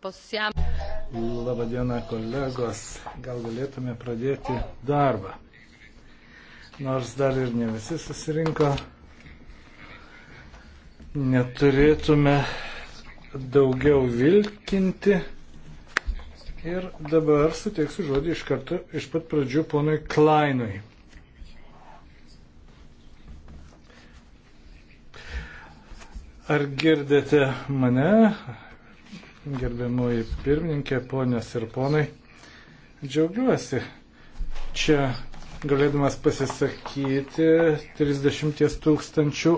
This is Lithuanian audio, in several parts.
Posiam. Labadiena, kolegos. Gal galėtume pradėti darbą. Nors dar ir ne visi susirinko, neturėtume daugiau vilkinti. Ir dabar suteiksiu žodį iš karto, iš pat pradžių ponui Kleinui. Ar girdite mane? gerbiamoji pirmininkė, ponės ir ponai. Džiaugiuosi čia galėdamas pasisakyti 30 tūkstančių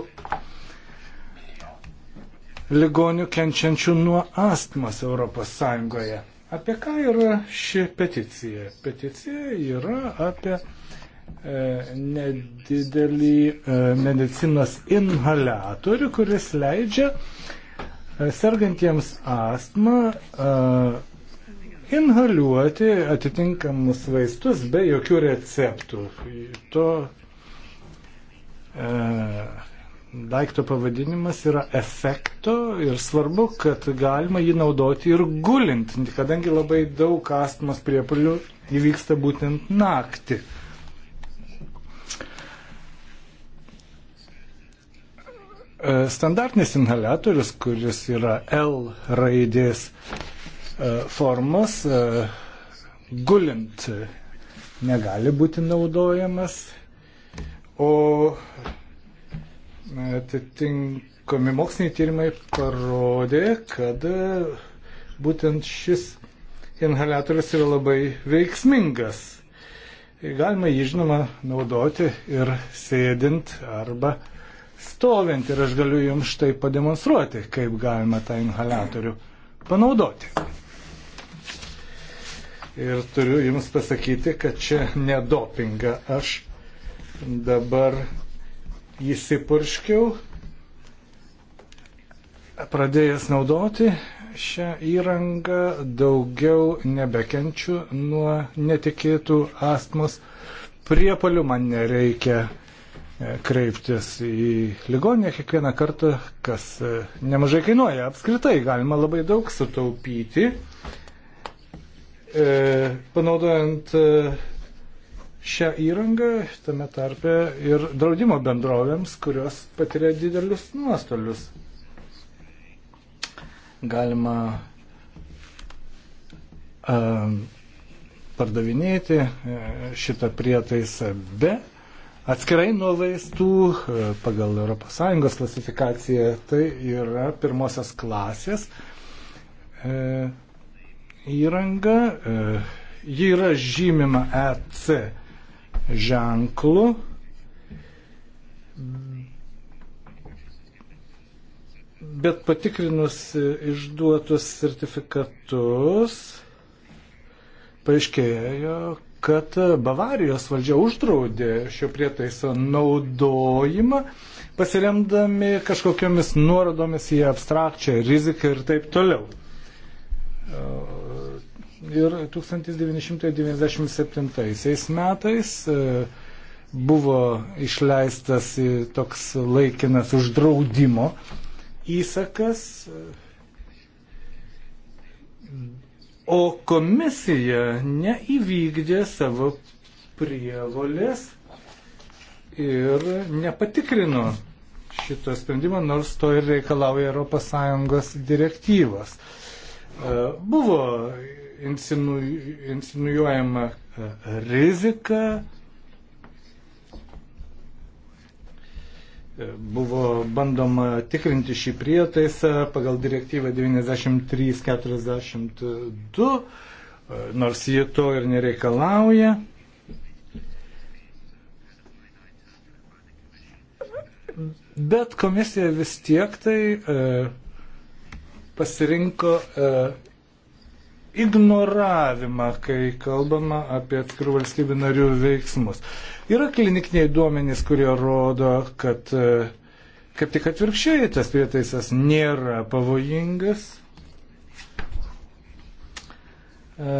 ligonių kenčiančių nuo astmas Europos Sąjungoje. Apie ką yra ši peticija? Peticija yra apie e, nedidelį e, medicinos inhalatorių, kuris leidžia e, sergantiems astmą inhaliuoti atitinkamus vaistus be jokių receptų. To e, daikto pavadinimas yra efekto ir svarbu, kad galima jį naudoti ir gulint, kadangi labai daug astmos priepolių įvyksta būtent naktį. E, E, standartinis inhalatorius, kuris yra L raidės e, formos, e, gulint negali būti naudojamas, o atitinkami moksliniai tyrimai parodė, kad būtent šis inhalatorius yra labai veiksmingas. Galima jį žinoma naudoti ir sėdint arba uh, stovint ir aš galiu jums štai pademonstruoti, kaip galima tą inhalatorių panaudoti. Ir turiu jums pasakyti, kad čia nedopinga. Aš dabar įsipurškiau, pradėjęs naudoti šią įrangą, daugiau nebekenčiu nuo netikėtų astmos priepalių, man nereikia kreiptis į ligoninę kiekvieną kartą, kas e, nemažai kainuoja. Apskritai galima labai daug sutaupyti, e, panaudojant e, šią įrangą tame tarpe ir draudimo bendrovėms, kurios patiria didelius nuostolius. Galima pardavinėti šitą prietaisą be atskirai nuo vaistų e, pagal ES klasifikaciją. Tai yra pirmosios klasės e, įranga. E, ji yra žymima EC ženklu. Bet patikrinus išduotus sertifikatus, paaiškėjo, kad Bavarijos valdžia uždraudė šio prietaiso naudojimą, pasiremdami kažkokiamis nuorodomis į abstrakčią riziką ir taip toliau. Ir 1997 metais e, buvo išleistas toks laikinas uždraudimo įsakas o komisija neįvykdė savo prievolės ir nepatikrino šito sprendimo, nors to ir reikalauja ES direktyvos. E, buvo insinuojama e, rizika, buvo bandoma tikrinti šį prietaisą pagal direktyvą 9342, nors ji to ir nereikalauja. Bet komisija vis tiek tai e, pasirinko e, ignoravimą, kai kalbama apie atskirų valstybių narių veiksmus. Yra klinikiniai duomenys, kurie rodo, kad e, kaip tik atvirkščiai tas prietaisas nėra pavojingas. E,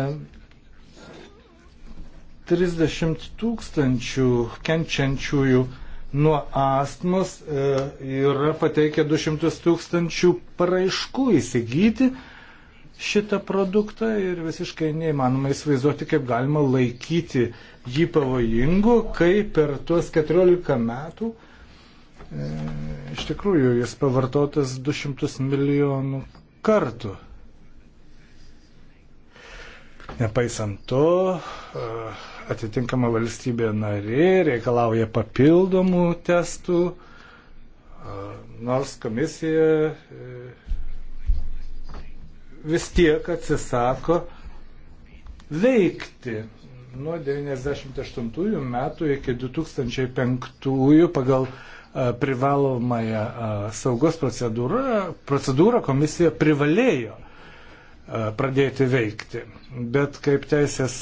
30 tūkstančių kenčiančiųjų nuo astmos e, yra pateikę 200 tūkstančių paraiškų įsigyti šitą produktą ir visiškai neįmanoma įsivaizduoti, kaip galima laikyti jį pavojingu, kai per tuos 14 metų e, iš tikrųjų jis pavartotas 200 milijonų kartų. Nepaisant to, e, atitinkama valstybė narė reikalauja papildomų testų, e, nors komisija e, vis tiek atsisako veikti. Nuo 1998 metų iki 2005 pagal e, privalomąją e, saugos procedūrą, procedūrą komisija privalėjo e, pradėti veikti. Bet kaip Teisės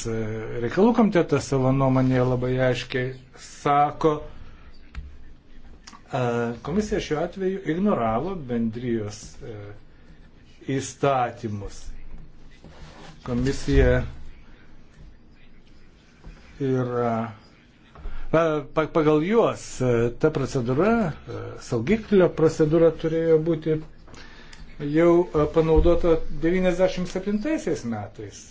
reikalų komitetas savo nuomonėje labai aiškiai sako, komisija šiuo atveju ignoravo bendrijos įstatymus. Komisija yra pagal juos ta procedūra, saugiklio procedūra turėjo būti jau panaudota 97 metais.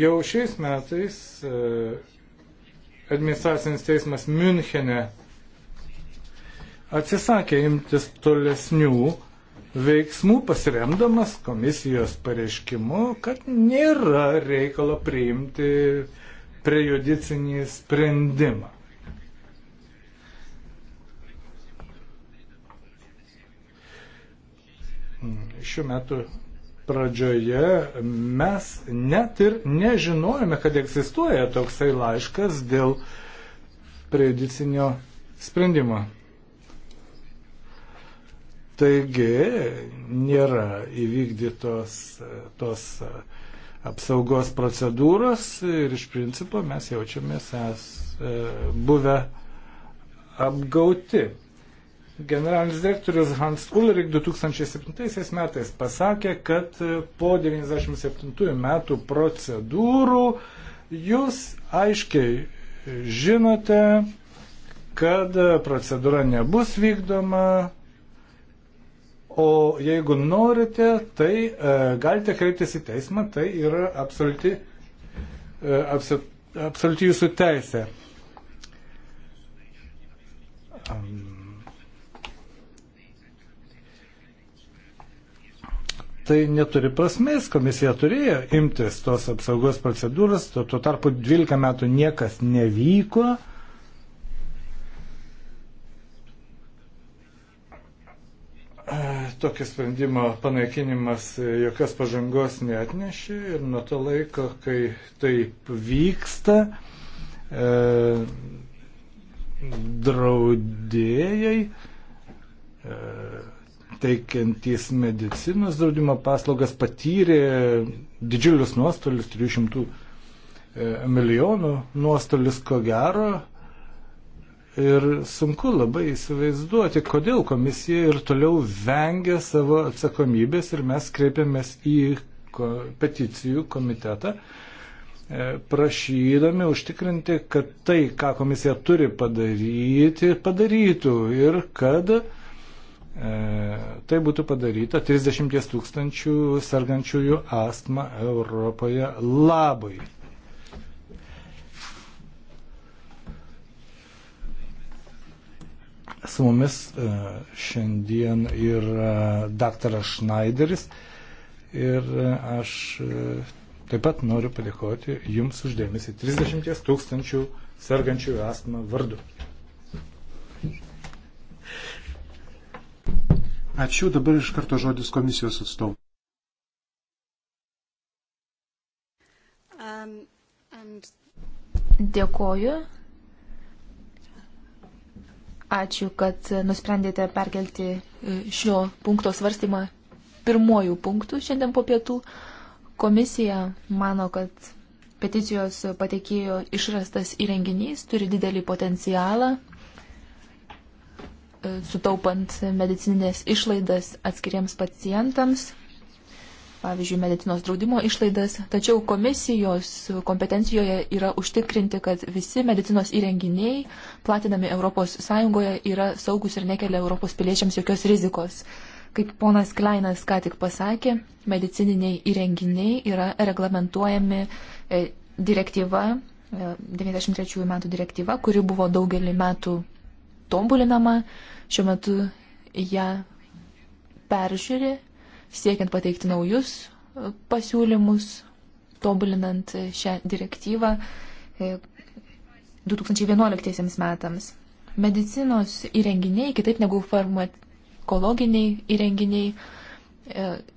Jau šiais metais e, administracinis teismas Münchene atsisakė imtis tolesnių veiksmų pasiremdamas komisijos pareiškimu, kad nėra reikalo priimti prejudicinį sprendimą. Šiuo metu pradžioje mes net ir nežinojome, kad egzistuoja toksai laiškas dėl prejudicinio sprendimo. Taigi nėra įvykdytos e, tos e, apsaugos procedūros ir iš principo mes jaučiamės es, e, buvę apgauti. Generalinis direktorius Hans Ulrich 2007 metais pasakė, kad po 1997 metų procedūrų jūs aiškiai žinote, kad procedūra nebus vykdoma, o jeigu norite, tai e, galite kreiptis į teismą, tai yra absoliuti, e, apsi, absoliuti jūsų teisė. Um, tai neturi prasmės, komisija turėjo imtis tos apsaugos procedūros, tuo tarpu 12 metų niekas nevyko. E, tokio sprendimo panaikinimas jokios pažangos neatnešė ir nuo to laiko, kai taip vyksta, e, draudėjai e, teikiantys medicinos draudimo paslaugas patyrė didžiulius nuostolius, 300 e, milijonų nuostolius ko gero Ir sunku labai įsivaizduoti, kodėl komisija ir toliau vengia savo atsakomybės ir mes kreipiamės į peticijų komitetą, e, prašydami užtikrinti, kad tai, ką komisija turi padaryti, padarytų ir kad e, tai būtų padaryta 30 tūkstančių sergančiųjų astma Europoje labai. Su mumis e, šiandien yra daktaras Schneideris ir e, aš e, taip pat noriu padėkoti Jums uždėmesi 30 tūkstančių sergančių astmą vardu. Ačiū, dabar iš karto žodis komisijos atstovų. Um, and... Dėkoju. Ačiū, kad nusprendėte perkelti e, šio punkto svarstymą pirmojų punktų šiandien po pietų. Komisija mano, kad peticijos patekėjo išrastas įrenginys, turi didelį potencialą, e, sutaupant medicinės išlaidas atskiriems pacientams pavyzdžiui, medicinos draudimo išlaidas, tačiau komisijos kompetencijoje yra užtikrinti, kad visi medicinos įrenginiai platinami ES yra saugus ir nekelia Europos piliečiams jokios rizikos. Kaip ponas Kleinas ką tik pasakė, medicininiai įrenginiai yra reglamentuojami e, direktyva, 93 e, metų direktyva, kuri buvo daugelį metų tombulinama, šiuo metu ją peržiūri siekiant pateikti naujus e, pasiūlymus, tobulinant e, šią direktyvą 2011 e, metams. Medicinos įrenginiai, kitaip negu farmakologiniai įrenginiai,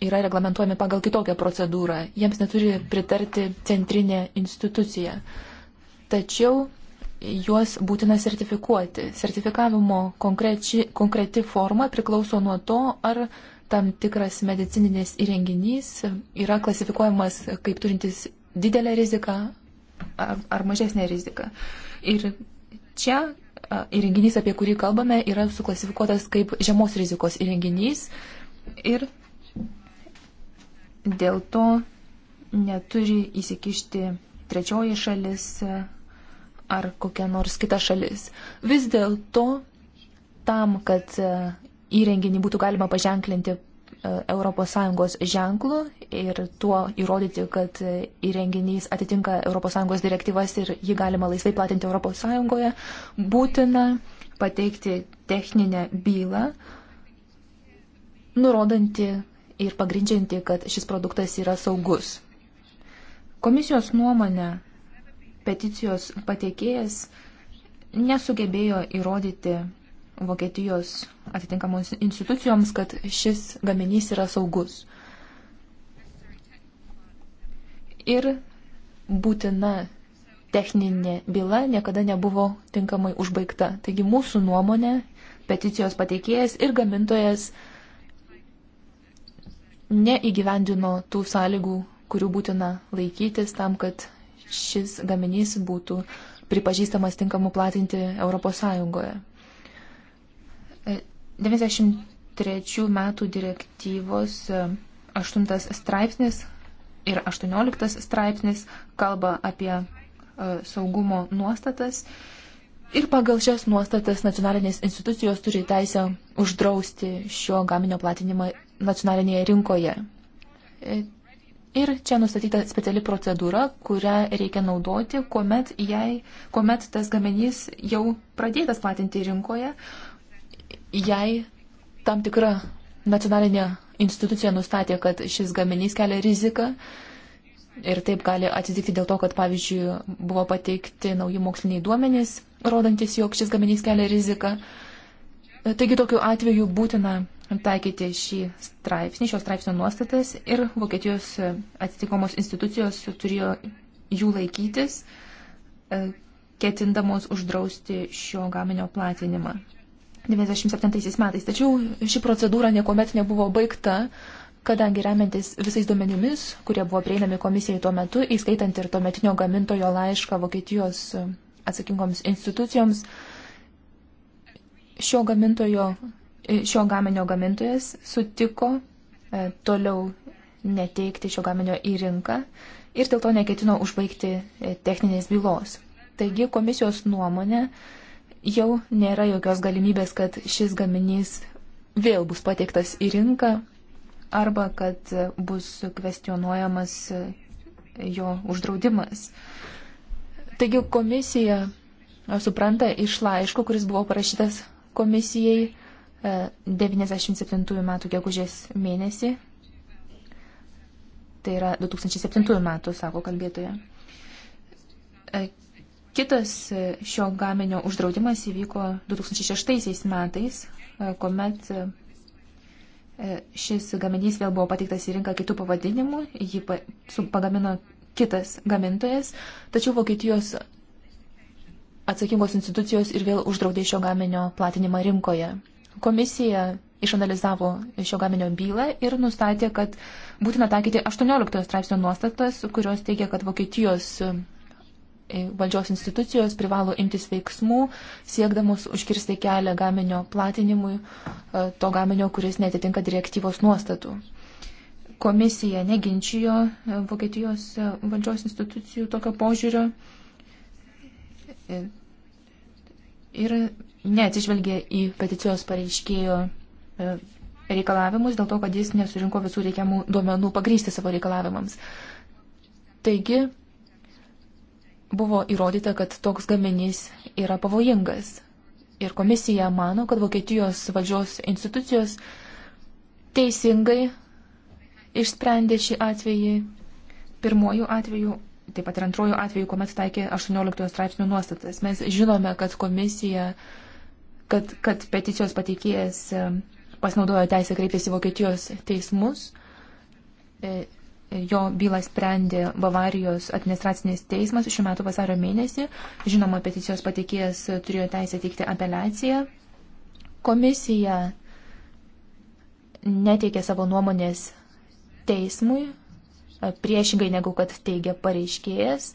yra reglamentuojami pagal kitokią procedūrą. Jiems neturi pritarti centrinė institucija. Tačiau juos būtina sertifikuoti. Sertifikavimo konkreči, konkreti forma priklauso nuo to, ar tam tikras medicininės įrenginys yra klasifikuojamas kaip turintis didelę riziką ar, ar mažesnę riziką. Ir čia įrenginys, apie kurį kalbame, yra suklasifikuotas kaip žemos rizikos įrenginys ir dėl to neturi įsikišti trečioji šalis ar kokia nors kita šalis. Vis dėlto tam, kad įrenginį būtų galima paženklinti ES ženklų ir tuo įrodyti, kad e, įrenginys atitinka ES direktyvas ir jį galima laisvai platinti ES, būtina pateikti techninę bylą, nurodanti ir pagrindžianti, kad šis produktas yra saugus. Komisijos nuomonė peticijos pateikėjas nesugebėjo įrodyti Vokietijos atitinkamos institucijoms, kad šis gaminys yra saugus. Ir būtina techninė byla niekada nebuvo tinkamai užbaigta. Taigi mūsų nuomonė, peticijos pateikėjas ir gamintojas neįgyvendino tų sąlygų, kurių būtina laikytis tam, kad šis gaminys būtų pripažįstamas tinkamu platinti ES. 93 metų direktyvos 8 e, straipsnis ir 18 straipsnis kalba apie e, saugumo nuostatas. Ir pagal šias nuostatas nacionalinės institucijos turi teisę uždrausti šio gaminio platinimą nacionalinėje rinkoje. E, ir čia nustatyta speciali procedūra, kurią reikia naudoti, kuomet, jai, kuomet tas gaminys jau pradėtas platinti rinkoje, jei tam tikra nacionalinė institucija nustatė, kad šis gaminys kelia riziką ir taip gali atsitikti dėl to, kad, pavyzdžiui, buvo pateikti nauji moksliniai duomenys, rodantis, jog šis gaminys kelia riziką. Taigi tokiu atveju būtina taikyti šį straipsnį, šios straipsnio nuostatas ir Vokietijos atitikomos institucijos turėjo jų laikytis, e, ketindamos uždrausti šio gaminio platinimą. 97 metais. Tačiau ši procedūra niekuomet nebuvo baigta, kadangi remiantis visais duomenimis, kurie buvo prieinami komisijai tuo metu, įskaitant ir tuometinio gamintojo laišką Vokietijos atsakingoms institucijoms, šio, gamintojo, šio gaminio gamintojas sutiko e, toliau neteikti šio gaminio į rinką ir dėl to neketino užbaigti e, techninės bylos. Taigi komisijos nuomonė jau nėra jokios galimybės, kad šis gaminys vėl bus pateiktas į rinką arba kad bus kvestionuojamas jo uždraudimas. Taigi komisija supranta iš laiško, kuris buvo parašytas komisijai 97 e, metų gegužės mėnesį. Tai yra 2007 metų, sako kalbėtoja. E, Kitas e, šio gaminio uždraudimas įvyko 2006 metais, e, kuomet e, šis gaminys vėl buvo pateiktas į rinką kitų pavadinimų, jį pagamino kitas gamintojas, tačiau Vokietijos atsakingos institucijos ir vėl uždraudė šio gaminio platinimą rinkoje. Komisija išanalizavo šio gaminio bylą ir nustatė, kad būtina taikyti 18 straipsnio nuostatas, kurios teigia, kad Vokietijos valdžios institucijos privalo imtis veiksmų, siekdamos užkirsti kelią gaminio platinimui, e, to gaminio, kuris netitinka direktyvos nuostatų. Komisija neginčijo e, Vokietijos e, valdžios institucijų tokio požiūrio ir neatsižvelgė į peticijos pareiškėjo reikalavimus dėl to, kad jis nesurinko visų reikiamų duomenų pagrysti savo reikalavimams. Taigi, buvo įrodyta, kad toks gaminys yra pavojingas. Ir komisija mano, kad Vokietijos valdžios institucijos teisingai išsprendė šį atvejį pirmojų atvejų, taip pat ir antrojų atvejų, kuomet taikė 18 straipsnių nuostatas. Mes žinome, kad komisija, kad, kad peticijos pateikėjas e, pasinaudojo teisę kreiptis į Vokietijos teismus e, Jo bylą sprendė Bavarijos administracinis teismas šiuo metu vasario mėnesį. Žinoma, peticijos pateikėjas turėjo teisę teikti apeliaciją. Komisija neteikė savo nuomonės teismui, priešingai negu kad teigia pareiškėjas,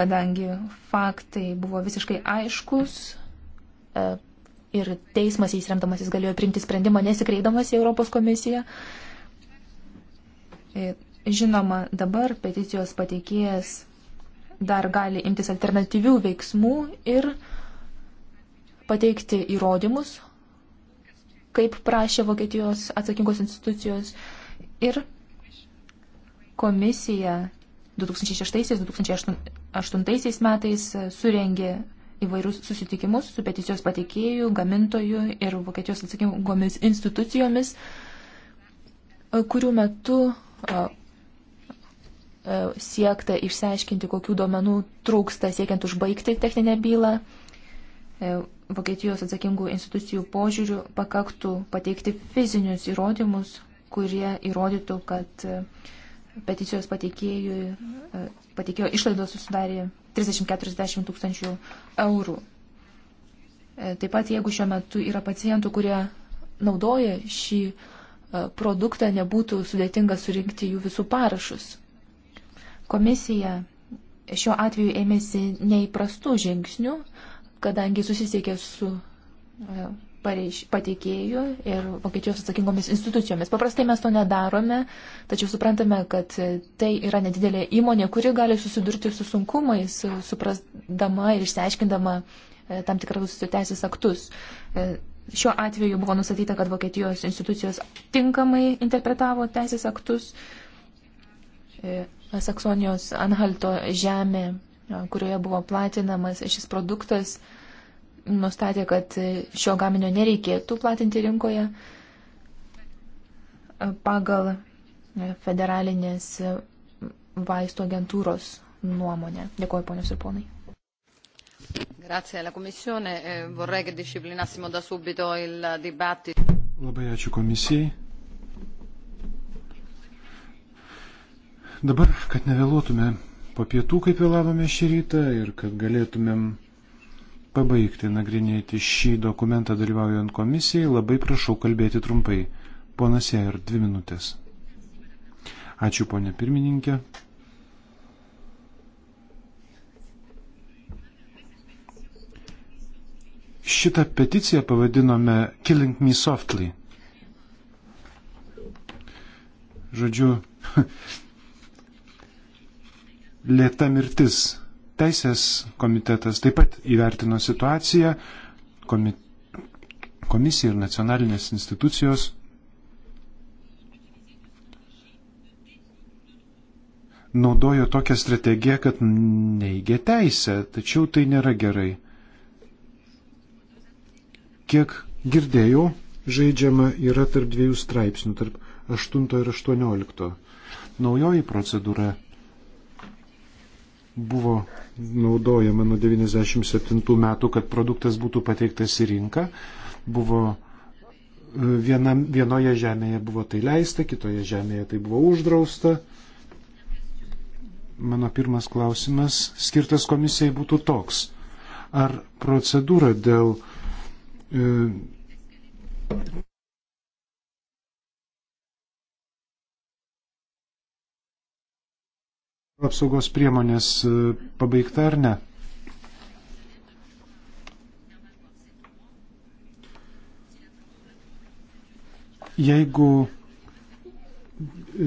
kadangi faktai buvo visiškai aiškus e, ir teismas įsiremdamasis galėjo priimti sprendimą nesikreidamas į Europos komisiją. E, žinoma, dabar peticijos pateikėjas dar gali imtis alternatyvių veiksmų ir pateikti įrodymus, kaip prašė Vokietijos atsakingos institucijos ir komisija 2006-2008 metais surengė įvairius susitikimus su peticijos pateikėjų, gamintojų ir Vokietijos atsakingomis institucijomis, kurių metu siekta išsiaiškinti, kokių duomenų trūksta siekiant užbaigti techninę bylą. E, Vokietijos atsakingų institucijų požiūrių pakaktų pateikti fizinius įrodymus, kurie įrodytų, kad e, peticijos e, pateikėjo išlaidos susidarė 30-40 tūkstančių eurų. Taip pat, jeigu šiuo metu yra pacientų, kurie naudoja šį E, produktą nebūtų sudėtinga surinkti jų visų parašus. Komisija šiuo atveju ėmėsi neįprastų žingsnių, kadangi susisiekė su e, pateikėjų ir Vokietijos atsakingomis institucijomis. Paprastai mes to nedarome, tačiau suprantame, kad tai yra nedidelė įmonė, kuri gali susidurti su sunkumais, suprasdama ir išsiaiškindama e, tam tikrus teisės aktus. Šiuo atveju buvo nustatyta, kad Vokietijos institucijos tinkamai interpretavo teisės aktus. E, Saksonijos Anhalto žemė, e, kurioje buvo platinamas šis produktas, nustatė, kad šio gaminio nereikėtų platinti rinkoje e, pagal federalinės vaistų agentūros nuomonę. Dėkuoju, ponios ir ponai. Grazie alla Commissione. Eh, vorrei che disciplinassimo da subito il dibattito. Labai ačiū komisijai. Dabar, kad nevėluotume po pietų, kaip vėlavome šį rytą ir kad galėtumėm pabaigti nagrinėti šį dokumentą dalyvaujant komisijai, labai prašau kalbėti trumpai. Ponas Jair, dvi minutės. Ačiū, ponė pirmininkė. Šitą peticiją pavadinome Killing Me Softly. Žodžiu, lėta mirtis. Teisės komitetas taip pat įvertino situaciją, komi komisija ir nacionalinės institucijos naudojo tokią strategiją, kad neigia teisę, tačiau tai nėra gerai. Kiek girdėjau, žaidžiama yra tarp dviejų straipsnių, tarp 8 ir 18. Naujoji procedūra buvo naudojama nuo 1997 metų, kad produktas būtų pateiktas į rinką. Buvo e, viena, vienoje žemėje buvo tai leista, kitoje žemėje tai buvo uždrausta. Mano pirmas klausimas skirtas komisijai būtų toks. Ar procedūra dėl E, apsaugos priemonės e, pabaigta ar ne? Jeigu e,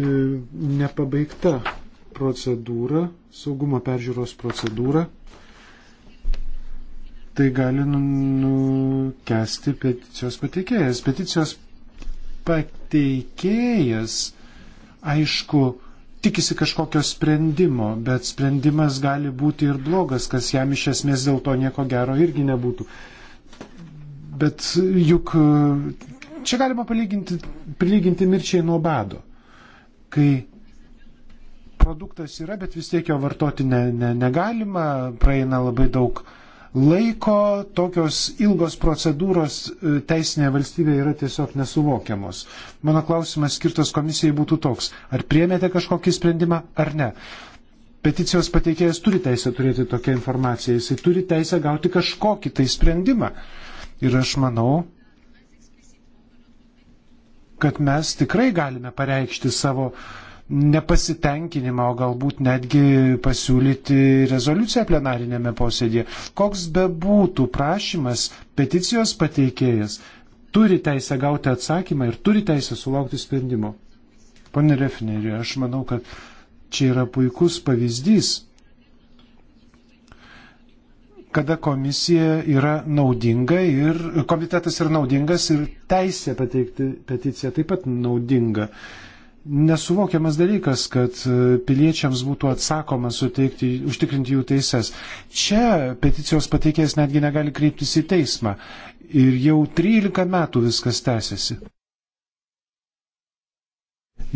nepabaigta procedūra, saugumo peržiūros procedūra, tai gali nu, nukesti peticijos pateikėjas. Peticijos pateikėjas, aišku, tikisi kažkokio sprendimo, bet sprendimas gali būti ir blogas, kas jam iš esmės dėl to nieko gero irgi nebūtų. Bet juk čia galima palyginti, prilyginti mirčiai nuo bado, kai produktas yra, bet vis tiek jo vartoti ne, ne, negalima, praeina labai daug uh, laiko tokios ilgos procedūros e, teisinėje valstybėje yra tiesiog nesuvokiamos. Mano klausimas skirtas komisijai būtų toks, ar priemėte kažkokį sprendimą ar ne. Peticijos pateikėjas turi teisę turėti tokią informaciją, jisai turi teisę gauti kažkokį tai sprendimą. Ir aš manau, kad mes tikrai galime pareikšti savo uh, nepasitenkinimą, o galbūt netgi pasiūlyti rezoliuciją plenarinėme posėdėje. Koks be būtų prašymas, peticijos pateikėjas turi teisę gauti atsakymą ir turi teisę sulaukti sprendimo. Pane Refneri, aš manau, kad čia yra puikus pavyzdys, kada komisija yra naudinga ir komitetas yra naudingas ir teisė pateikti peticiją taip pat naudinga. Uh, nesuvokiamas dalykas, kad e, piliečiams būtų atsakoma suteikti, užtikrinti jų teises. Čia peticijos pateikėjas netgi negali kreiptis į teismą. Ir jau 13 metų viskas tęsiasi.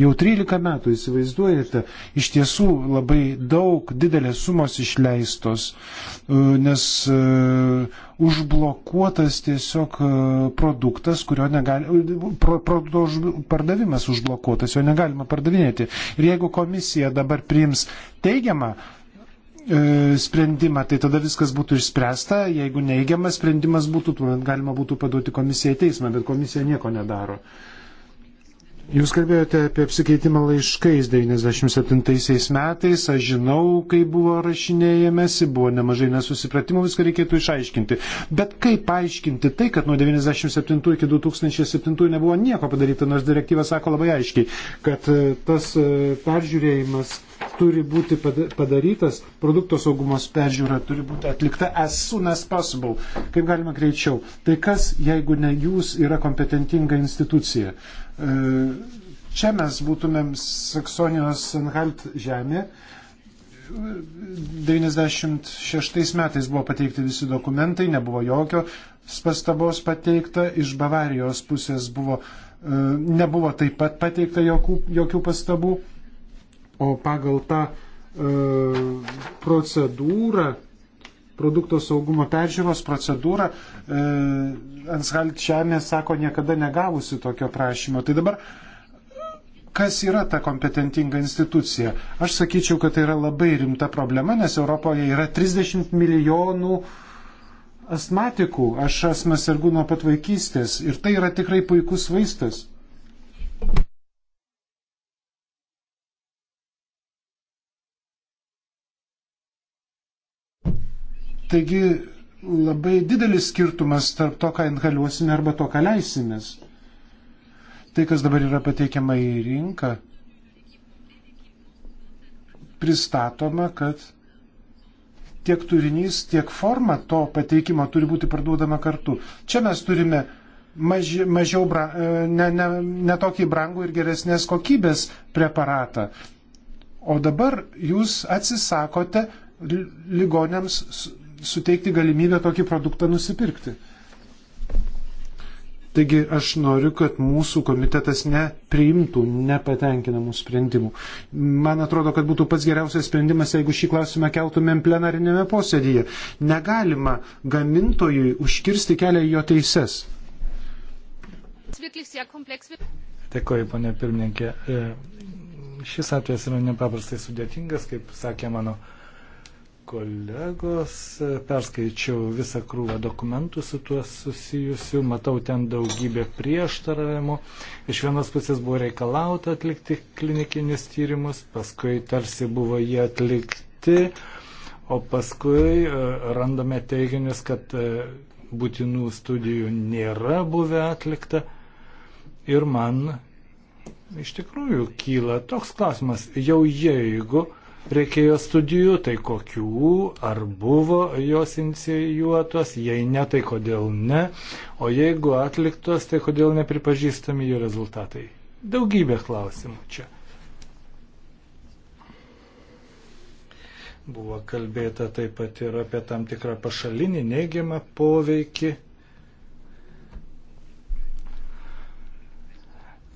Jau 13 metų įsivaizduojate, iš tiesų labai daug didelės sumos išleistos, e, nes e, užblokuotas tiesiog e, produktas, kurio negali, pro, produkto už, pardavimas užblokuotas, jo negalima pardavinėti. Ir jeigu komisija dabar priims teigiamą sprendimą, tai tada viskas būtų išspręsta, jeigu neigiamas sprendimas būtų, tuomet galima būtų paduoti komisiją į teismą, bet komisija nieko nedaro. Uh, Jūs kalbėjote apie apsikeitimą laiškais 97 metais, aš žinau, kai buvo rašinėjamėsi, buvo nemažai nesusipratimų, viską reikėtų išaiškinti. Bet kaip aiškinti tai, kad nuo 97 iki 2007 nebuvo nieko padaryta, nors direktyva sako labai aiškiai, kad e, tas e, peržiūrėjimas turi būti padarytas, produkto saugumos peržiūra turi būti atlikta as soon as possible, kaip galima greičiau. Tai kas, jeigu ne jūs, yra kompetentinga institucija? E, čia mes būtumėm Saksonijos Anhalt žemė. 96 metais buvo pateikti visi dokumentai, nebuvo jokio pastabos pateikta, iš Bavarijos pusės buvo, e, nebuvo taip pat pateikta jokių, jokių pastabų O pagal tą e, procedūrą, produkto saugumo peržiūros procedūrą, e, Anshalt Žemė sako niekada negavusi tokio prašymo. Tai dabar kas yra ta kompetentinga institucija. Aš sakyčiau, kad tai yra labai rimta problema, nes Europoje yra 30 milijonų astmatikų. Aš asmas sergu nuo pat vaikystės ir tai yra tikrai puikus vaistas. Taigi labai didelis skirtumas tarp to, ką inhaliuosime arba to, ką leisimės. Tai, kas dabar yra pateikiama į rinką, pristatoma, kad tiek turinys, tiek forma to pateikimo turi būti parduodama kartu. Čia mes turime maži, mažiau, bra, e, ne, ne, ne tokį brangų ir geresnės kokybės preparatą. O dabar jūs atsisakote ligonėms suteikti galimybę tokį produktą nusipirkti. Taigi aš noriu, kad mūsų komitetas nepriimtų nepatenkinamų sprendimų. Man atrodo, kad būtų pats geriausias sprendimas, jeigu šį klausimą keltumėm plenarinėme posėdyje. Negalima gamintojui užkirsti kelią jo teises. Dėkoju, ponė pirmininkė. E, šis atvejas yra nepaprastai sudėtingas, kaip sakė mano kolegos, perskaičiau visą krūvą dokumentų su tuo susijusiu, matau ten daugybę prieštaravimų. Iš vienos pusės buvo reikalauta atlikti klinikinius tyrimus, paskui tarsi buvo jie atlikti, o paskui e, randame teiginius, kad e, būtinų studijų nėra buvę atlikta. Ir man iš tikrųjų kyla toks klausimas, jau jeigu reikėjo studijų, tai kokių, ar buvo jos inicijuotos, jei ne, tai kodėl ne, o jeigu atliktos, tai kodėl nepripažįstami jų rezultatai. Daugybė klausimų čia. Buvo kalbėta taip pat ir apie tam tikrą pašalinį neigiamą poveikį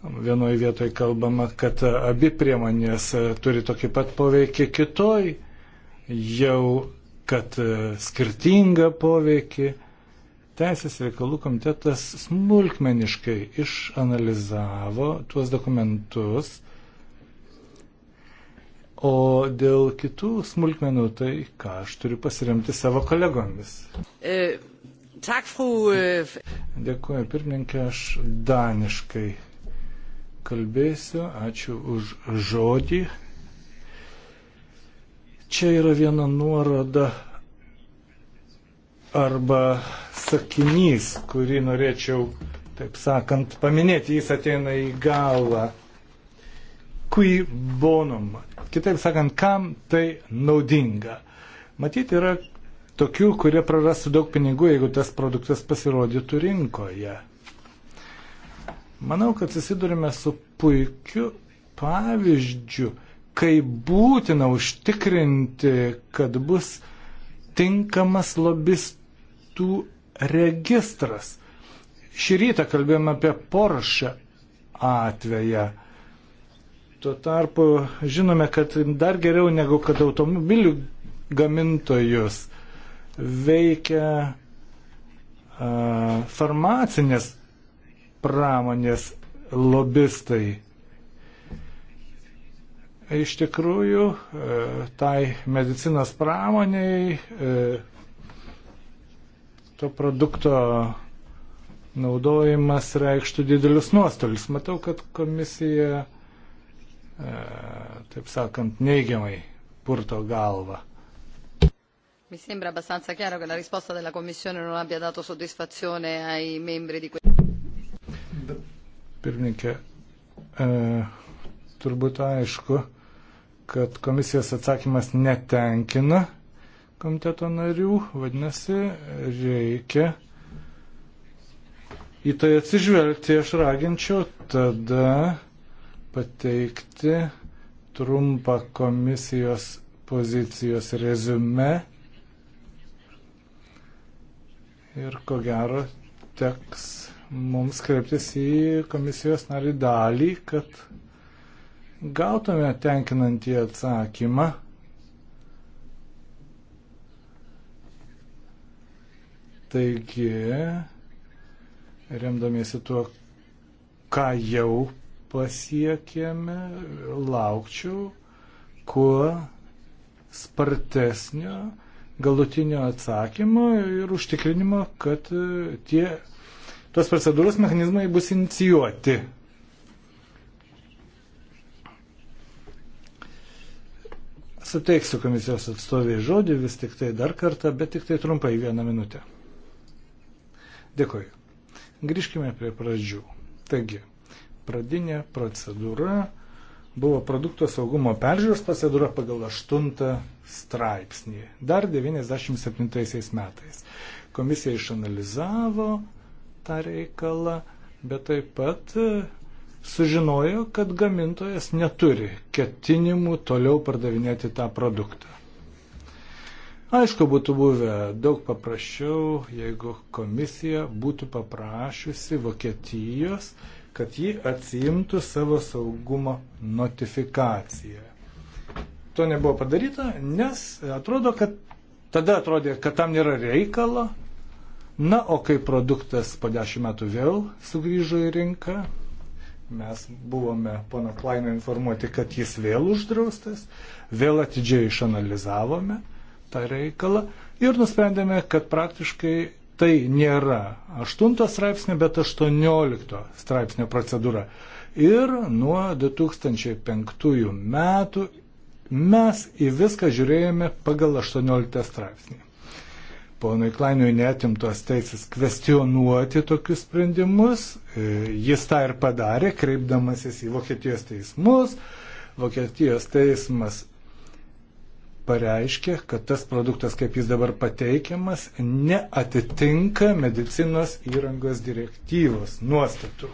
Vienoje vietoje kalbama, kad abi priemonės turi tokį pat poveikį kitoj, jau kad skirtingą poveikį. Teisės reikalų komitetas smulkmeniškai išanalizavo tuos dokumentus, O dėl kitų smulkmenų, tai ką aš turiu pasiremti savo kolegomis. E, tak, fru... E, Dėkuoju, pirmininkė, aš daniškai kalbėsiu. Ačiū už žodį. Čia yra viena nuoroda arba sakinys, kurį norėčiau, taip sakant, paminėti. Jis ateina į galvą. Kui bonum. Kitaip sakant, kam tai naudinga. Matyti yra tokių, kurie prarastų daug pinigų, jeigu tas produktas pasirodytų rinkoje. Manau, kad susidurime su puikiu pavyzdžiu, kai būtina užtikrinti, kad bus tinkamas lobistų registras. Šį rytą kalbėjome apie Porsche atveją. Tuo tarpu žinome, kad dar geriau negu kad automobilių gamintojus veikia a, farmacinės pramonės lobistai. Iš tikrųjų, e, tai medicinos pramoniai e, to produkto naudojimas reikštų didelius nuostolius. Matau, kad komisija, e, taip sakant, neigiamai purto galvą. Mi sembra abbastanza chiaro che la risposta della Commissione non abbia dato soddisfazione ai membri di questo. Pirmininkė, e, turbūt aišku, kad komisijos atsakymas netenkina komiteto narių, vadinasi, reikia į tai atsižvelgti. Aš raginčiau tada pateikti trumpą komisijos pozicijos rezume ir ko gero teks mums kreiptis į komisijos narį dalį, kad gautume tenkinantį atsakymą. Taigi, remdamiesi tuo, ką jau pasiekėme, laukčiau kuo spartesnio galutinio atsakymo ir užtikrinimo, kad tie tos procedūros mechanizmai bus inicijuoti. Suteiksiu komisijos atstovė žodį vis tik tai dar kartą, bet tik tai trumpai vieną minutę. Dėkoju. Grįžkime prie pradžių. Taigi, pradinė procedūra buvo produkto saugumo peržiūros procedūra pagal 8 straipsnį, dar 97 metais. Komisija išanalizavo tą reikalą, bet taip pat e, sužinojo, kad gamintojas neturi ketinimų toliau pardavinėti tą produktą. Aišku, būtų buvę daug paprasčiau, jeigu komisija būtų paprašiusi Vokietijos, kad ji atsiimtų savo saugumo notifikaciją. To nebuvo padaryta, nes atrodo, kad tada atrodė, kad tam nėra reikalo, Na, o kai produktas po dešimt metų vėl sugrįžo į rinką, mes buvome pono Klaino informuoti, kad jis vėl uždraustas, vėl atidžiai išanalizavome tą reikalą ir nusprendėme, kad praktiškai tai nėra 8 straipsnio, bet 18 straipsnio procedūra. Ir nuo 2005 metų mes į viską žiūrėjome pagal 18 straipsnį ponui Klainui netimtos teisės kvestionuoti tokius sprendimus. E, jis tą ir padarė, kreipdamasis į Vokietijos teismus. Vokietijos teismas pareiškė, kad tas produktas, kaip jis dabar pateikiamas, neatitinka medicinos įrangos direktyvos nuostatų.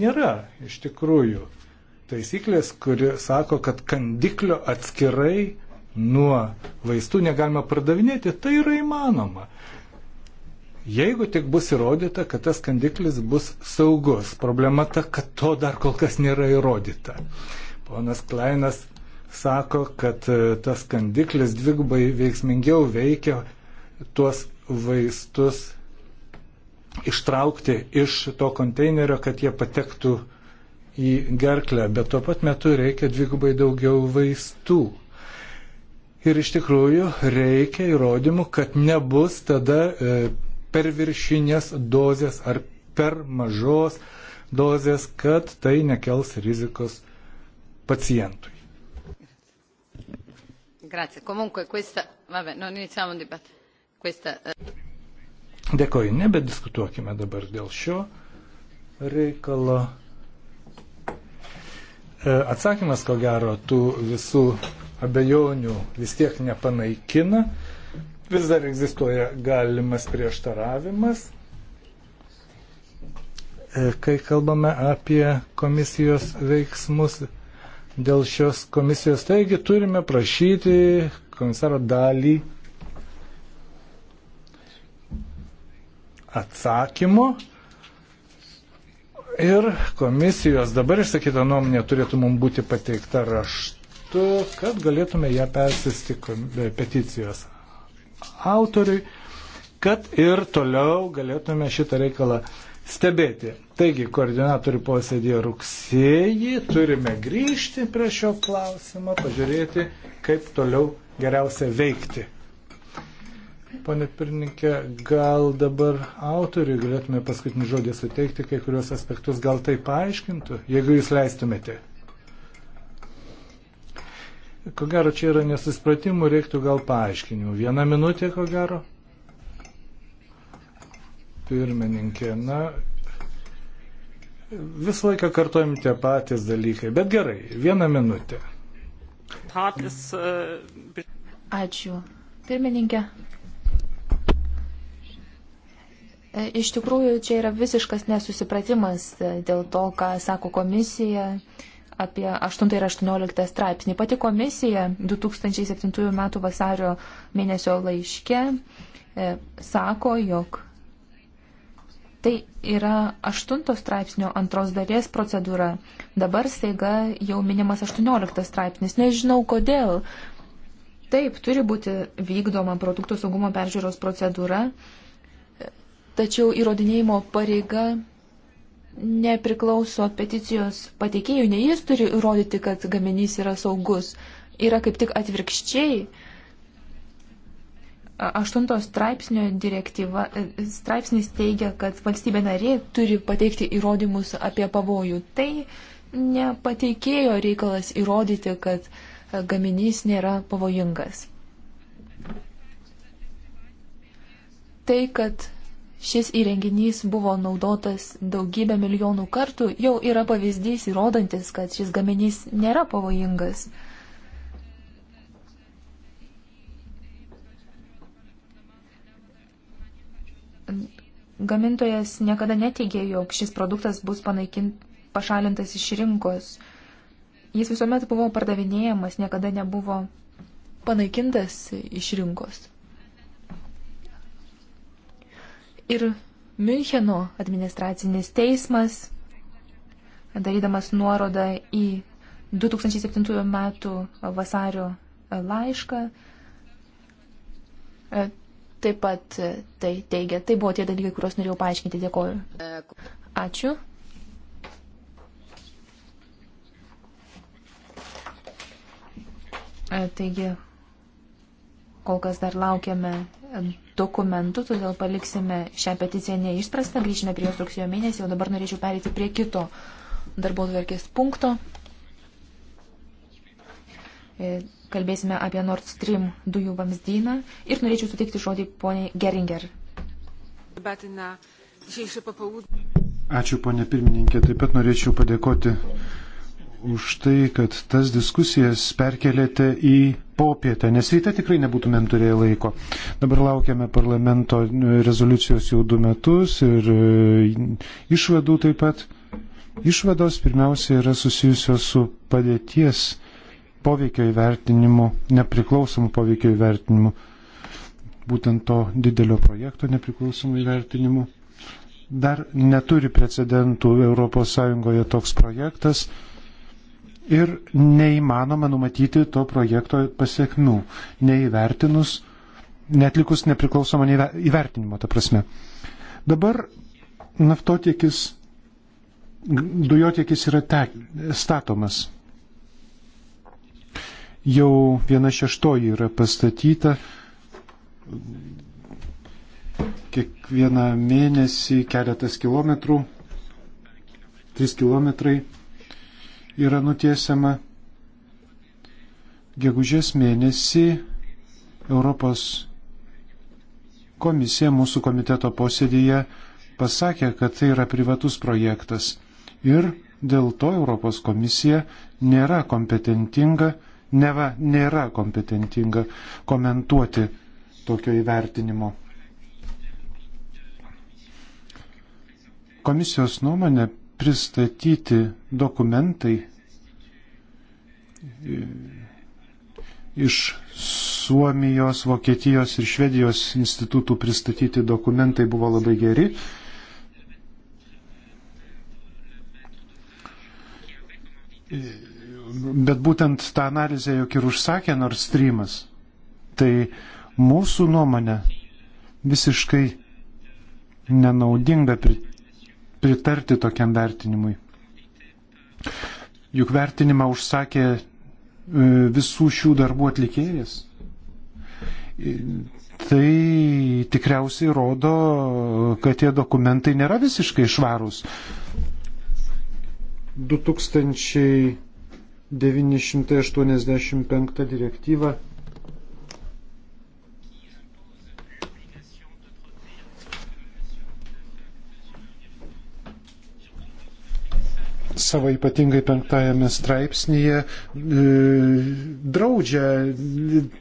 Nėra iš tikrųjų taisyklės, kuri sako, kad kandiklio atskirai nuo vaistų negalima pardavinėti, tai yra įmanoma. Jeigu tik bus įrodyta, kad tas kandiklis bus saugus. Problema ta, kad to dar kol kas nėra įrodyta. Ponas Kleinas sako, kad e, tas kandiklis dvigubai veiksmingiau veikia tuos vaistus ištraukti iš to konteinerio, kad jie patektų į gerklę, bet tuo pat metu reikia dvigubai daugiau vaistų. Ir iš tikrųjų reikia įrodymų, kad nebus tada e, per viršinės dozės ar per mažos dozės, kad tai nekels rizikos pacientui. Grazie. Comunque questa, vabbè, non iniziamo un dibattito. Questa... Eh, Dėkoju, nebediskutuokime dabar dėl šio reikalo. E, atsakymas, ko gero, tų visų abejonių vis tiek nepanaikina, vis dar egzistuoja galimas prieštaravimas. E, kai kalbame apie komisijos veiksmus dėl šios komisijos, taigi turime prašyti komisaro dalį atsakymo ir komisijos dabar išsakyta nuomonė turėtų mums būti pateikta raštu metu, kad galėtume ją persisti e, peticijos autoriui, kad ir toliau galėtume šitą reikalą stebėti. Taigi, koordinatorių posėdėje rugsėjį turime grįžti prie šio klausimo, pažiūrėti, kaip toliau geriausia veikti. Pane pirmininkė, gal dabar autoriui galėtume paskutinį žodį suteikti, kai kurios aspektus gal tai paaiškintų, jeigu jūs leistumėte. Ko gero, čia yra nesuspratimų, reiktų gal paaiškinimų. Vieną minutę, ko gero. Pirmininkė, na, visą laiką kartuojam tie patys dalykai, bet gerai, vieną minutę. E, Ačiū. Pirmininkė. E, iš tikrųjų, čia yra visiškas nesusipratimas e, dėl to, ką sako komisija apie 8 ir 18 straipsnį. Pati komisija 2007 m. vasario mėnesio laiške e, sako, jog tai yra 8 straipsnio antros dalies procedūra. Dabar staiga jau minimas 18 straipsnis. Nežinau kodėl. Taip, turi būti vykdoma produktų saugumo peržiūros procedūra, tačiau įrodinėjimo pareiga nepriklauso peticijos pateikėjų, ne jis turi įrodyti, kad gaminys yra saugus. Yra kaip tik atvirkščiai. Aštuntos straipsnio direktyva, straipsnis teigia, kad valstybė narė turi pateikti įrodymus apie pavojų. Tai ne pateikėjo reikalas įrodyti, kad gaminys nėra pavojingas. Tai, kad Šis įrenginys buvo naudotas daugybę milijonų kartų, jau yra pavyzdys įrodantis, kad šis gaminys nėra pavojingas. Gamintojas niekada neteigė, jog šis produktas bus panaikint, pašalintas iš rinkos. Jis visuomet buvo pardavinėjamas, niekada nebuvo panaikintas iš rinkos. Ir Müncheno administracinis teismas, darydamas nuorodą į 2007 metų vasario laišką, e, taip pat tai teigia. Tai buvo tie dalykai, kuriuos norėjau paaiškinti. Dėkoju. Ačiū. E, taigi, kol kas dar laukiame dokumentu, todėl paliksime šią peticiją neišspręstą, grįžime prie jos rugsėjo mėnesį, o dabar norėčiau perėti prie kito darbo tvarkės punkto. E, kalbėsime apie Nord Stream dujų vamzdyną ir norėčiau sutikti žodį poniai Geringer. Ačiū, ponė pirmininkė. Taip pat norėčiau padėkoti už tai, kad tas diskusijas perkelėte į popietę, nes ryte tikrai nebūtumėm turėję laiko. Dabar laukiame parlamento rezoliucijos jau du metus ir e, išvadų taip pat. Išvados pirmiausia yra susijusios su padėties poveikio įvertinimu, nepriklausomų poveikio įvertinimu, būtent to didelio projekto nepriklausomų įvertinimu. Dar neturi precedentų ES toks projektas ir neįmanoma numatyti to projekto pasiekmių, neįvertinus, netlikus nepriklausomą įvertinimo, ta prasme. Dabar naftotiekis, dujotiekis yra te, statomas. Jau viena šeštoji yra pastatyta. Kiekvieną mėnesį keletas kilometrų, trys kilometrai yra nutiesiama. Gegužės mėnesį Europos komisija mūsų komiteto posėdėje pasakė, kad tai yra privatus projektas ir dėl to Europos komisija nėra kompetentinga, neva nėra kompetentinga komentuoti tokio įvertinimo. Komisijos nuomonė pristatyti dokumentai E, iš Suomijos, Vokietijos ir Švedijos institutų pristatyti dokumentai buvo labai geri. Bet būtent tą analizę juk ir užsakė Nord Streamas. Tai mūsų nuomonė visiškai nenaudinga pritarti tokiam vertinimui. Juk vertinimą užsakė E, visų šių darbų atlikėjas. E, tai tikriausiai rodo, kad tie dokumentai nėra visiškai švarūs. 2985 direktyva savo ypatingai penktajame straipsnėje e, draudžia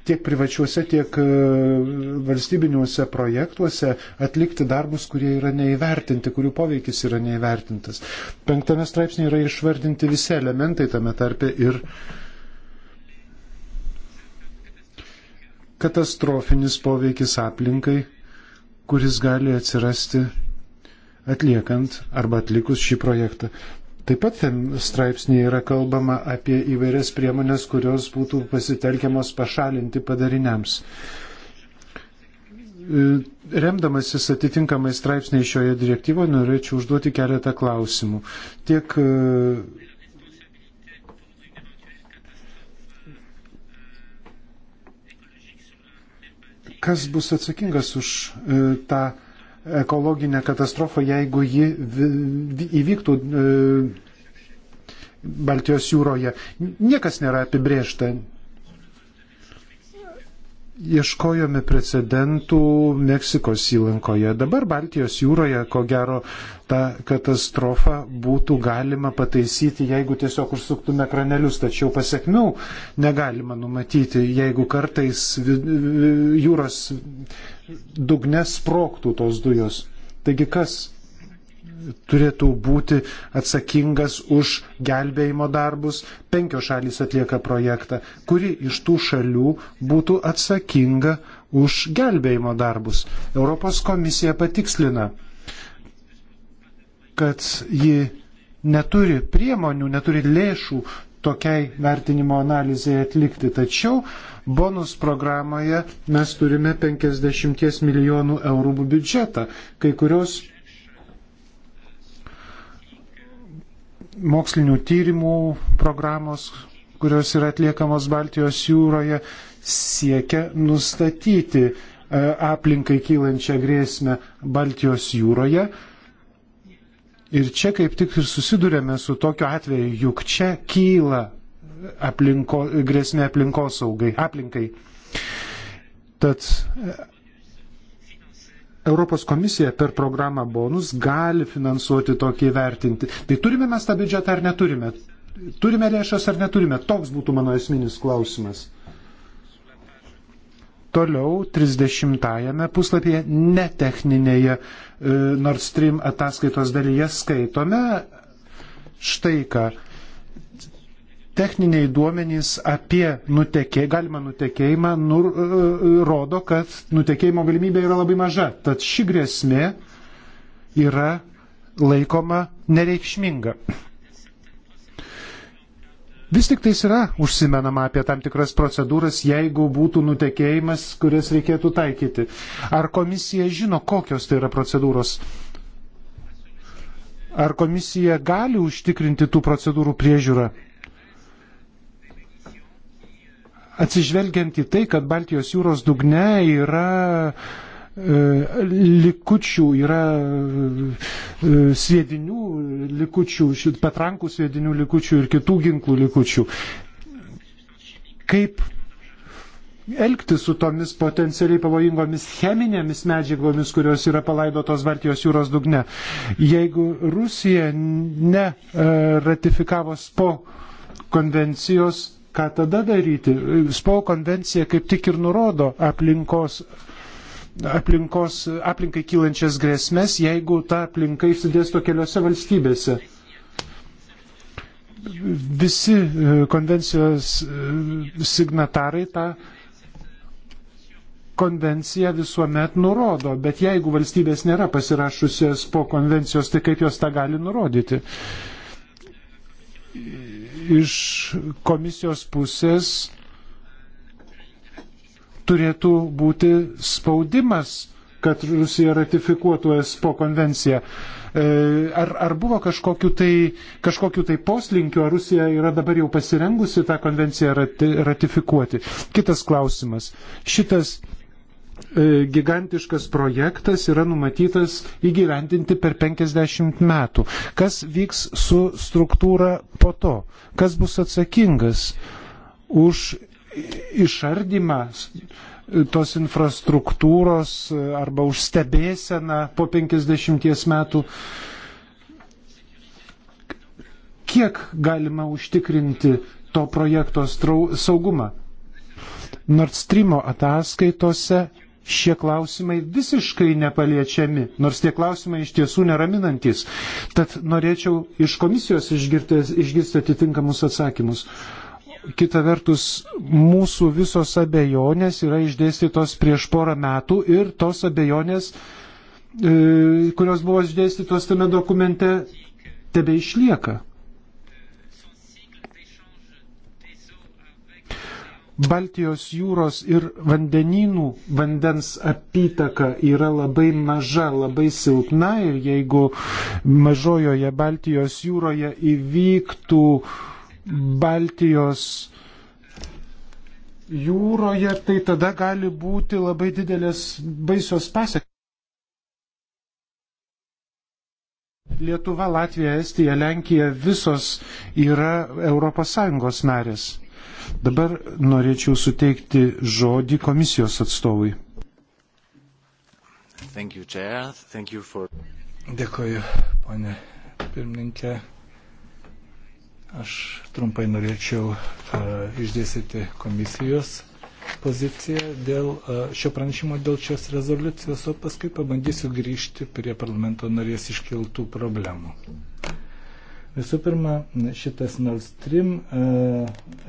tiek privačiuose, tiek e, valstybiniuose projektuose atlikti darbus, kurie yra neįvertinti, kurių poveikis yra neįvertintas. Penktame straipsnėje yra išvardinti visi elementai tame tarpe ir katastrofinis poveikis aplinkai, kuris gali atsirasti atliekant arba atlikus šį projektą. Taip pat straipsnėje yra kalbama apie įvairias priemonės, kurios būtų pasitelkiamos pašalinti padariniams. E, remdamasis atitinkamai straipsniai šioje direktyvoje, norėčiau užduoti keletą klausimų. Tiek e, kas bus atsakingas už e, tą ekologinę katastrofą, jeigu ji įvyktų e, Baltijos jūroje. Niekas nėra apibriešta, ieškojome precedentų Meksikos įlankoje. Dabar Baltijos jūroje, ko gero, tą katastrofą būtų galima pataisyti, jeigu tiesiog užsuktume kranelius, tačiau pasiekmių negalima numatyti, jeigu kartais jūros dugne sproktų tos dujos. Taigi kas turėtų būti atsakingas už gelbėjimo darbus. Penkios šalys atlieka projektą. Kuri iš tų šalių būtų atsakinga už gelbėjimo darbus? Europos komisija patikslina, kad ji neturi priemonių, neturi lėšų tokiai vertinimo analizai atlikti. Tačiau bonus programoje mes turime 50 milijonų eurų biudžetą. Kai kurios mokslinių tyrimų programos, kurios yra atliekamos Baltijos jūroje, siekia nustatyti e, aplinkai kylančią grėsmę Baltijos jūroje. Ir čia kaip tik ir susidurėme su tokiu atveju, juk čia kyla aplinko, grėsmė aplinkosaugai, aplinkai. Tad e, Europos komisija per programą bonus gali finansuoti tokį įvertinti. Tai turime mes tą biudžetą ar neturime? Turime lėšas ar neturime? Toks būtų mano esminis klausimas. Toliau 30-ąjame puslapyje netechninėje e, Nord Stream ataskaitos dalyje skaitome štai ką techniniai duomenys apie nutekė, galimą nutekėjimą nur, e, e, rodo, kad nutekėjimo galimybė yra labai maža. Tad ši grėsmė yra laikoma nereikšminga. Vis tik tais yra užsimenama apie tam tikras procedūras, jeigu būtų nutekėjimas, kurias reikėtų taikyti. Ar komisija žino, kokios tai yra procedūros? Ar komisija gali užtikrinti tų procedūrų priežiūrą? atsižvelgiant į tai, kad Baltijos jūros dugne yra e, likučių, yra e, sėdinių likučių, patrankų sėdinių likučių ir kitų ginklų likučių. Kaip elgtis su tomis potencialiai pavojingomis cheminėmis medžiagomis, kurios yra palaidotos Baltijos jūros dugne. Jeigu Rusija neratifikavo e, SPO konvencijos, Ką tada daryti? Spau konvencija kaip tik ir nurodo aplinkos, aplinkos, aplinkai kylančias grėsmės, jeigu ta aplinka išsidėsto keliose valstybėse. Visi e, konvencijos e, signatarai tą konvencija visuomet nurodo, bet jeigu valstybės nėra pasirašusios po konvencijos, tai kaip jos tą gali nurodyti? iš komisijos pusės turėtų būti spaudimas, kad Rusija ratifikuotų ESPO konvenciją. E, ar, ar buvo kažkokiu tai, kažkokiu tai poslinkiu, ar Rusija yra dabar jau pasirengusi tą konvenciją rati, ratifikuoti? Kitas klausimas. Šitas E, gigantiškas projektas yra numatytas įgyvendinti per 50 metų. Kas vyks su struktūra po to? Kas bus atsakingas už išardymą tos infrastruktūros arba už stebėseną po 50 metų? Kiek galima užtikrinti to projekto saugumą? Nord Streamo ataskaitose šie klausimai visiškai nepaliečiami, nors tie klausimai iš tiesų neraminantis. Tad norėčiau iš komisijos išgirsti atitinkamus atsakymus. Kita vertus, mūsų visos abejonės yra išdėstytos prieš porą metų ir tos abejonės, e, kurios buvo išdėstytos tame dokumente, tebe išlieka. Baltijos jūros ir vandenynų vandens apytaka yra labai maža, labai silpna ir jeigu mažojoje Baltijos jūroje įvyktų Baltijos jūroje, tai tada gali būti labai didelės baisios pasiekmes. Lietuva, Latvija, Estija, Lenkija visos yra ES narės. Dabar norėčiau suteikti žodį komisijos atstovui. Thank you, Chair. Thank you for... Dėkoju, ponė pirmininkė. Aš trumpai norėčiau uh, išdėstyti komisijos poziciją dėl uh, šio pranešimo, dėl šios rezoliucijos, o paskui pabandysiu grįžti prie parlamento narės iškeltų problemų. Uh, Visų pirma, šitas Nord Stream e,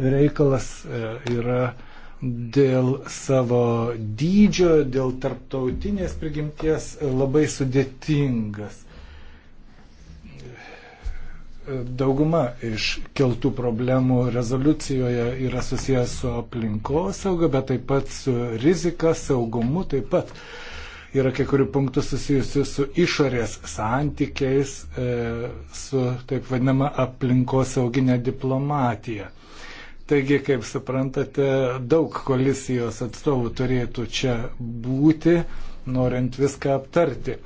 reikalas e, yra dėl savo dydžio, dėl tarptautinės prigimties e, labai sudėtingas. Dauguma iš keltų problemų rezoliucijoje yra susijęs su aplinkosauga, bet taip pat su rizika, saugumu, taip pat uh, Yra kai kurių punktų susijusių su išorės santykiais, e, su taip vadinama aplinkosauginė diplomatija. Taigi, kaip suprantate, daug koalicijos atstovų turėtų čia būti, norint viską aptarti.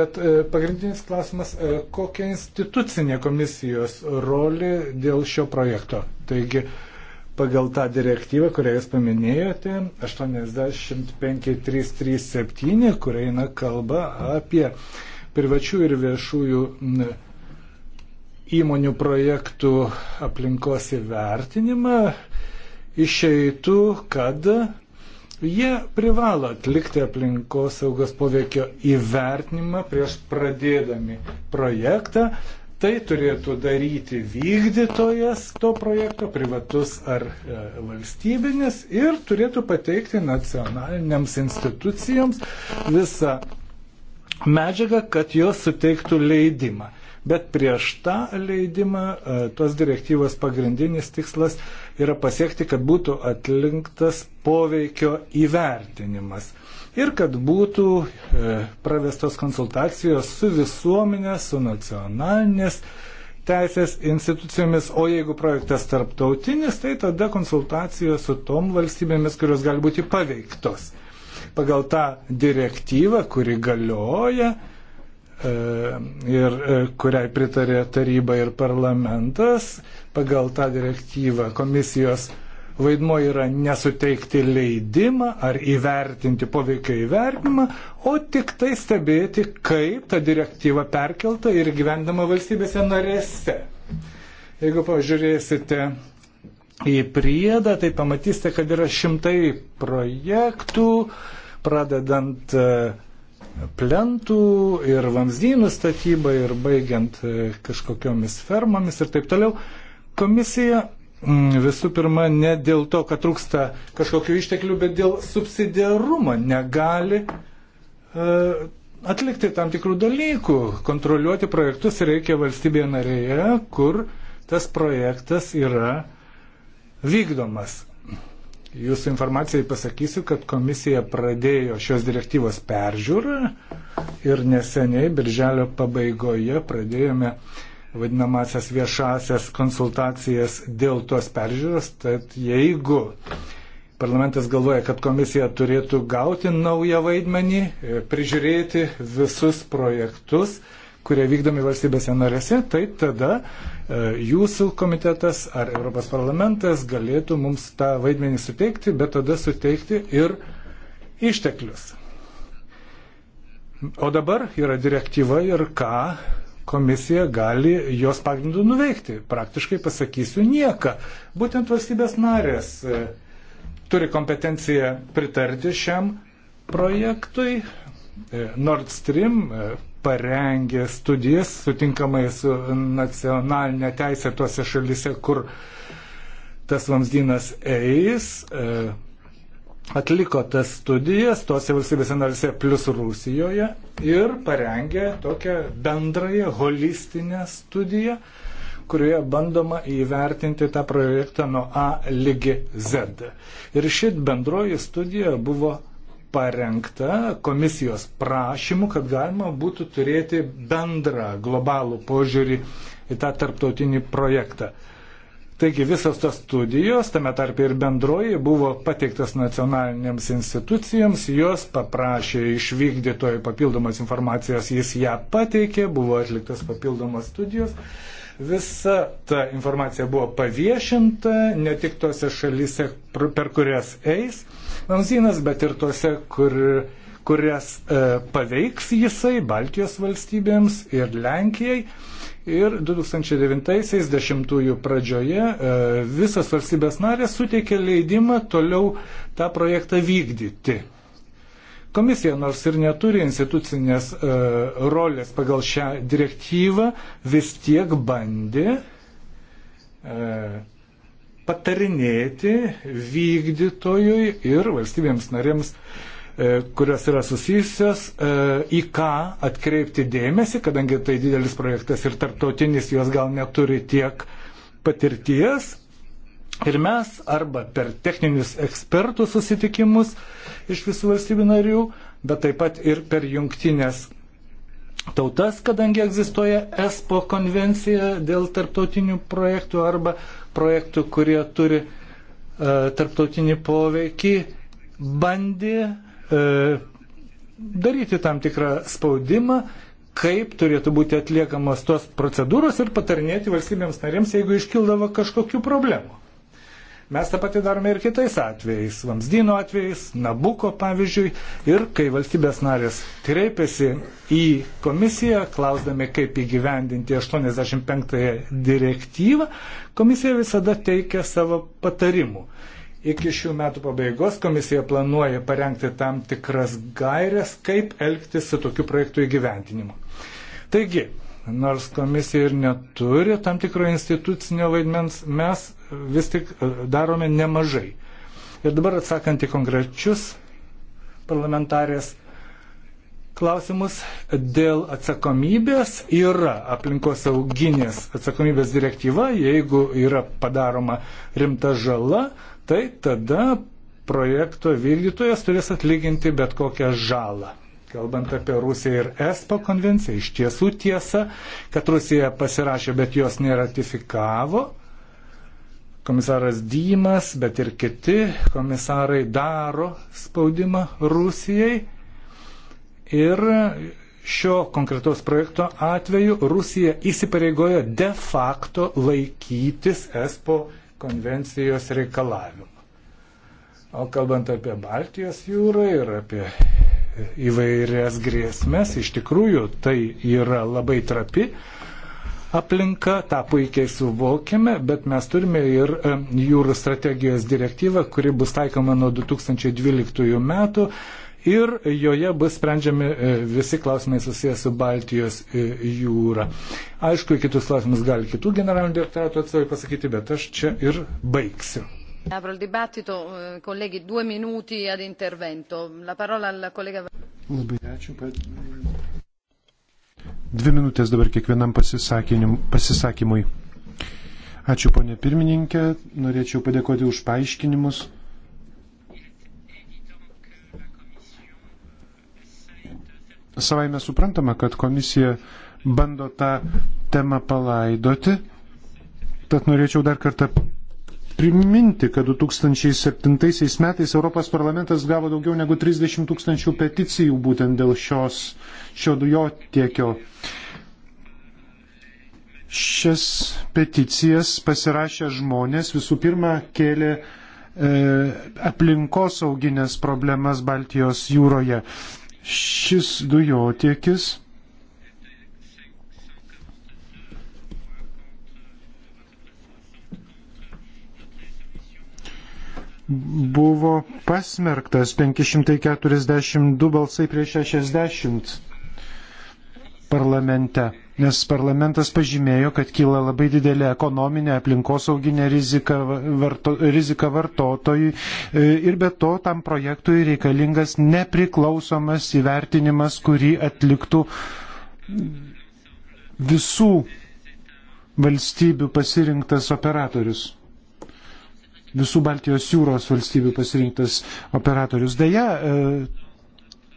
Bet e, pagrindinis klausimas, e, kokia institucinė komisijos roli dėl šio projekto? Taigi, pagal tą direktyvą, kurią jūs paminėjote, 85337, kur eina kalba apie privačių ir viešųjų įmonių projektų aplinkos įvertinimą, išeitų, kad jie privalo atlikti aplinkos saugos poveikio įvertinimą prieš pradėdami projektą, Tai turėtų daryti vykdytojas to projekto, privatus ar e, valstybinis, ir turėtų pateikti nacionaliniams institucijoms visą medžiagą, kad jos suteiktų leidimą. Bet prieš tą leidimą e, tos direktyvos pagrindinis tikslas yra pasiekti, kad būtų atlinktas poveikio įvertinimas ir kad būtų e, pravestos konsultacijos su visuomenė, su nacionalinės teisės institucijomis, o jeigu projektas tarptautinis, tai tada konsultacijos su tom valstybėmis, kurios gali būti paveiktos. Pagal tą direktyvą, kuri galioja e, ir e, kuriai pritarė taryba ir parlamentas, pagal tą direktyvą komisijos vaidmo yra nesuteikti leidimą ar įvertinti poveikio įvertinimą, o tik tai stebėti, kaip ta direktyva perkelta ir gyvendama valstybėse narėse. Jeigu pažiūrėsite į priedą, tai pamatysite, kad yra šimtai projektų, pradedant e, plentų ir vamzdynų statybą ir baigiant e, kažkokiomis fermomis ir taip toliau. Komisija Mm, visų pirma ne dėl to, kad trūksta kažkokių išteklių, bet dėl subsidiarumo negali uh, atlikti tam tikrų dalykų. Kontroliuoti projektus reikia valstybėje narėje, kur tas projektas yra vykdomas. Jūsų informacijai pasakysiu, kad komisija pradėjo šios direktyvos peržiūrą ir neseniai, birželio pabaigoje, pradėjome uh, vadinamasias viešasias konsultacijas dėl tos peržiūros, tad jeigu parlamentas galvoja, kad komisija turėtų gauti naują vaidmenį, e, prižiūrėti visus projektus, kurie vykdomi valstybėse narėse, tai tada e, jūsų komitetas ar Europos parlamentas galėtų mums tą vaidmenį suteikti, bet tada suteikti ir išteklius. O dabar yra direktyva ir ką komisija gali jos pagrindų nuveikti. Praktiškai pasakysiu nieką. Būtent valstybės narės e, turi kompetenciją pritarti šiam projektui. E, Nord Stream e, parengė studijas sutinkamai su nacionalinė teisė tuose šalise, kur tas vamzdynas eis. E, atliko tas studijas tose valstybėse narėse plus Rusijoje ir parengė tokią bendrąją holistinę studiją, kurioje bandoma įvertinti tą projektą nuo A lygi Z. Ir šit bendroji studija buvo parengta komisijos prašymu, kad galima būtų turėti bendrą globalų požiūrį į tą tarptautinį projektą. Taigi visos tos studijos, tame tarp ir bendroji, buvo pateiktas nacionalinėms institucijoms, jos paprašė išvykdytojų papildomas informacijos, jis ją pateikė, buvo atliktas papildomas studijos. Visa ta informacija buvo paviešinta ne tik tose šalyse, per kurias eis vamzinas, bet ir tose, kur, kurias e, paveiks jisai Baltijos valstybėms ir Lenkijai. E, Ir 2009-2010 pradžioje e, visas valstybės narės suteikė leidimą toliau tą projektą vykdyti. Komisija nors ir neturi institucinės e, rolės pagal šią direktyvą, vis tiek bandė e, patarinėti vykdytojui ir valstybėms narėms uh, E, kurios yra susijusios, e, į ką atkreipti dėmesį, kadangi tai didelis projektas ir tarptautinis jos gal neturi tiek patirties. Ir mes arba per techninius ekspertų susitikimus iš visų valstybių narių, bet taip pat ir per jungtinės tautas, kadangi egzistuoja ESPO konvencija dėl tarptautinių projektų arba projektų, kurie turi uh, tarptautinį poveikį, bandė E, daryti tam tikrą spaudimą, kaip turėtų būti atliekamos tos procedūros ir patarnėti valstybėms narėms, jeigu iškildavo kažkokių problemų. Mes tą patį darome ir kitais atvejais, Vamsdyno atvejais, Nabuko pavyzdžiui, ir kai valstybės narės kreipiasi į komisiją, klausdami, kaip įgyvendinti 85 direktyvą, komisija visada teikia savo patarimų. Iki šių metų pabaigos komisija planuoja parengti tam tikras gairias, kaip elgtis su tokiu projektu įgyventinimu. Taigi, nors komisija ir neturi tam tikro institucinio vaidmens, mes vis tik e, darome nemažai. Ir dabar atsakant į konkrečius parlamentarės klausimus dėl atsakomybės yra aplinkos auginės atsakomybės direktyva, jeigu yra padaroma rimta žala, tai tada projekto vykdytojas turės atlyginti bet kokią žalą. Kalbant apie Rusiją ir ESPO konvenciją, iš tiesų tiesa, kad Rusija pasirašė, bet jos neratifikavo. Komisaras Dymas, bet ir kiti komisarai daro spaudimą Rusijai. Ir šio konkretaus projekto atveju Rusija įsipareigojo de facto laikytis ESPO konvencijos konvencijos reikalavimų. O kalbant apie Baltijos jūrą ir apie įvairias grėsmės, iš tikrųjų tai yra labai trapi aplinka, tą puikiai suvokiame, bet mes turime ir e, jūrų strategijos direktyvą, kuri bus taikoma nuo 2012 metų ir joje bus sprendžiami e, visi klausimai susijęs su Baltijos e, jūra. Aišku, kitus klausimus gali kitų generalinių direktoratų atstovai pasakyti, bet aš čia ir baigsiu. Apro il dibattito, e, colleghi, due minuti ad intervento. La parola al collega. Labai ačiū. Dvi minutės dabar kiekvienam pasisakymui. Ačiū, ponė pirmininkė. Norėčiau padėkoti už paaiškinimus. savai mes suprantama, kad komisija bando tą temą palaidoti. Tad norėčiau dar kartą priminti, kad 2007 metais Europos parlamentas gavo daugiau negu 30 tūkstančių peticijų būtent dėl šios, šio dujotiekio. Šias peticijas pasirašę žmonės visų pirma kėlė e, aplinkosauginės problemas Baltijos jūroje. E, Šis dujotiekis buvo pasmerktas 542 balsai prieš 60 parlamente nes parlamentas pažymėjo, kad kyla labai didelė ekonominė aplinkosauginė rizika, varto, rizika vartotojui e, ir be to tam projektui reikalingas nepriklausomas įvertinimas, kurį atliktų visų valstybių pasirinktas operatorius visų Baltijos jūros valstybių pasirinktas operatorius. Deja, e,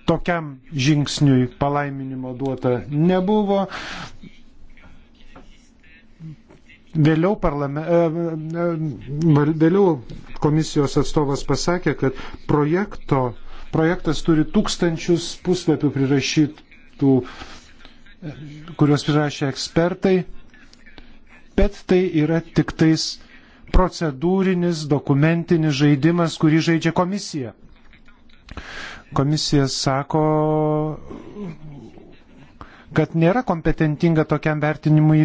tokiam žingsniui palaiminimo duota nebuvo. Vėliau, parlame, e, e, e, vėliau komisijos atstovas pasakė, kad projekto, projektas turi tūkstančius puslapių prirašytų, kuriuos prirašė ekspertai, bet tai yra tik tais procedūrinis, dokumentinis žaidimas, kurį žaidžia komisija. Komisija sako, kad nėra kompetentinga tokiam vertinimui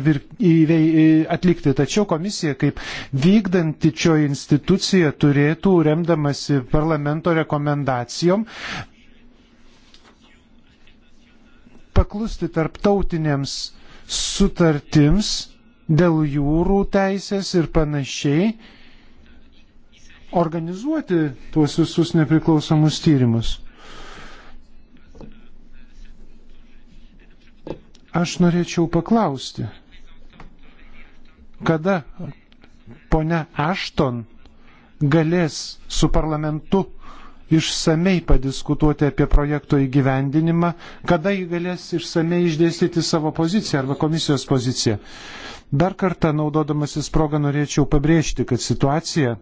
atlikti. Tačiau komisija kaip vykdanti čio institucija turėtų, remdamasi parlamento rekomendacijom, paklusti tarptautinėms sutartims dėl jūrų teisės ir panašiai, organizuoti tuos visus nepriklausomus tyrimus. Aš norėčiau paklausti, kada ponia Ašton galės su parlamentu išsamei padiskutuoti apie projekto įgyvendinimą, kada jį galės išsamei išdėstyti savo poziciją arba komisijos poziciją. Dar kartą, naudodamasis progą, norėčiau pabrėžti, kad situacija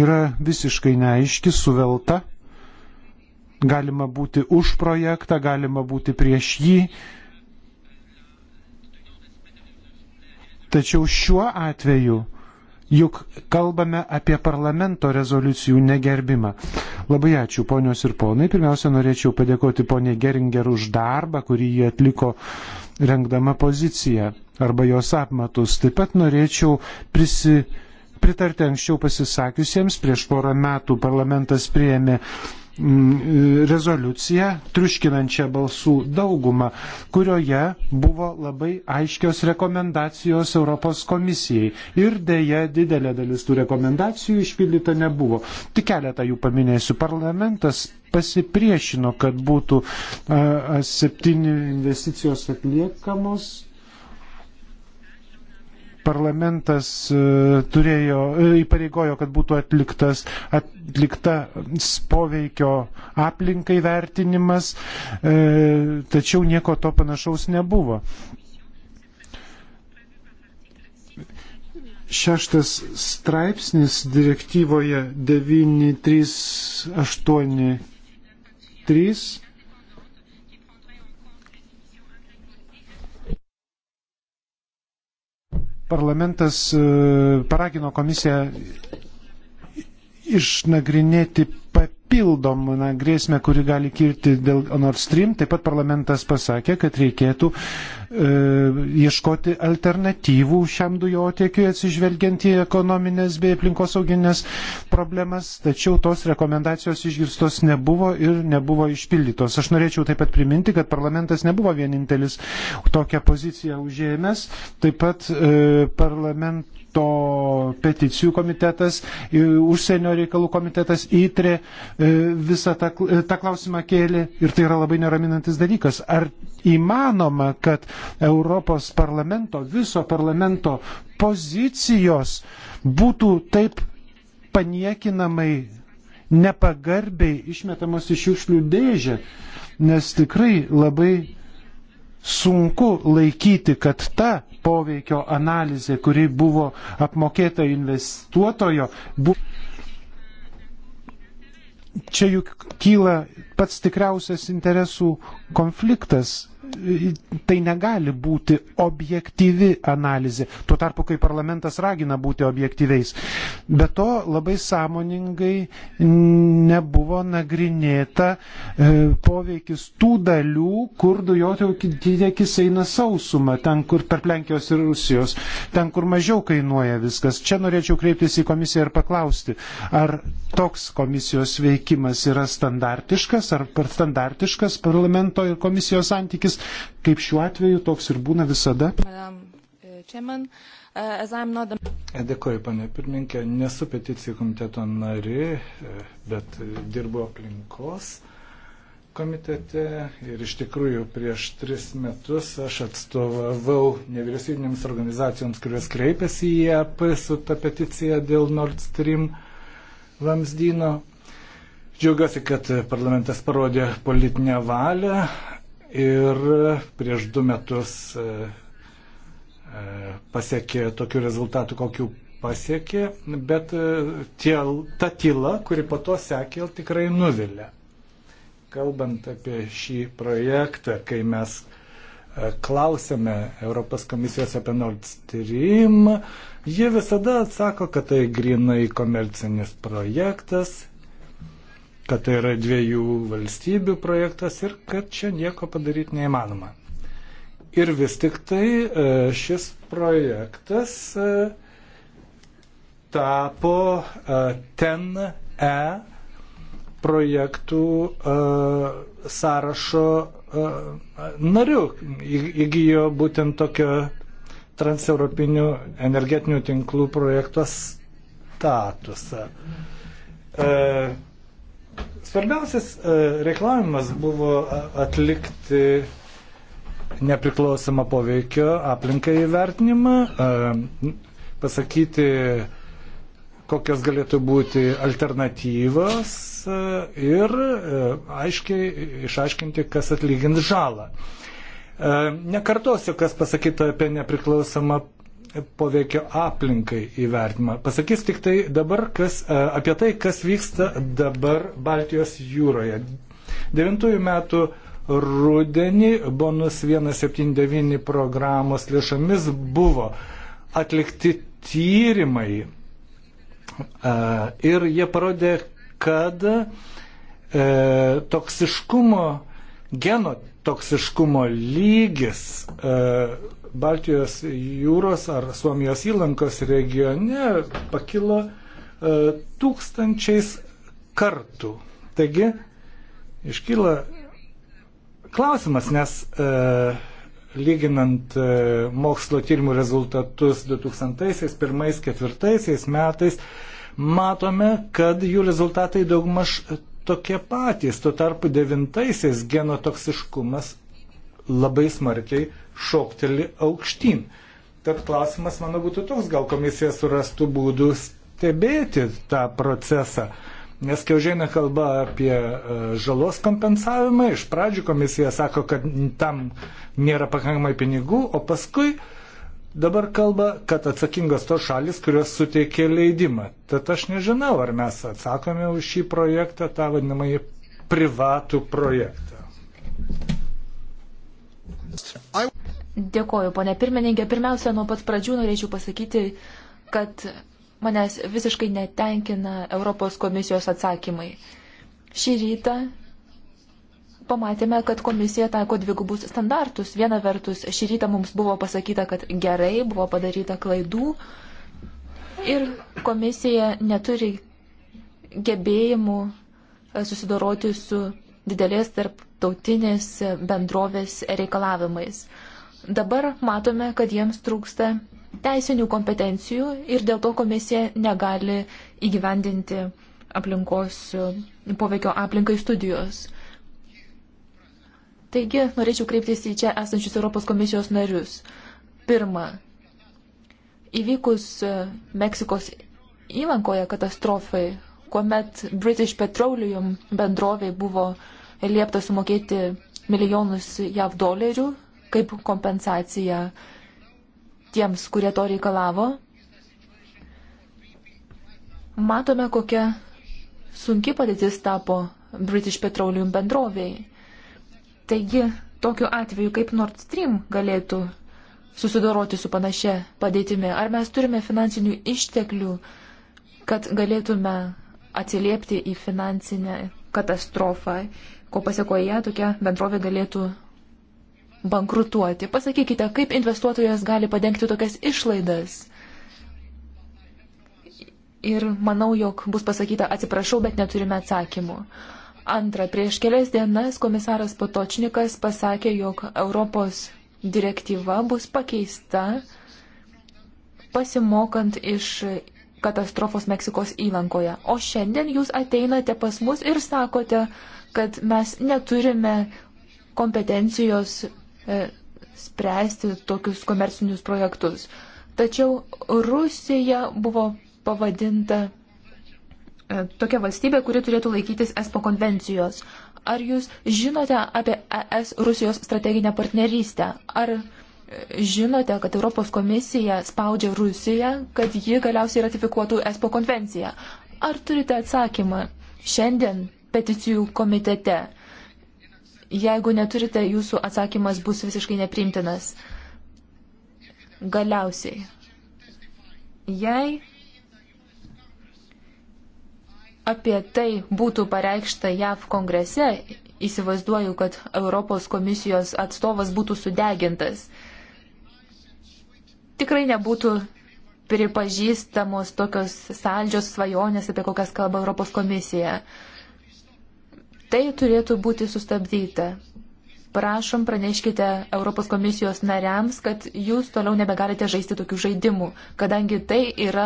yra visiškai neaiški, suvelta Galima būti už projektą, galima būti prieš jį. Tačiau šiuo atveju juk kalbame apie parlamento rezoliucijų negerbimą. Labai ačiū ponios ir ponai. Pirmiausia, norėčiau padėkoti poniai Geringer už darbą, kurį jie atliko rengdama poziciją arba jos apmatus. Taip pat norėčiau prisi, pritarti anksčiau pasisakiusiems. Prieš porą metų parlamentas prieėmė Mm, rezoliuciją, triuškinančią balsų daugumą, kurioje buvo labai aiškios rekomendacijos Europos komisijai. Ir dėja didelė dalis tų rekomendacijų išpildyta nebuvo. Tik keletą jų paminėsiu. Parlamentas pasipriešino, kad būtų A7 investicijos atliekamos parlamentas e, turėjo, e, įpareigojo, kad būtų atliktas, atlikta poveikio aplinkai vertinimas, e, tačiau nieko to panašaus nebuvo. Šeštas straipsnis direktyvoje 9383 Parlamentas e, paragino komisiją išnagrinėti papildomą papildomą na, grėsmę, kuri gali kirti dėl Nord Stream. Taip pat parlamentas pasakė, kad reikėtų e, ieškoti alternatyvų šiam dujotiekiui atsižvelgiant į ekonominės bei aplinkosauginės problemas, tačiau tos rekomendacijos išgirstos nebuvo ir nebuvo išpildytos. Aš norėčiau taip pat priminti, kad parlamentas nebuvo vienintelis tokią poziciją užėmęs. Taip pat e, parlamentas to peticijų komitetas, užsienio reikalų komitetas, įtrė e, visą tą, e, tą klausimą kėlė ir tai yra labai neraminantis dalykas. Ar įmanoma, kad Europos parlamento, viso parlamento pozicijos būtų taip paniekinamai, nepagarbiai išmetamos iš šiukšlių dėžę, nes tikrai labai sunku laikyti, kad ta poveikio analizė, kuri buvo apmokėta investuotojo, buvo. Čia juk kyla pats tikriausias interesų konfliktas tai negali būti objektyvi analizė, tuo tarpu, kai parlamentas ragina būti objektyviais. Be to labai sąmoningai nebuvo nagrinėta e, poveikis tų dalių, kur dujotiekis eina sausumą, ten, kur tarp Lenkijos ir Rusijos, ten, kur mažiau kainuoja viskas. Čia norėčiau kreiptis į komisiją ir paklausti, ar toks komisijos veikimas yra standartiškas, ar per standartiškas parlamento ir komisijos santykis, Kaip šiuo atveju toks ir būna visada. E, e, e, dėkoju, panė pirmininkė, nesu peticijų komiteto nari, bet dirbu aplinkos komitete ir iš tikrųjų prieš tris metus aš atstovavau nevyriausybinėms organizacijoms, kurios kreipėsi į EP su ta peticija dėl Nord Stream vamzdyno. Džiaugiuosi, kad parlamentas parodė politinę valią ir prieš du metus e, e, pasiekė tokių rezultatų, kokių pasiekė, bet e, tie, ta tyla, kuri po to sekė, tikrai nuvilia. Kalbant apie šį projektą, kai mes klausėme Europos komisijos apie Nord Stream, jie visada atsako, kad tai grinai komercinis projektas, kad tai yra dviejų valstybių projektas ir kad čia nieko padaryti neįmanoma. Ir vis tik tai e, šis projektas e, tapo e, ten E projektų sąrašo nariu, įgyjo būtent tokio transeuropinių energetinių tinklų projekto statusą. E, Svarbiausias e, reikalavimas buvo e, atlikti nepriklausomą poveikio aplinkai įvertinimą, e, pasakyti, kokios galėtų būti alternatyvos ir aiškiai išaiškinti, kas atlygins žalą. Nekartosiu, kas pasakyta apie nepriklausomą poveikio aplinkai įvertinimą. Pasakys tik tai dabar, kas, e, apie tai, kas vyksta dabar Baltijos jūroje. 9 metų rudenį bonus 179 programos lėšomis buvo atlikti tyrimai e, ir jie parodė, kad e, toksiškumo, geno toksiškumo lygis Baltijos jūros ar Suomijos įlankos regione pakilo e, tūkstančiais kartų. Taigi iškyla klausimas, nes e, lyginant e, mokslo tyrimų rezultatus 2001-2004 metais, matome, kad jų rezultatai daugmaž tokie patys. Tuo tarpu devintaisiais genotoksiškumas labai smarkiai šokteli aukštyn. Tad klausimas mano būtų toks, gal komisija surastų būdų stebėti tą procesą. Nes kai užeina kalba apie e, žalos kompensavimą, iš pradžių komisija sako, kad tam nėra pakankamai pinigų, o paskui dabar kalba, kad atsakingos tos šalis, kurios suteikė leidimą. Tad aš nežinau, ar mes atsakome už šį projektą, tą vadinamąjį privatų projektą. Dėkoju, ponė pirmininkė. Pirmiausia, nuo pat pradžių norėčiau pasakyti, kad manęs visiškai netenkina Europos komisijos atsakymai. Šį rytą pamatėme, kad komisija taiko dvigubus standartus. Viena vertus, šį rytą mums buvo pasakyta, kad gerai, buvo padaryta klaidų ir komisija neturi gebėjimų susidoroti su didelės tarp tarptautinės bendrovės reikalavimais. Dabar matome, kad jiems trūksta teisinių kompetencijų ir dėl to komisija negali įgyvendinti aplinkos poveikio aplinkai studijos. Taigi, norėčiau kreiptis į čia esančius Europos komisijos narius. Pirma, įvykus Meksikos įlankoje katastrofai, kuomet British Petroleum bendrovė buvo uh, liepta sumokėti milijonus JAV dolerių kaip kompensacija tiems, kurie to reikalavo. Matome, kokia sunki padėtis tapo British Petroleum bendroviai. Taigi, tokiu atveju, kaip Nord Stream galėtų susidoroti su panašia padėtimi? Ar mes turime finansinių išteklių, kad galėtume atsiliepti į finansinę katastrofą ko pasiekoje tokia bendrovė galėtų bankrutuoti. Pasakykite, kaip investuotojas gali padengti tokias išlaidas. Ir manau, jog bus pasakyta, atsiprašau, bet neturime atsakymų. Antra, prieš kelias dienas komisaras Potočnikas pasakė, jog Europos direktyva bus pakeista pasimokant iš katastrofos Meksikos įlankoje. O šiandien jūs ateinate pas mus ir sakote, kad mes neturime kompetencijos e, spręsti tokius komercinius projektus. Tačiau Rusija buvo pavadinta e, tokia valstybė, kuri turėtų laikytis ESPO konvencijos. Ar jūs žinote apie ES Rusijos strateginę partnerystę? Ar e, žinote, kad Europos komisija spaudžia Rusiją, kad ji galiausiai ratifikuotų ESPO konvenciją? Ar turite atsakymą? Šiandien peticijų komitete. Jeigu neturite, jūsų atsakymas bus visiškai nepriimtinas. Galiausiai, jei apie tai būtų pareikšta JAV kongrese, įsivaizduoju, kad Europos komisijos atstovas būtų sudegintas. Tikrai nebūtų pripažįstamos tokios saldžios svajonės, apie kokias kalba Europos komisija. Uh, Tai turėtų būti sustabdyta. Prašom, praneškite Europos komisijos nariams, kad jūs toliau nebegalite žaisti tokių žaidimų, kadangi tai yra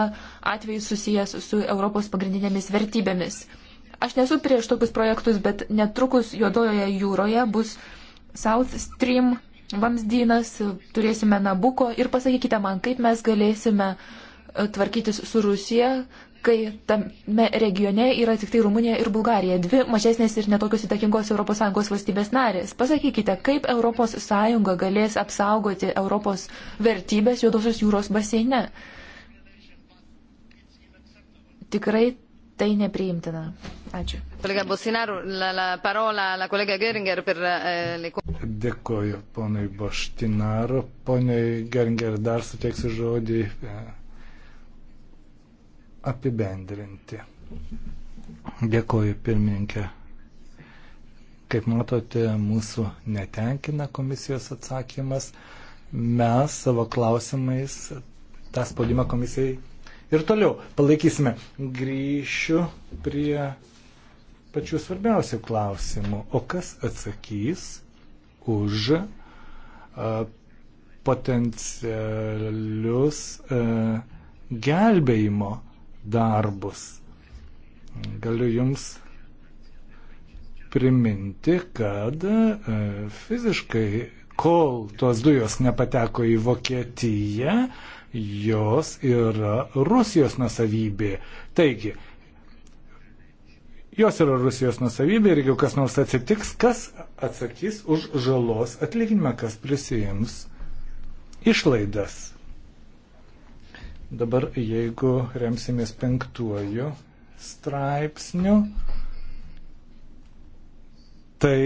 atvejai susijęs su Europos pagrindinėmis vertybėmis. Aš nesu prieš tokius projektus, bet netrukus Juodojoje jūroje bus South Stream vamzdynas, turėsime Nabuko ir pasakykite man, kaip mes galėsime e, tvarkytis su Rusija, kai tame regione yra tik tai Rumunija ir Bulgarija, dvi mažesnės ir netokios įtakingos ES valstybės narės. Pasakykite, kaip ES galės apsaugoti Europos vertybės Juodosios jūros baseine? Tikrai tai nepriimtina. Ačiū. Eh, Dėkoju ponui Boštinaru. Poniai Geringer dar suteiksiu žodį. E, apibendrinti. Dėkoju, pirmininkė. Kaip matote, mūsų netenkina komisijos atsakymas. Mes savo klausimais tą spaudimą komisijai ir toliau palaikysime. Grįšiu prie pačių svarbiausių klausimų. O kas atsakys už a, potencialius a, gelbėjimo darbus. Galiu Jums priminti, kad e, fiziškai, kol tos dujos nepateko į Vokietiją, jos yra Rusijos nusavybė. Taigi, jos yra Rusijos nusavybė ir jeigu kas nors atsitiks, kas atsakys už žalos atlyginimą, kas prisijims išlaidas. Dabar jeigu remsimės penktuoju straipsniu, tai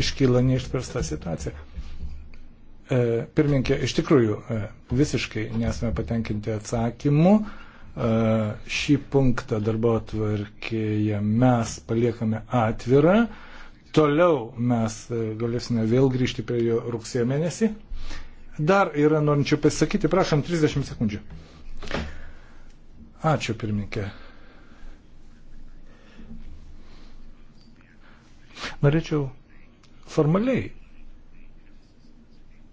iškyla neištversta situacija. E, Pirminkė, iš tikrųjų e, visiškai nesame patenkinti atsakymu. E, šį punktą darbo atvarkėje mes paliekame atvirą. Toliau mes galėsime vėl grįžti prie jo rugsėjo mėnesį. Dar yra norinčių pasakyti, prašom 30 sekundžių. Ačiū pirmininkė. Norėčiau formaliai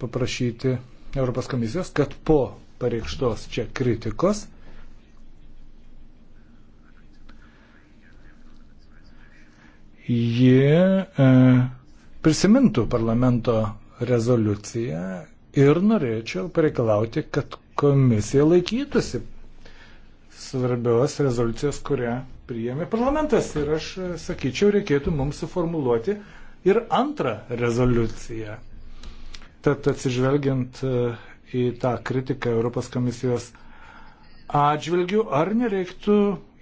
paprašyti Europos komisijos, kad po pareikštos čia kritikos jie e, prisimintų parlamento rezoliuciją ir norėčiau pareikalauti, kad komisija laikytųsi svarbios rezoliucijos, kurią priėmė parlamentas. Ir aš e, sakyčiau, reikėtų mums suformuluoti ir antrą rezoliuciją. Tad atsižvelgiant e, į tą kritiką Europos komisijos atžvilgių, ar nereiktų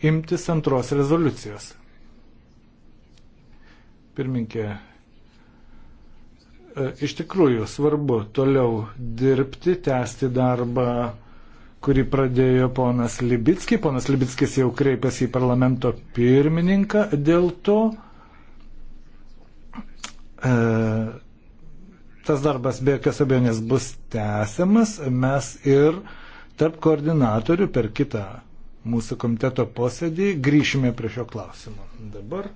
imtis antros rezoliucijos? Pirminkė, e, iš tikrųjų svarbu toliau dirbti, tęsti darbą kurį pradėjo ponas Libitski. Ponas Libitskis jau kreipėsi į parlamento pirmininką dėl to. E, tas darbas be jokios abejonės bus tęsiamas. Mes ir tarp koordinatorių per kitą mūsų komiteto posėdį grįšime prie šio klausimo. Dabar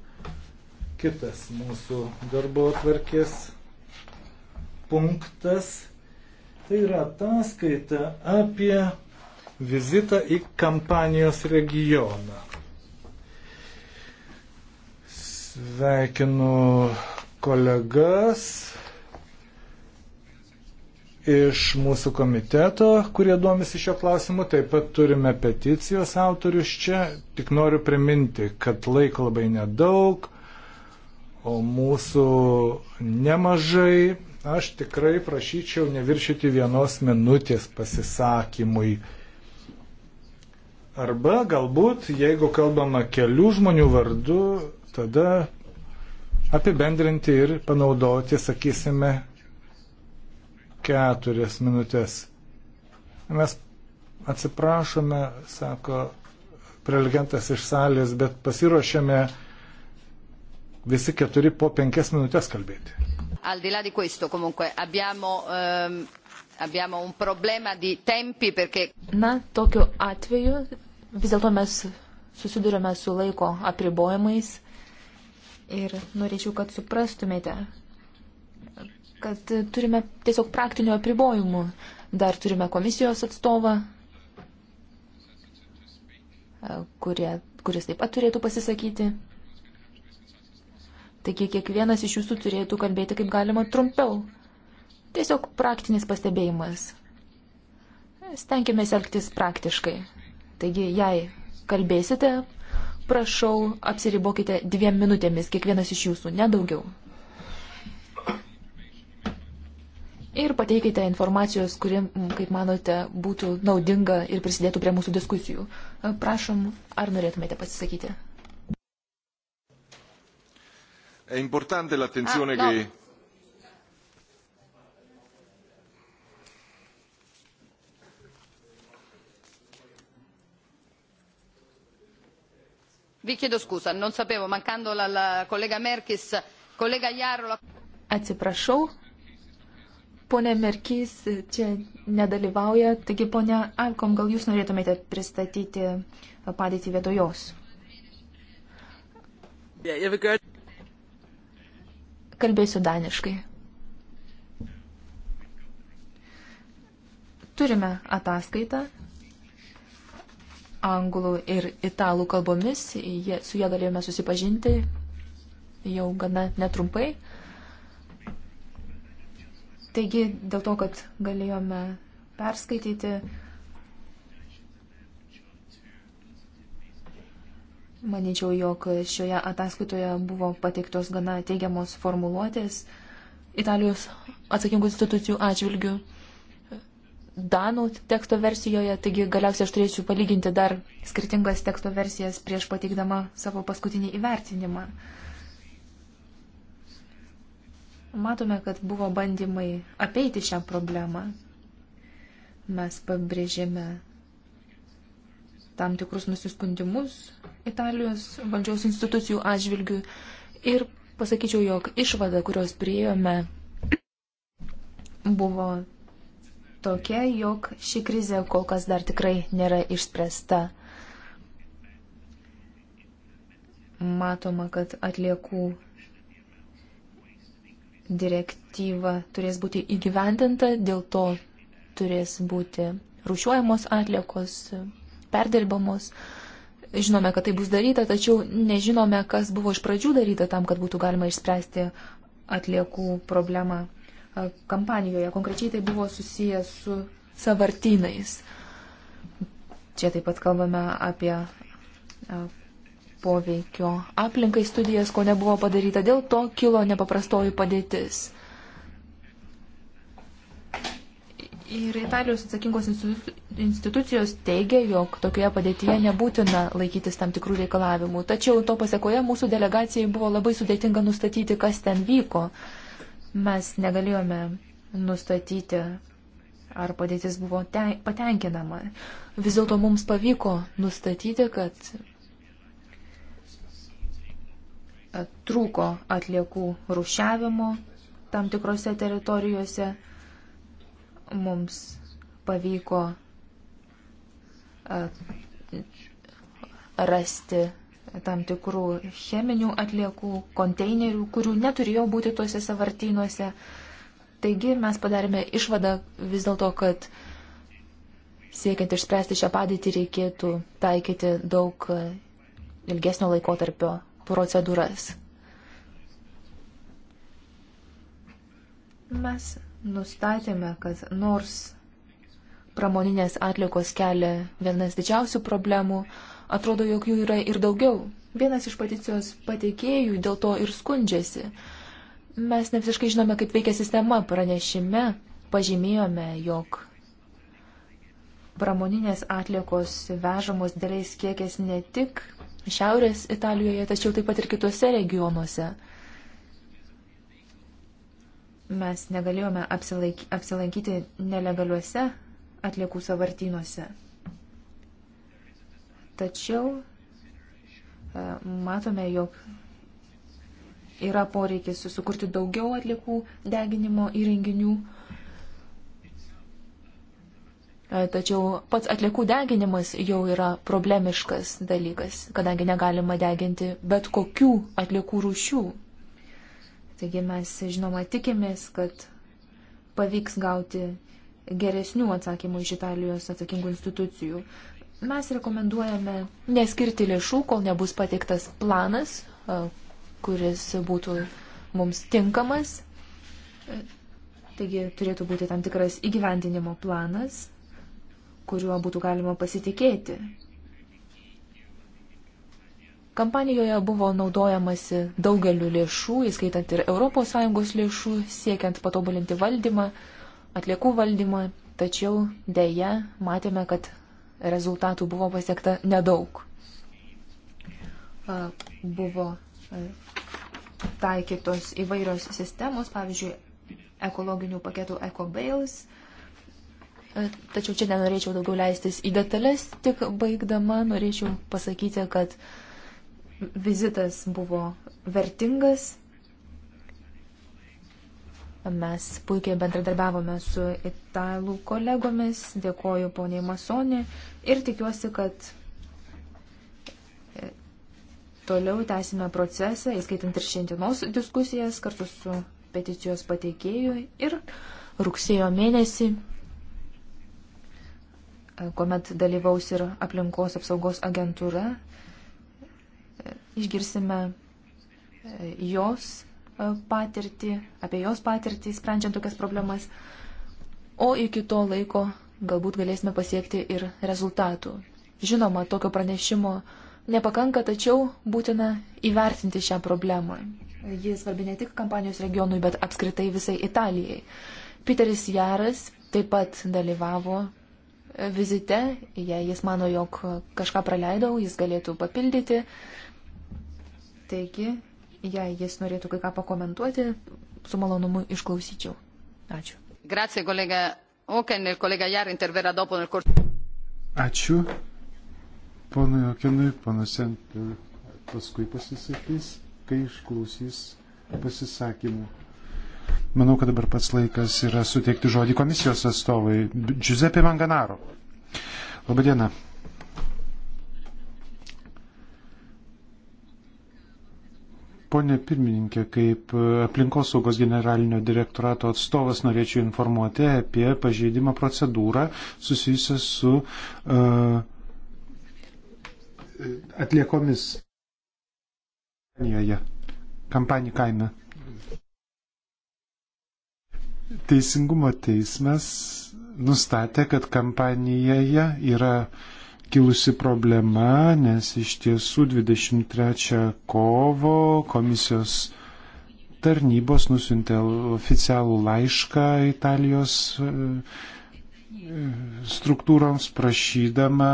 kitas mūsų darbo atvarkės punktas. Tai yra ataskaita apie vizitą į kampanijos regioną. Sveikinu kolegas iš mūsų komiteto, kurie domisi šio klausimu. Taip pat turime peticijos autorius čia. Tik noriu priminti, kad laiko labai nedaug, o mūsų nemažai. Aš tikrai prašyčiau neviršyti vienos minutės pasisakymui. Arba galbūt, jeigu kalbama kelių žmonių vardu, tada apibendrinti ir panaudoti, sakysime, keturias minutės. Mes atsiprašome, sako prelegentas iš salės, bet pasiruošėme visi keturi po penkias minutės kalbėti. Al di là di questo, comunque, abbiamo, um, abbiamo un problema di tempi perché. Na, tokiu atveju Vis dėlto mes susidurime su laiko apribojimais ir norėčiau, kad suprastumėte, kad turime tiesiog praktinių apribojimų. Dar turime komisijos atstovą, kurie, kuris taip pat turėtų pasisakyti. Taigi kiekvienas iš jūsų turėtų kalbėti kaip galima trumpiau. Tiesiog praktinis pastebėjimas. Stenkime elgtis praktiškai. Taigi, jei kalbėsite, prašau, apsiribokite dviem minutėmis, kiekvienas iš jūsų, nedaugiau. Ir pateikite informacijos, kuri, kaip manote, būtų naudinga ir prisidėtų prie mūsų diskusijų. E, prašom, ar norėtumėte pasisakyti? È importante l'attenzione ah, no. che Vi chiedo scusa, non sapevo, mancando la, la collega Merkis, collega Jaro. La... Atsiprašau, ponė Merkys čia nedalyvauja, taigi ponė Alkom, gal jūs norėtumėte pristatyti padėtį vietoj jos? Kalbėsiu daniškai. Turime ataskaitą anglų ir italų kalbomis, jie, su jie galėjome susipažinti jau gana netrumpai. Taigi, dėl to, kad galėjome perskaityti, manyčiau, jog šioje ataskaitoje buvo pateiktos gana teigiamos formuluotės Italijos atsakingų institucijų atžvilgių. Danų teksto versijoje, taigi galiausiai aš turėčiau palyginti dar skirtingas teksto versijas prieš pateikdama savo paskutinį įvertinimą. Matome, kad buvo bandymai apeiti šią problemą. Mes pabrėžėme tam tikrus nusiskundimus Italijos valdžios institucijų atžvilgių ir pasakyčiau, jog išvada, kurios priejome, buvo tokia, jog ši krizė kol kas dar tikrai nėra išspręsta. Matoma, kad atliekų direktyva turės būti įgyvendinta, dėl to turės būti rušiuojamos atliekos, perdirbamos. Žinome, kad tai bus daryta, tačiau nežinome, kas buvo iš pradžių daryta tam, kad būtų galima išspręsti atliekų problemą kampanijoje. Konkrečiai tai buvo susijęs su savartynais. Čia taip pat kalbame apie e, poveikio aplinkai studijas, ko nebuvo padaryta. Dėl to kilo nepaprastoji padėtis. Ir Italijos atsakingos institucijos teigia, jog tokioje padėtyje nebūtina laikytis tam tikrų reikalavimų. Tačiau to pasiekoje mūsų delegacijai buvo labai sudėtinga nustatyti, kas ten vyko. Uh, Mes negalėjome nustatyti, ar padėtis buvo patenkinama. Vis dėlto mums pavyko nustatyti, kad e, trūko atliekų rušiavimo tam tikrose teritorijose. Mums pavyko e, rasti tam tikrų cheminių atliekų, konteinerių, kurių neturėjo būti tuose savartynuose. Taigi mes padarėme išvadą vis dėlto, kad siekiant išspręsti šią padėtį reikėtų taikyti daug ilgesnio laikotarpio procedūras. Mes nustatėme, kad nors pramoninės atlikos kelia vienas didžiausių problemų, Atrodo, jog jų yra ir daugiau. Vienas iš peticijos pateikėjų dėl to ir skundžiasi. Mes ne visiškai žinome, kaip veikia sistema. Pranešime pažymėjome, jog pramoninės atliekos vežamos dėliais kiekis ne tik šiaurės Italijoje, tačiau taip pat ir kitose regionuose. Mes negalėjome apsilaik, apsilankyti nelegaliuose atliekų savartynuose. Tačiau e, matome, jog yra poreikis susikurti daugiau atlikų deginimo įrenginių. E, tačiau pats atliekų deginimas jau yra problemiškas dalykas, kadangi negalima deginti bet kokių atliekų rūšių. Taigi mes, žinoma, tikimės, kad pavyks gauti geresnių atsakymų iš Italijos atsakingų institucijų. Mes rekomenduojame neskirti lėšų, kol nebus pateiktas planas, kuris būtų mums tinkamas. Taigi turėtų būti tam tikras įgyvendinimo planas, kuriuo būtų galima pasitikėti. Kampanijoje buvo naudojamasi daugeliu lėšų, įskaitant ir ES lėšų, siekiant patobulinti valdymą, atliekų valdymą, tačiau dėja matėme, kad rezultatų buvo pasiekta nedaug. Buvo taikytos įvairios sistemos, pavyzdžiui, ekologinių paketų EcoBails. Tačiau čia nenorėčiau daugiau leistis į detalės, tik baigdama norėčiau pasakyti, kad vizitas buvo vertingas, Mes puikiai bendradarbiavome su italų kolegomis, dėkoju poniai Masonė ir tikiuosi, kad e, toliau tęsime procesą, įskaitant ir šiandienos diskusijas kartu su peticijos pateikėju ir rugsėjo mėnesį, e, kuomet dalyvaus ir aplinkos apsaugos agentūra, e, išgirsime jos patirtį, apie jos patirtį, sprendžiant tokias problemas. O iki to laiko galbūt galėsime pasiekti ir rezultatų. Žinoma, tokio pranešimo nepakanka, tačiau būtina įvertinti šią problemą. Jis svarbi ne tik kampanijos regionui, bet apskritai visai Italijai. Piteris Jaras taip pat dalyvavo vizite, jei jis mano, jog kažką praleidau, jis galėtų papildyti. Taigi, Jei jis norėtų kai ką pakomentuoti, su malonumu išklausyčiau. Ačiū. Grazie, kolega Oken ir kolega Jar interverą dopo nel corso. Ačiū. Ponui Okenui, panas Sentur paskui pasisakys, kai išklausys pasisakymų. Manau, kad dabar pats laikas yra suteikti žodį komisijos atstovai Giuseppe Manganaro. Labadiena. Pone pirmininkė, kaip aplinkosaugos generalinio direktorato atstovas norėčiau informuoti apie pažeidimo procedūrą susijusią su uh, atliekomis kampanijoje, kampanijų kaime. Teisingumo teismas nustatė, kad kampanijoje yra uh, kilusi problema, nes iš tiesų 23 kovo komisijos tarnybos nusintė oficialų laišką Italijos e, struktūroms prašydama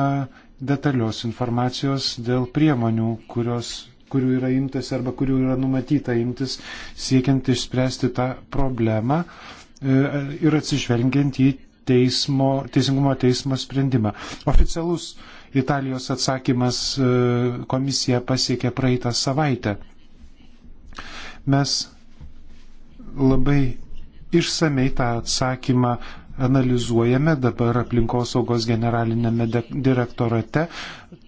detalios informacijos dėl priemonių, kurios, kurių yra imtas arba kurių yra numatyta imtis siekiant išspręsti tą problemą e, ir atsižvelgiant į teismo, teisingumo teismo sprendimą. Oficialus Italijos atsakymas e, komisija pasiekė praeitą savaitę. Mes labai išsamei tą atsakymą analizuojame dabar aplinkosaugos generalinėme direktorate,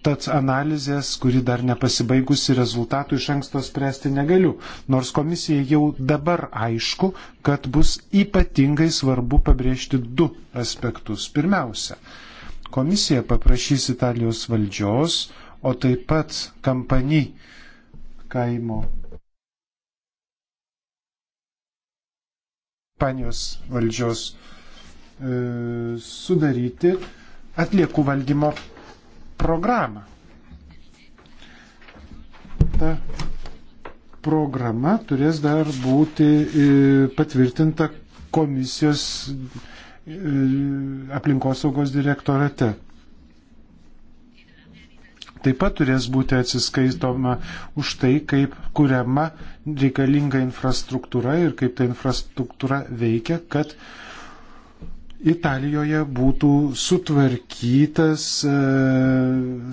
tad analizės, kuri dar nepasibaigusi rezultatų iš anksto spręsti negaliu. Nors komisija jau dabar aišku, kad bus ypatingai svarbu pabrėžti du aspektus. Pirmiausia, komisija paprašys Italijos valdžios, o taip pat kampanį kaimo Panijos valdžios E, sudaryti atliekų valdymo programą. Ta programa turės dar būti e, patvirtinta komisijos e, aplinkosaugos direktorate. Taip pat turės būti atsiskaitoma už tai, kaip kuriama reikalinga infrastruktūra ir kaip ta infrastruktūra veikia, kad uh, Italijoje būtų sutvarkytas, e,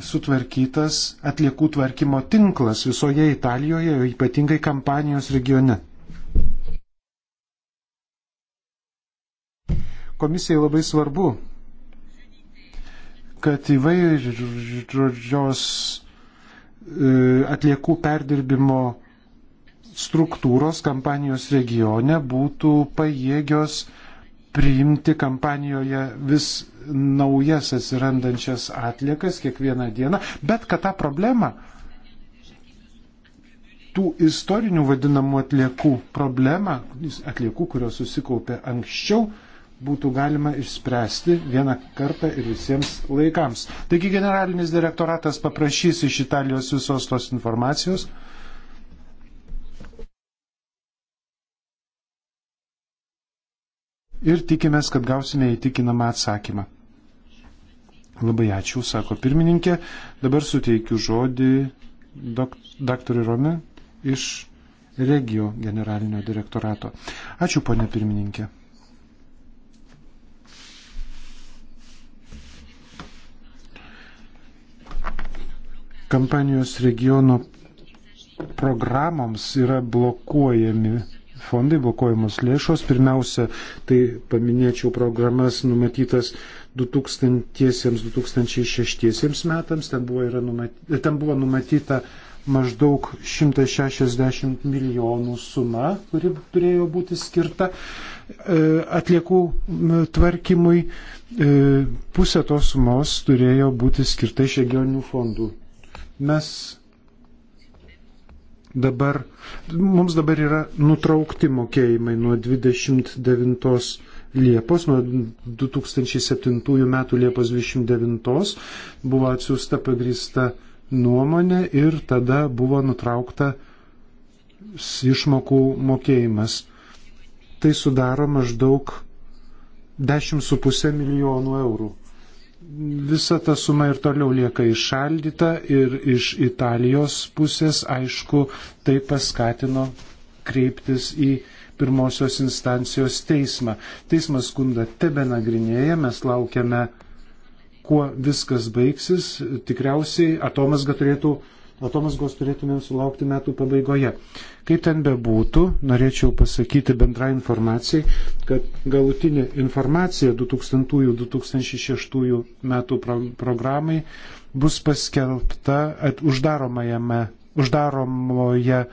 sutvarkytas atliekų tvarkymo tinklas visoje Italijoje, ypatingai kampanijos regione. Komisijai labai svarbu, kad įvairios e, atliekų perdirbimo struktūros kampanijos regione būtų pajėgios uh, priimti kampanijoje vis naujas atsirandančias atliekas kiekvieną dieną, bet kad tą problemą, tų istorinių vadinamų atliekų problemą, atliekų, kurios susikaupė anksčiau, būtų galima išspręsti vieną kartą ir visiems laikams. Taigi generalinis direktoratas paprašys iš Italijos visos tos informacijos ir tikimės, kad gausime įtikinamą atsakymą. Labai ačiū, sako pirmininkė. Dabar suteikiu žodį daktarui Romi iš regio generalinio direktorato. Ačiū, ponė pirmininkė. Kampanijos regiono programoms yra blokuojami fondai, blokojamos lėšos. Pirmiausia, tai paminėčiau programas numatytas 2000-2006 metams. Ten buvo, numatyta, ten buvo numatyta maždaug 160 milijonų suma, kuri turėjo būti skirta e, atliekų tvarkymui. E, pusė tos sumos turėjo būti skirta iš regioninių fondų. Mes dabar, mums dabar yra nutraukti mokėjimai nuo 29 Liepos, nuo 2007 metų Liepos 29 buvo atsiųsta pagrįsta nuomonė ir tada buvo nutraukta išmokų mokėjimas. Tai sudaro maždaug 10,5 milijonų eurų visa ta suma ir toliau lieka išaldyta ir iš Italijos pusės, aišku, tai paskatino kreiptis į pirmosios instancijos teismą. Teismas skundą tebe nagrinėja, mes laukiame, kuo viskas baigsis. Tikriausiai atomasga turėtų atomazgos turėtumėm sulaukti metų pabaigoje. Kaip ten bebūtų, norėčiau pasakyti bendrą informaciją, kad galutinė informacija 2000-2006 metų pro programai bus paskelbta uždaromajame, uždaromoje e,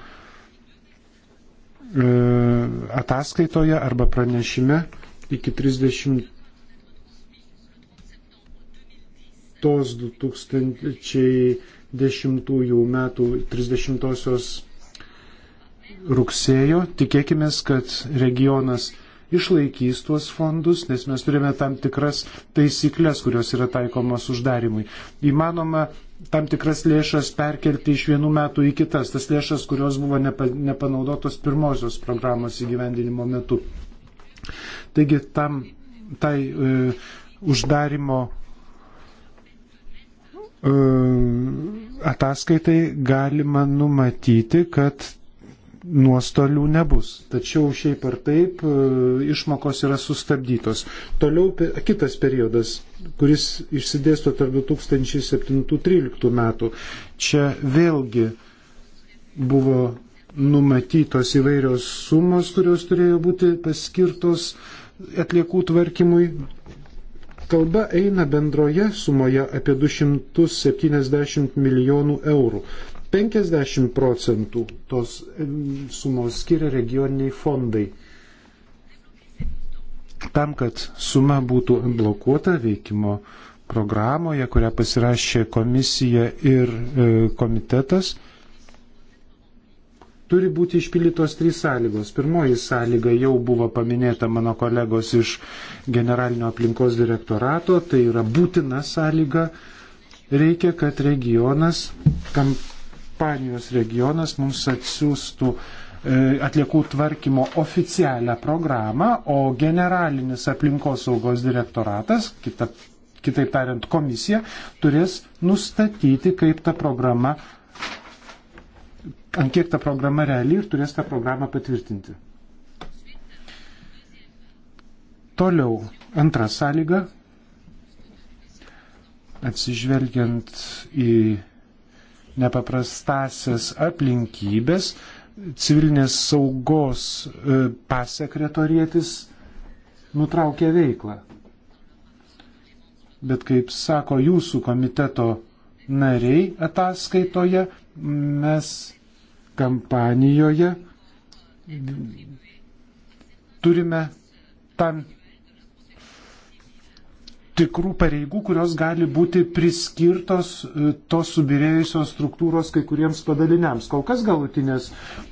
ataskaitoje arba pranešime iki 30. 2010 2010 metų 30 rugsėjo. Tikėkime, kad regionas išlaikys tuos fondus, nes mes turime tam tikras taisyklės, kurios yra taikomos uždarimui. Įmanoma tam tikras lėšas perkelti iš vienų metų į kitas, tas lėšas, kurios buvo nepa, nepanaudotos pirmosios programos įgyvendinimo metu. Taigi tam tai e, uždarimo E, ataskaitai galima numatyti, kad nuostolių nebus. Tačiau šiaip ar taip e, išmokos yra sustabdytos. Toliau kitas periodas, kuris išsidėsto tarp 2007-2013 metų. Čia vėlgi buvo numatytos įvairios sumos, kurios turėjo būti paskirtos atliekų tvarkymui, Kalba eina bendroje sumoje apie 270 milijonų eurų. 50 procentų tos sumos skiria regioniniai fondai. Tam, kad suma būtų blokuota veikimo programoje, kurią pasirašė komisija ir e, komitetas, turi būti išpildytos trys sąlygos. Pirmoji sąlyga jau buvo paminėta mano kolegos iš generalinio aplinkos direktorato, tai yra būtina sąlyga. Reikia, kad regionas, kampanijos regionas mums atsiųstų e, atliekų tvarkymo oficialią programą, o generalinis aplinkosaugos direktoratas, kita, kitaip tariant komisija, turės nustatyti, kaip ta programa ant kiek ta programa reali ir turės tą programą patvirtinti. Toliau, antra sąlyga, atsižvelgiant į nepaprastasias aplinkybės, civilinės saugos e, pasekretorietis nutraukė veiklą. Bet kaip sako jūsų komiteto nariai ataskaitoje, mes kampanijoje turime tam tikrų pareigų, kurios gali būti priskirtos e, tos subirėjusios struktūros kai kuriems padaliniams. Kol kas galutinės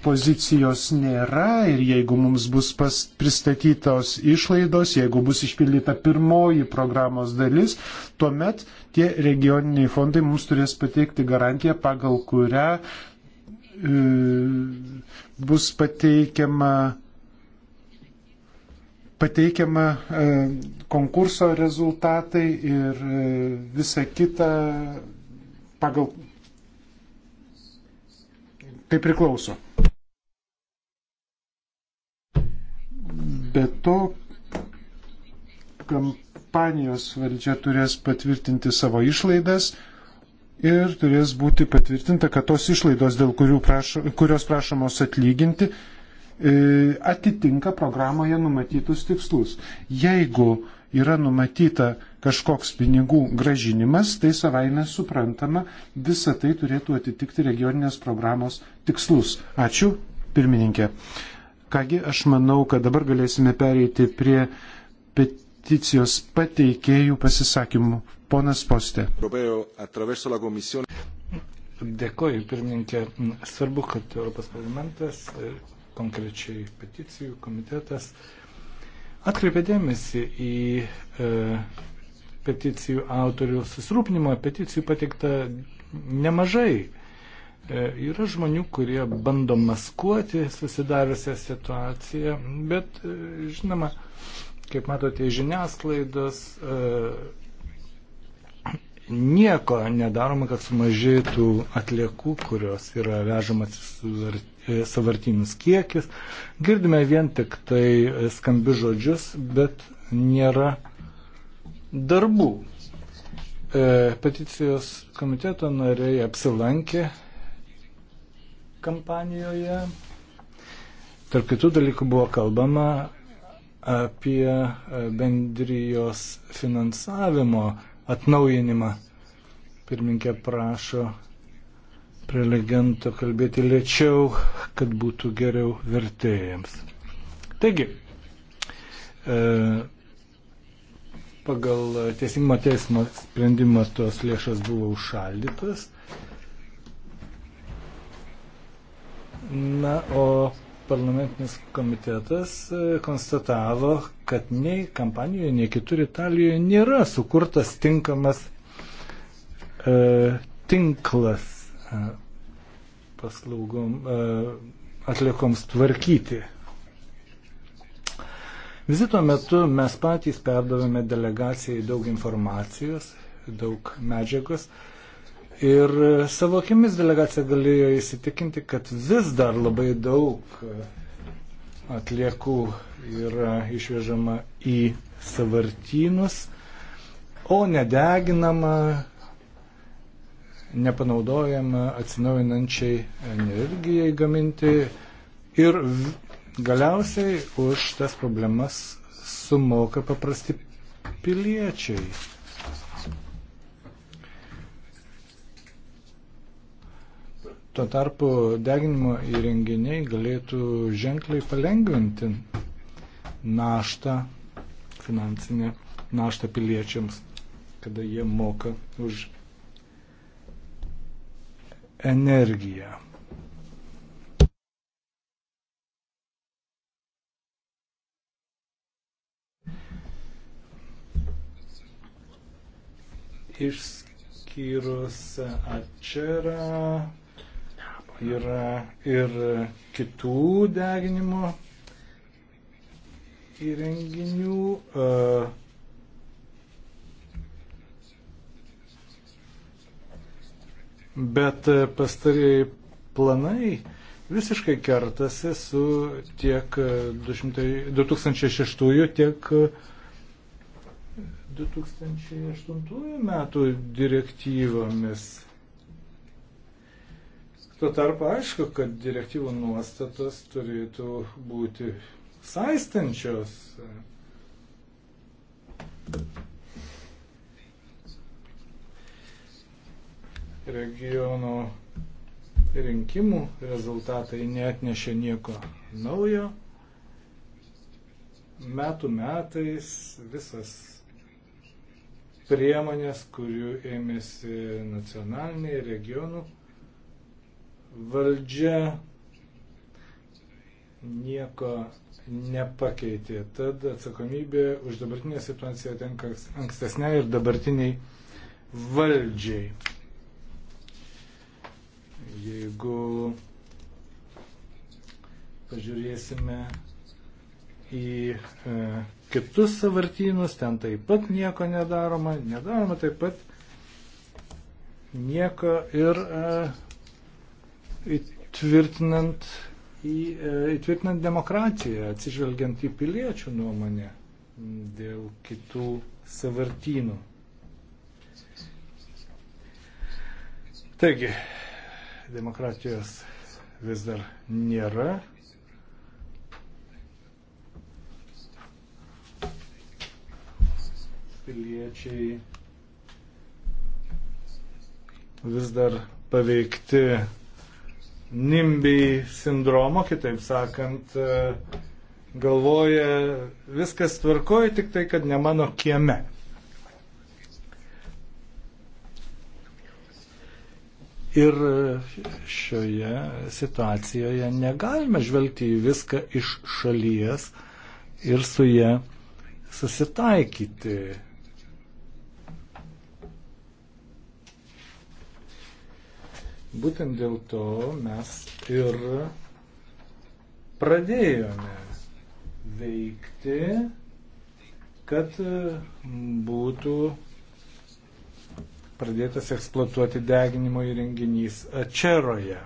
pozicijos nėra ir jeigu mums bus pas, pristatytos išlaidos, jeigu bus išpildyta pirmoji programos dalis, tuomet tie regioniniai fondai mums turės pateikti garantiją, pagal kurią E, bus pateikiama pateikiama e, konkurso rezultatai ir e, visa kita pagal kaip priklauso. Be to, kampanijos valdžia turės patvirtinti savo išlaidas, ir turės būti patvirtinta, kad tos išlaidos, dėl prašo, kurios prašomos atlyginti, e, atitinka programoje numatytus tikslus. Jeigu yra numatyta kažkoks pinigų gražinimas, tai savaime suprantama, visa tai turėtų atitikti regioninės programos tikslus. Ačiū, pirmininkė. Kągi, aš manau, kad dabar galėsime pereiti prie peticijų peticijos pateikėjų pasisakymų. Ponas Poste. Dėkoju, pirmininkė. Svarbu, kad Europos parlamentas, e, konkrečiai peticijų komitetas, atkreipė dėmesį į e, peticijų autorių susirūpinimą. Peticijų pateikta nemažai. E, yra žmonių, kurie bando maskuoti susidariusią situaciją, bet, e, žinoma, e, Kaip matote, žiniasklaidos e, nieko nedaroma, kad sumažėtų atliekų, kurios yra vežamas savartinis e, kiekis. Girdime vien tik tai e, skambi žodžius, bet nėra darbų. Peticijos komiteto nariai apsilankė kampanijoje. Tarp kitų dalykų buvo kalbama apie e, bendrijos finansavimo atnaujinimą. Pirminkė prašo prelegento kalbėti lėčiau, kad būtų geriau vertėjams. Taigi, e, pagal teisingumo teismo sprendimą tos lėšas buvo užšaldytas. Na, o parlamentinis komitetas e, konstatavo, kad nei kampanijoje, nei kitur Italijoje nėra sukurtas tinkamas e, tinklas e, paslaugom e, atliekoms tvarkyti. Vizito metu mes patys perdavėme delegacijai daug informacijos, daug medžiagos. E, Ir savo akimis delegacija galėjo įsitikinti, kad vis dar labai daug atliekų yra išvežama į savartynus, o nedeginama, nepanaudojama atsinaujinančiai energijai gaminti ir galiausiai už tas problemas sumoka paprasti piliečiai. Tuo tarpu deginimo įrenginiai galėtų ženkliai palengventi naštą finansinę, naštą piliečiams, kada jie moka už energiją. Išskyrus atčerą yra ir kitų deginimo įrenginių. E, bet pastarėjai planai visiškai kertasi su tiek 200, 2006, tiek 2008 metų direktyvomis. Tuo tarpu aišku, kad direktyvų nuostatos turėtų būti saistančios. Regiono rinkimų rezultatai neatnešė nieko naujo. Metų metais visas priemonės, kurių ėmėsi nacionaliniai regionų valdžia nieko nepakeitė. Tad atsakomybė už dabartinę situaciją tenka ankstesniai ir dabartiniai valdžiai. Jeigu pažiūrėsime į e, kitus savartynus, ten taip pat nieko nedaroma, nedaroma taip pat nieko ir e, įtvirtinant, į, e, įtvirtinant demokratiją, atsižvelgiant į piliečių nuomonę dėl kitų savartynų. Taigi, demokratijos vis dar nėra. Piliečiai vis dar paveikti nimbiai sindromo, kitaip sakant, e, galvoja, viskas tvarkoja, tik tai, kad ne mano kieme. Ir šioje situacijoje negalime žvelgti į viską iš šalies ir su ją susitaikyti Būtent dėl to mes ir pradėjome veikti, kad būtų pradėtas eksploatuoti deginimo įrenginys Ačeroje.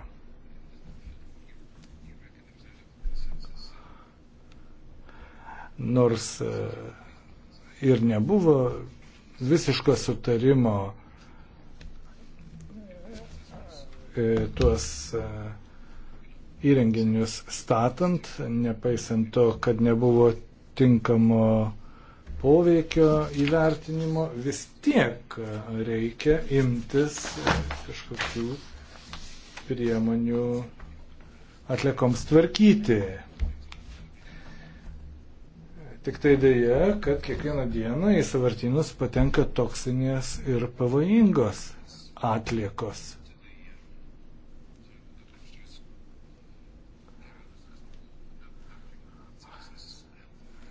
Nors e, ir nebuvo visiško sutarimo E, tuos e, įrenginius statant, nepaisant to, kad nebuvo tinkamo poveikio įvertinimo, vis tiek reikia imtis kažkokių priemonių atliekoms tvarkyti. Tik tai dėja, kad kiekvieną dieną į savartynus patenka toksinės ir pavojingos atliekos.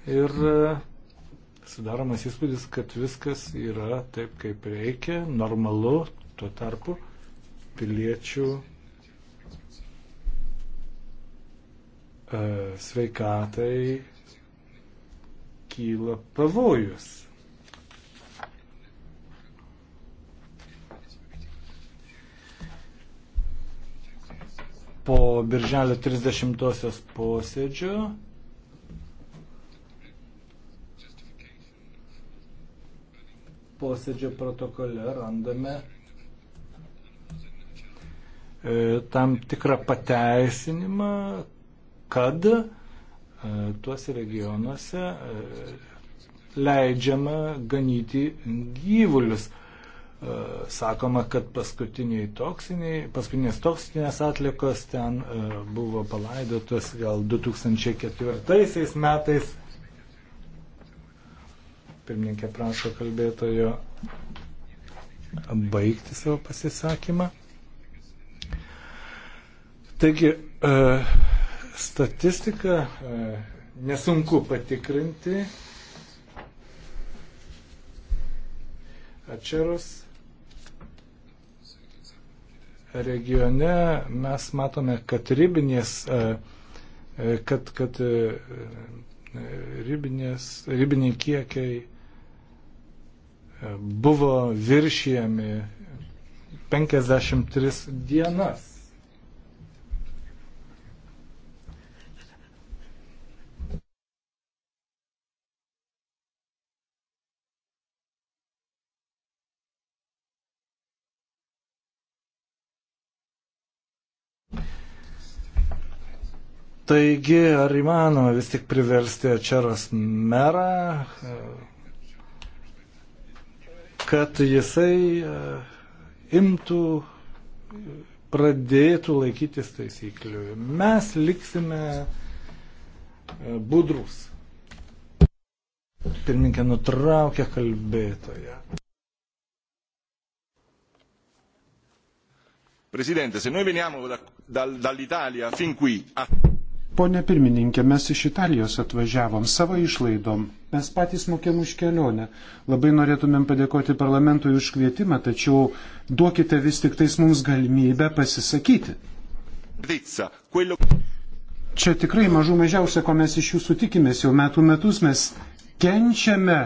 ir e, sudaromas įspūdis, kad viskas yra taip, kaip reikia, normalu, tuo tarpu piliečių e, sveikatai kyla pavojus. Po birželio 30-osios posėdžio posėdžio protokole randame e, tam tikrą pateisinimą, kad e, tuose regionuose e, leidžiama ganyti gyvulius. Sakoma, kad paskutinės toksinės atlikos ten buvo palaidotos gal 2004 metais Pirmininkė prašo kalbėtojo baigti savo pasisakymą. Taigi, e, statistiką e, nesunku patikrinti. Ačeros regione mes matome, kad ribinės, e, kad, kad ribinės, ribiniai kiekiai buvo viršijami 53 dienas. Taigi, ar įmanoma vis tik priversti Ačeros merą kad jisai e, imtų, pradėtų laikytis taisyklių. Mes liksime e, budrus. Pirminkė nutraukė kalbėtoje. Presidente, se noi veniamo da, dal, dall'Italia fin qui a... Pone pirmininkė, mes iš Italijos atvažiavom savo išlaidom. Mes patys mokėm už kelionę. Labai norėtumėm padėkoti parlamentui už kvietimą, tačiau duokite vis tik tais mums galimybę pasisakyti. Čia tikrai mažų mažiausia, ko mes iš jūsų tikimės. Jau metų metus mes kenčiame,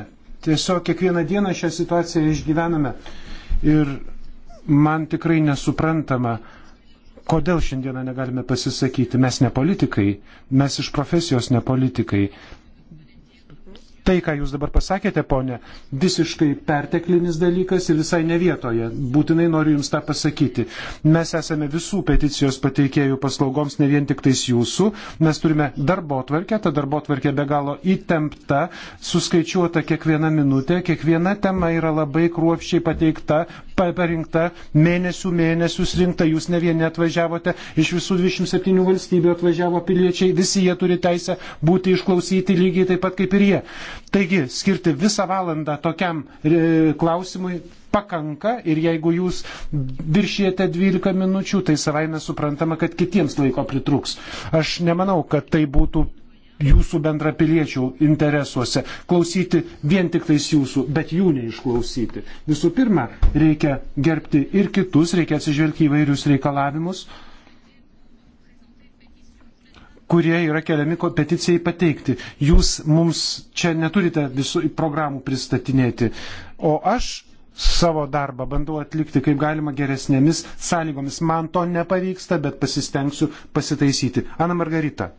tiesiog kiekvieną dieną šią situaciją išgyvename. Ir man tikrai nesuprantama, Kodėl šiandieną negalime pasisakyti? Mes ne politikai, mes iš profesijos ne politikai, tai, ką jūs dabar pasakėte, ponė, visiškai perteklinis dalykas ir visai ne vietoje. Būtinai noriu jums tą pasakyti. Mes esame visų peticijos pateikėjų paslaugoms, ne vien tik tais jūsų. Mes turime darbo tvarkę, ta darbo tvarkė be galo įtempta, suskaičiuota kiekviena minutė, kiekviena tema yra labai kruopščiai pateikta, parinkta, mėnesių mėnesius rinkta, jūs ne vieni atvažiavote, iš visų 27 valstybių atvažiavo piliečiai, visi jie turi teisę būti išklausyti lygiai taip pat kaip ir jie. Taigi, skirti visą valandą tokiam e, klausimui pakanka ir jeigu jūs viršijate 12 minučių, tai savaime suprantama, kad kitiems laiko pritruks. Aš nemanau, kad tai būtų jūsų bendrapiliečių interesuose klausyti vien tik tais jūsų, bet jų neišklausyti. Visų pirma, reikia gerbti ir kitus, reikia atsižvelgti įvairius reikalavimus kurie yra keliami peticijai pateikti. Jūs mums čia neturite visų programų pristatinėti, o aš savo darbą bandau atlikti kaip galima geresnėmis sąlygomis. Man to nepavyksta, bet pasistengsiu pasitaisyti. Ana Margarita.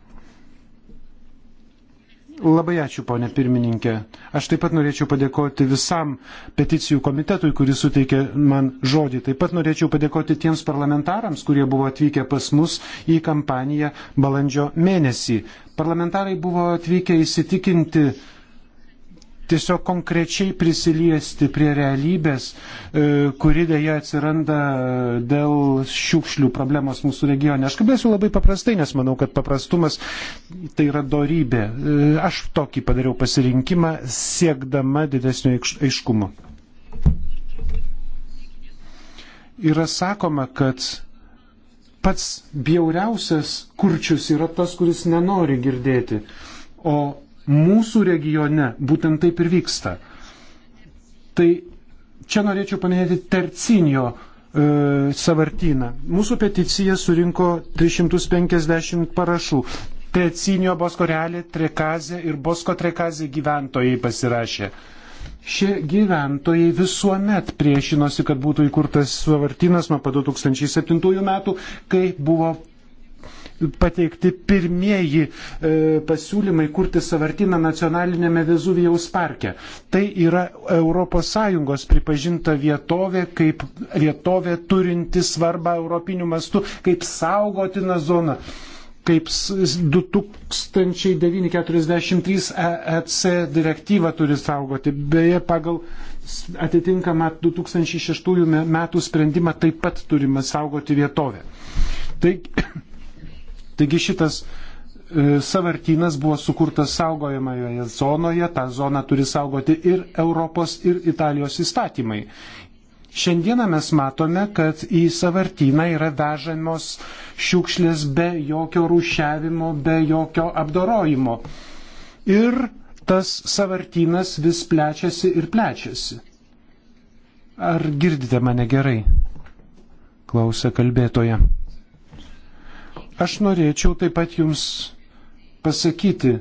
Labai ačiū, ponė pirmininkė. Aš taip pat norėčiau padėkoti visam peticijų komitetui, kuris suteikė man žodį. Taip pat norėčiau padėkoti tiems parlamentarams, kurie buvo atvykę pas mus į kampaniją balandžio mėnesį. Parlamentarai buvo atvykę įsitikinti tiesiog konkrečiai prisiliesti prie realybės, e, kuri dėja atsiranda dėl šiukšlių problemos mūsų regione. Aš kalbėsiu labai paprastai, nes manau, kad paprastumas tai yra dorybė. E, aš tokį padariau pasirinkimą siekdama didesnio aiškumo. Yra sakoma, kad pats bjauriausias kurčius yra tas, kuris nenori girdėti, o mūsų regione būtent taip ir vyksta. Tai čia norėčiau paminėti Tercinio e, savartyną. Mūsų peticija surinko 350 parašų. Tercinio Bosko realė, Trekazė ir Bosko Trekazė gyventojai pasirašė. Šie gyventojai visuomet priešinosi, kad būtų įkurtas savartynas nuo pat 2007 metų, kai buvo pateikti pirmieji e, pasiūlymai kurti savartyną nacionalinėme Vezuvijaus parke. Tai yra ES pripažinta vietovė kaip vietovė turinti svarbą europinių mastų, kaip saugotina zona kaip 2943 EEC direktyva turi saugoti. Beje, pagal atitinkamą 2006 metų sprendimą taip pat turime saugoti vietovę. Taigi, Taigi šitas e, savartynas buvo sukurtas saugojamoje zonoje, tą zoną turi saugoti ir Europos, ir Italijos įstatymai. Šiandieną mes matome, kad į savartyną yra vežamos šiukšlės be jokio rūšiavimo, be jokio apdorojimo. Ir tas savartynas vis plečiasi ir plečiasi. Ar girdite mane gerai? Klausia kalbėtoja. Aš norėčiau taip pat jums pasakyti,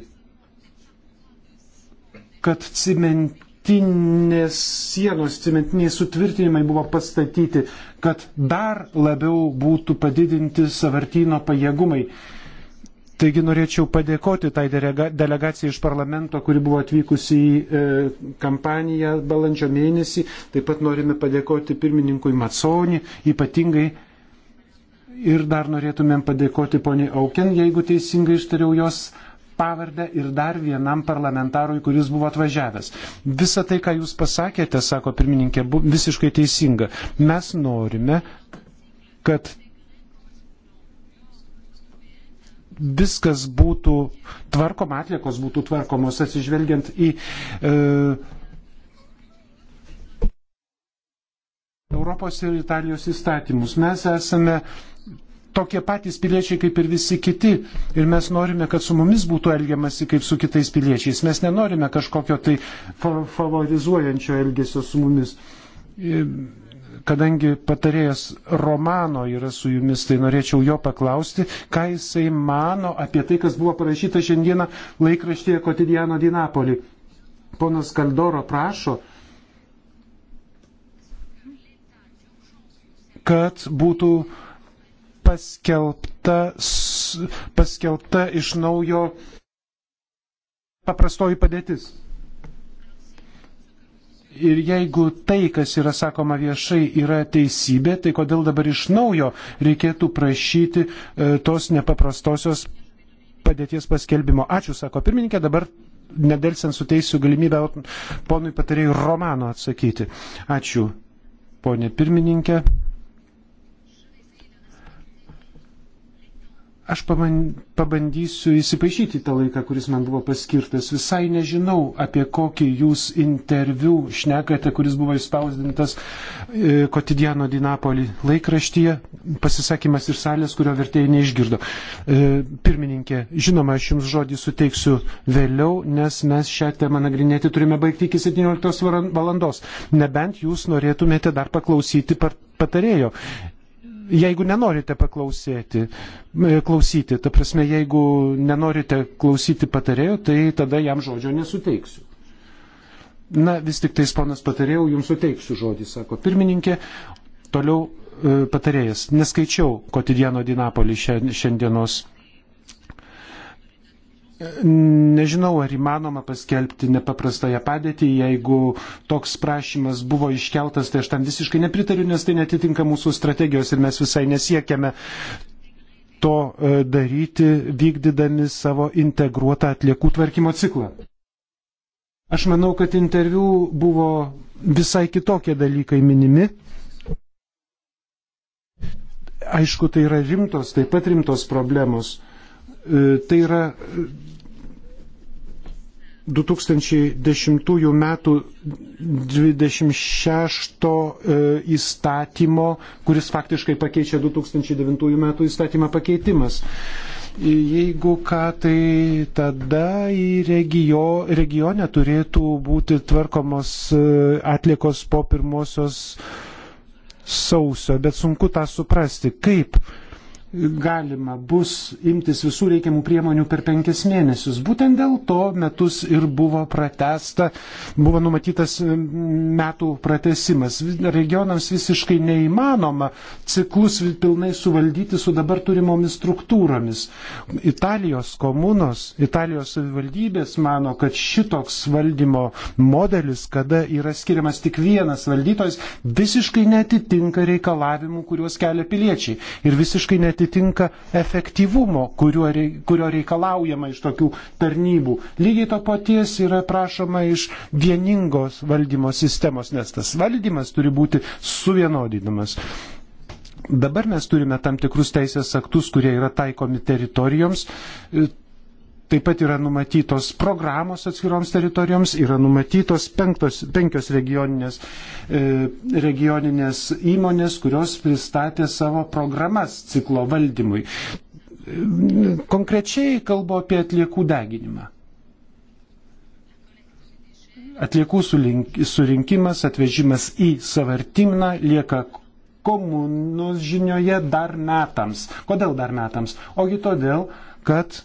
kad cementinės sienos, cementiniai sutvirtinimai buvo pastatyti, kad dar labiau būtų padidinti savartino pajėgumai. Taigi norėčiau padėkoti tai delegacijai iš parlamento, kuri buvo atvykusi į e, kampaniją balandžio mėnesį. Taip pat norime padėkoti pirmininkui Matsoni, ypatingai Ir dar norėtumėm padėkoti poniai Auken, jeigu teisingai ištariau jos pavardę ir dar vienam parlamentarui, kuris buvo atvažiavęs. Visa tai, ką jūs pasakėte, sako pirmininkė, buvo visiškai teisinga. Mes norime, kad viskas būtų tvarkoma, atliekos būtų tvarkomos atsižvelgiant į e, Europos ir Italijos įstatymus. Mes esame tokie patys piliečiai kaip ir visi kiti. Ir mes norime, kad su mumis būtų elgiamasi kaip su kitais piliečiais. Mes nenorime kažkokio tai favorizuojančio elgesio su mumis. Kadangi patarėjas Romano yra su jumis, tai norėčiau jo paklausti, ką jisai mano apie tai, kas buvo parašyta šiandieną laikraštyje Kotidiano Dinapolį. Ponas Kaldoro prašo, kad būtų uh, paskelbta, paskelbta iš naujo paprastoji padėtis. Ir jeigu tai, kas yra sakoma viešai, yra teisybė, tai kodėl dabar iš naujo reikėtų prašyti e, tos nepaprastosios padėties paskelbimo? Ačiū, sako pirmininkė, dabar nedelsiant suteisiu galimybę ponui patarėjui Romano atsakyti. Ačiū, ponė pirmininkė. Aš pabandysiu įsipašyti tą laiką, kuris man buvo paskirtas. Visai nežinau, apie kokį jūs interviu šnekate, kuris buvo įspausdintas e, Kotidiano Dinapolį laikraštyje. Pasisakymas ir salės, kurio vertėjai neišgirdo. E, pirmininkė, žinoma, aš jums žodį suteiksiu vėliau, nes mes šią temą nagrinėti turime baigti iki 17 valandos. Nebent jūs norėtumėte dar paklausyti patarėjo jeigu nenorite paklausyti, e, klausyti, ta prasme, jeigu nenorite klausyti patarėjo, tai tada jam žodžio nesuteiksiu. Na, vis tik tais ponas patarėjau, jums suteiksiu žodį, sako pirmininkė. Toliau e, patarėjas. Neskaičiau kotidieno Dinapolį šiandienos Nežinau, ar įmanoma paskelbti nepaprastąją padėtį, jeigu toks prašymas buvo iškeltas, tai aš tam visiškai nepritariu, nes tai netitinka mūsų strategijos ir mes visai nesiekiame to e, daryti, vykdydami savo integruotą atliekų tvarkymo ciklą. Aš manau, kad interviu buvo visai kitokie dalykai minimi aišku, tai yra rimtos, taip pat rimtos problemos. E, tai yra 2010 m. 26 įstatymo, kuris faktiškai pakeičia 2009 m. įstatymą pakeitimas. E, jeigu ką, tai tada į regio, regionę turėtų būti tvarkomos e, atlikos po pirmosios sausio, bet sunku tą suprasti. Kaip? galima bus imtis visų reikiamų priemonių per penkis mėnesius. Būtent dėl to metus ir buvo pratesta, buvo numatytas metų pratesimas. Regionams visiškai neįmanoma ciklus pilnai suvaldyti su dabar turimomis struktūromis. Italijos komunos, Italijos savivaldybės mano, kad šitoks valdymo modelis, kada yra skiriamas tik vienas valdytojas, visiškai netitinka reikalavimų, kuriuos kelia piliečiai. Ir visiškai netitinka neatitinka efektyvumo, kurio, kurio reikalaujama iš tokių tarnybų. Lygiai to paties yra prašoma iš vieningos valdymo sistemos, nes tas valdymas turi būti suvienodinamas. Dabar mes turime tam tikrus teisės aktus, kurie yra taikomi teritorijoms, Taip pat yra numatytos programos atskiroms teritorijoms, yra numatytos penktos, penkios regioninės, e, regioninės įmonės, kurios pristatė savo programas ciklo valdymui. Konkrečiai kalbu apie atliekų deginimą. Atliekų surinkimas, atvežimas į savartimną lieka komunų žinioje dar metams. Kodėl dar metams? Ogi todėl, kad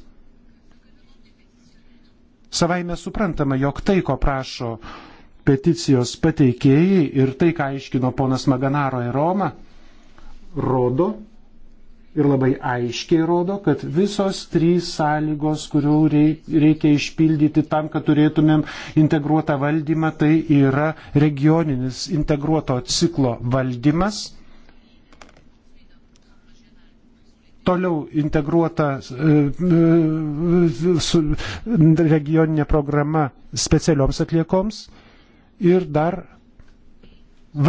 Savaime suprantama, jog tai, ko prašo peticijos pateikėjai ir tai, ką aiškino ponas Maganaro į Romą, rodo ir labai aiškiai rodo, kad visos trys sąlygos, kurių reikia išpildyti tam, kad turėtumėm integruotą valdymą, tai yra regioninis integruoto ciklo valdymas toliau integruota e, e, su regioninė programa specialioms atliekoms ir dar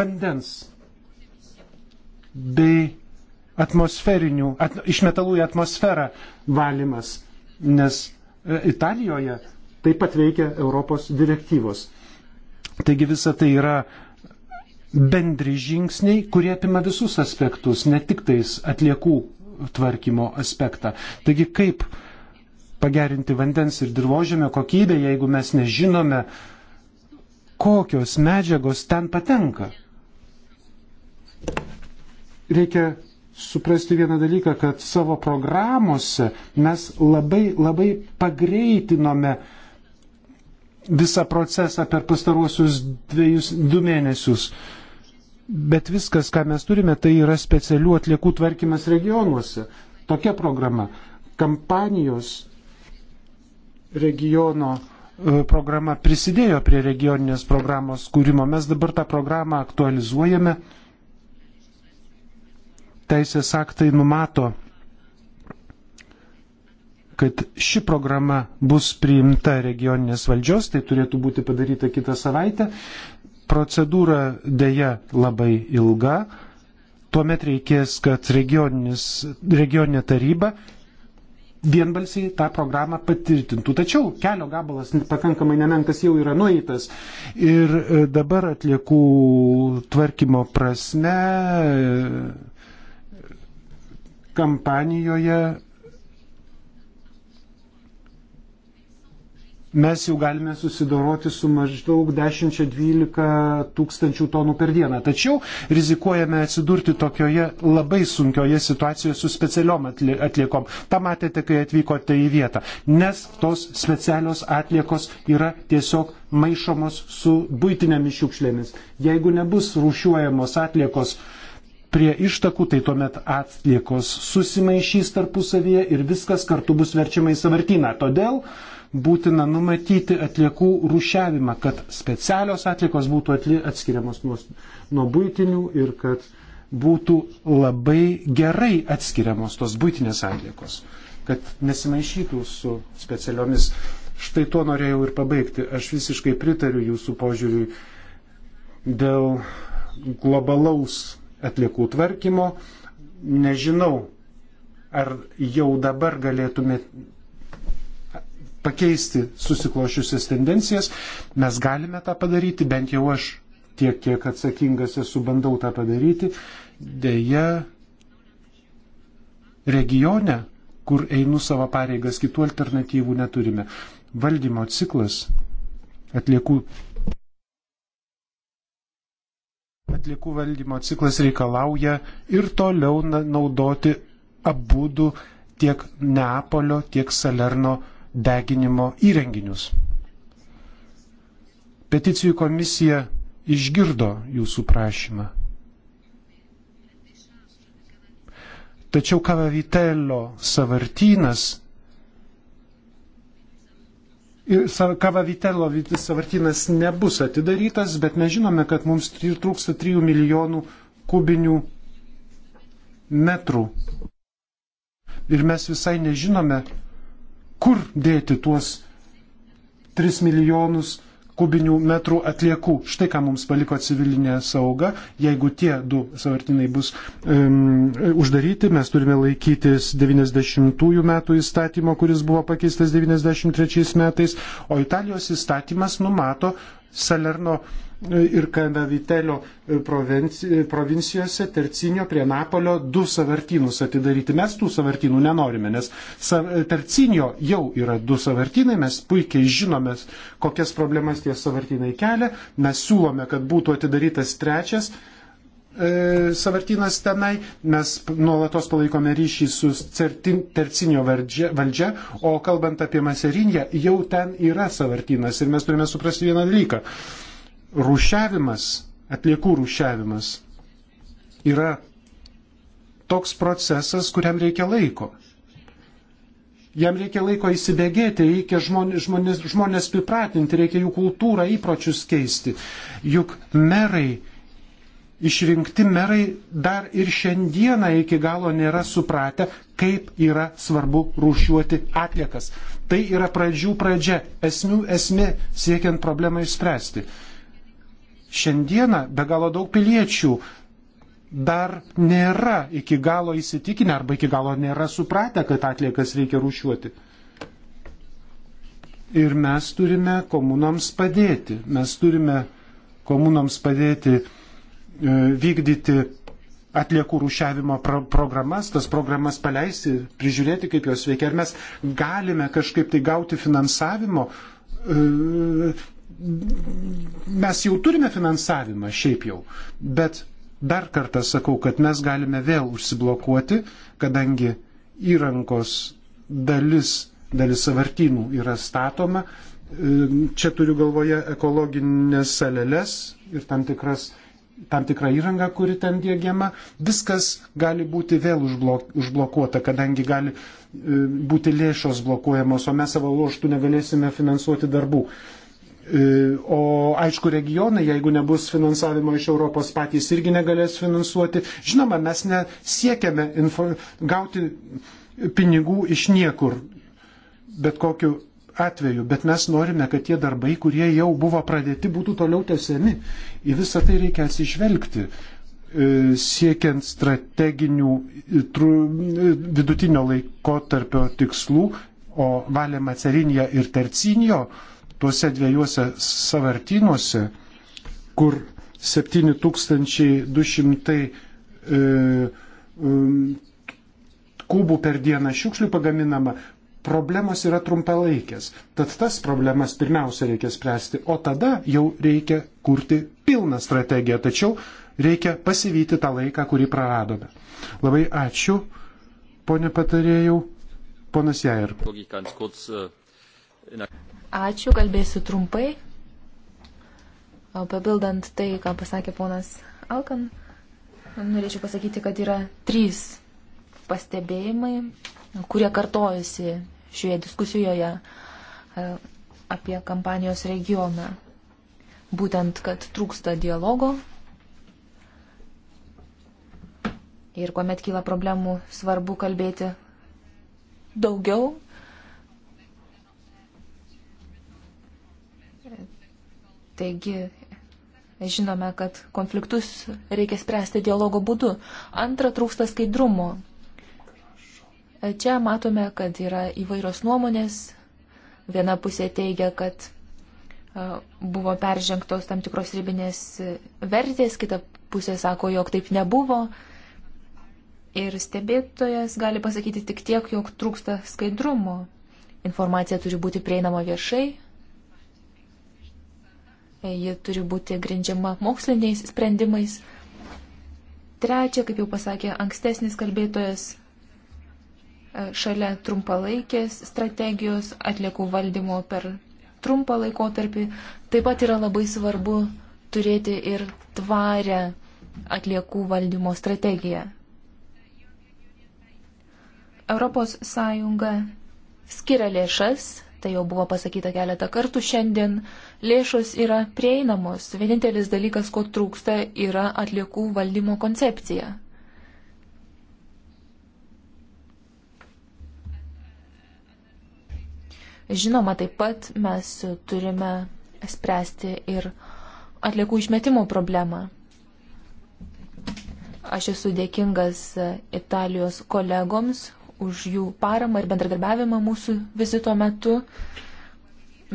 vandens bei atmosferinių, at, išmetalų į atmosferą valymas, nes e, Italijoje taip pat veikia Europos direktyvos. Taigi visa tai yra bendri žingsniai, kurie apima visus aspektus, ne tik tais atliekų tvarkymo aspektą. Taigi kaip pagerinti vandens ir dirbožėmio kokybę, jeigu mes nežinome, kokios medžiagos ten patenka. Reikia suprasti vieną dalyką, kad savo programuose mes labai, labai pagreitinome visą procesą per pastaruosius dviejus, du mėnesius. Uh, Bet viskas, ką mes turime, tai yra specialių atliekų tvarkymas regionuose. Tokia programa. Kampanijos regiono e, programa prisidėjo prie regioninės programos kūrimo. Mes dabar tą programą aktualizuojame. Teisės aktai numato, kad ši programa bus priimta regioninės valdžios, tai turėtų būti padaryta kitą savaitę. Procedūra dėja labai ilga. Tuomet reikės, kad regioninė taryba vienbalsiai tą programą patvirtintų. Tačiau kelio gabalas pakankamai nemenkas jau yra nueitas. Ir e, dabar atliekų tvarkymo prasme e, kampanijoje mes jau galime susidoroti su maždaug 10-12 tūkstančių tonų per dieną. Tačiau rizikuojame atsidurti tokioje labai sunkioje situacijoje su specialiom atliekom. Ta matėte, kai atvykote į vietą. Nes tos specialios atliekos yra tiesiog maišomos su būtinėmis šiukšlėmis. Jeigu nebus rūšiuojamos atliekos, prie ištakų, tai tuomet atliekos susimaišys tarpusavyje ir viskas kartu bus verčiama į savartyną. Todėl uh, būtina numatyti atliekų rušiavimą, kad specialios atliekos būtų atli atskiriamos nuo, nuo būtinių ir kad būtų labai gerai atskiriamos tos būtinės atliekos, kad nesimaišytų su specialiomis. Štai tuo norėjau ir pabaigti. Aš visiškai pritariu jūsų požiūriui dėl globalaus atliekų tvarkymo. Nežinau, ar jau dabar galėtume pakeisti susiklošiusias tendencijas, mes galime tą padaryti, bent jau aš tiek, kiek atsakingas esu, bandau tą padaryti. Deja, regione, kur einu savo pareigas, kitų alternatyvų neturime. Valdymo ciklas atliekų. Atliekų valdymo ciklas reikalauja ir toliau naudoti abudu tiek Neapolio, tiek Salerno deginimo įrenginius. Peticijų komisija išgirdo jūsų prašymą. Tačiau kavavitello savartynas ir kavavitello savartynas nebus atidarytas, bet mes žinome, kad mums trūksta 3 milijonų kubinių metrų. Ir mes visai nežinome, kur dėti tuos 3 milijonus kubinių metrų atliekų. Štai ką mums paliko civilinė sauga. Jeigu tie du savartinai bus um, uždaryti, mes turime laikytis 90-ųjų metų įstatymo, kuris buvo pakeistas 93 metais, o Italijos įstatymas numato Salerno uh, ir Kanavitelio e, e, provincijose, Tercinio prie Napolio, du savartynus atidaryti. Mes tų savartynų nenorime, nes e, Tercinio jau yra du savartynai, mes puikiai žinome, kokias problemas tie savartynai kelia, mes siūlome, kad būtų atidarytas trečias. Savartinas tenai, mes nuolatos palaikome ryšį su tercinio valdžia, valdžia, o kalbant apie Maserinę, jau ten yra savartinas ir mes turime suprasti vieną dalyką rušiavimas, atliekų rušiavimas yra toks procesas, kuriam reikia laiko. Jam reikia laiko įsibėgėti, reikia žmonės, žmonės, žmonės pripratinti, reikia jų kultūrą, įpročius keisti. Juk merai, išrinkti merai dar ir šiandieną iki galo nėra supratę, kaip yra svarbu rūšiuoti atliekas. Tai yra pradžių pradžia, esmių esmė siekiant problemą išspręsti. Šiandieną be galo daug piliečių dar nėra iki galo įsitikinę arba iki galo nėra supratę, kad atliekas reikia rušiuoti. Ir mes turime komunoms padėti. Mes turime komunoms padėti e, vykdyti atliekų rūšiavimo pro programas, tas programas paleisti, prižiūrėti, kaip jos veikia. Ar mes galime kažkaip tai gauti finansavimo e, mes jau turime finansavimą šiaip jau, bet dar kartą sakau, kad mes galime vėl užsiblokuoti, kadangi įrankos dalis, dalis savartynų yra statoma. Ehm, čia turiu galvoje ekologinės saleles ir tam, tikras, tam tikrą įrangą, kuri ten dėgiama. Viskas gali būti vėl užblok, užblokuota, kadangi gali ehm, būti lėšos blokuojamos, o mes savo loštų negalėsime finansuoti darbų. E, o aišku, regionai, jeigu nebus finansavimo iš Europos patys, irgi negalės finansuoti. Žinoma, mes nesiekiame info, gauti pinigų iš niekur, bet kokiu atveju, bet mes norime, kad tie darbai, kurie jau buvo pradėti, būtų toliau tęsiami. Į visą tai reikia atsižvelgti e, siekiant strateginių e, vidutinio laiko tarpio tikslų, o Valė Macerinė ir Tercinio uh, tuose dviejuose savartynuose, kur 7200 e, um, kubų per dieną šiukšlių pagaminama, problemos yra trumpalaikės. Tad tas problemas pirmiausia reikia spręsti, o tada jau reikia kurti pilną strategiją. Tačiau reikia pasivyti tą laiką, kurį praradome. Labai ačiū, ponė patarėjau, ponas Jair. Ačiū, kalbėsiu trumpai. Papildant tai, ką pasakė ponas Alkan, norėčiau pasakyti, kad yra trys pastebėjimai, kurie kartojasi šioje diskusijoje e, apie kampanijos regioną. Būtent, kad trūksta dialogo ir kuomet kyla problemų, svarbu kalbėti daugiau Taigi žinome, kad konfliktus reikia spręsti dialogo būdu. Antra, trūksta skaidrumo. Čia matome, kad yra įvairios nuomonės. Viena pusė teigia, kad buvo peržengtos tam tikros ribinės vertės, kita pusė sako, jog taip nebuvo. Ir stebėtojas gali pasakyti tik tiek, jog trūksta skaidrumo. Informacija turi būti prieinama viešai, ji turi būti grindžiama moksliniais sprendimais. Trečia, kaip jau pasakė ankstesnis kalbėtojas, e, šalia trumpalaikės strategijos atliekų valdymo per trumpą laikotarpį, taip pat yra labai svarbu turėti ir tvarę atliekų valdymo strategiją. Europos Sąjunga skiria lėšas tai jau buvo pasakyta keletą kartų šiandien, lėšos yra prieinamos. Vienintelis dalykas, ko trūksta, yra atliekų valdymo koncepcija. Žinoma, taip pat mes turime spręsti ir atliekų išmetimo problemą. Aš esu dėkingas Italijos kolegoms, už jų paramą ir bendradarbiavimą mūsų vizito metu.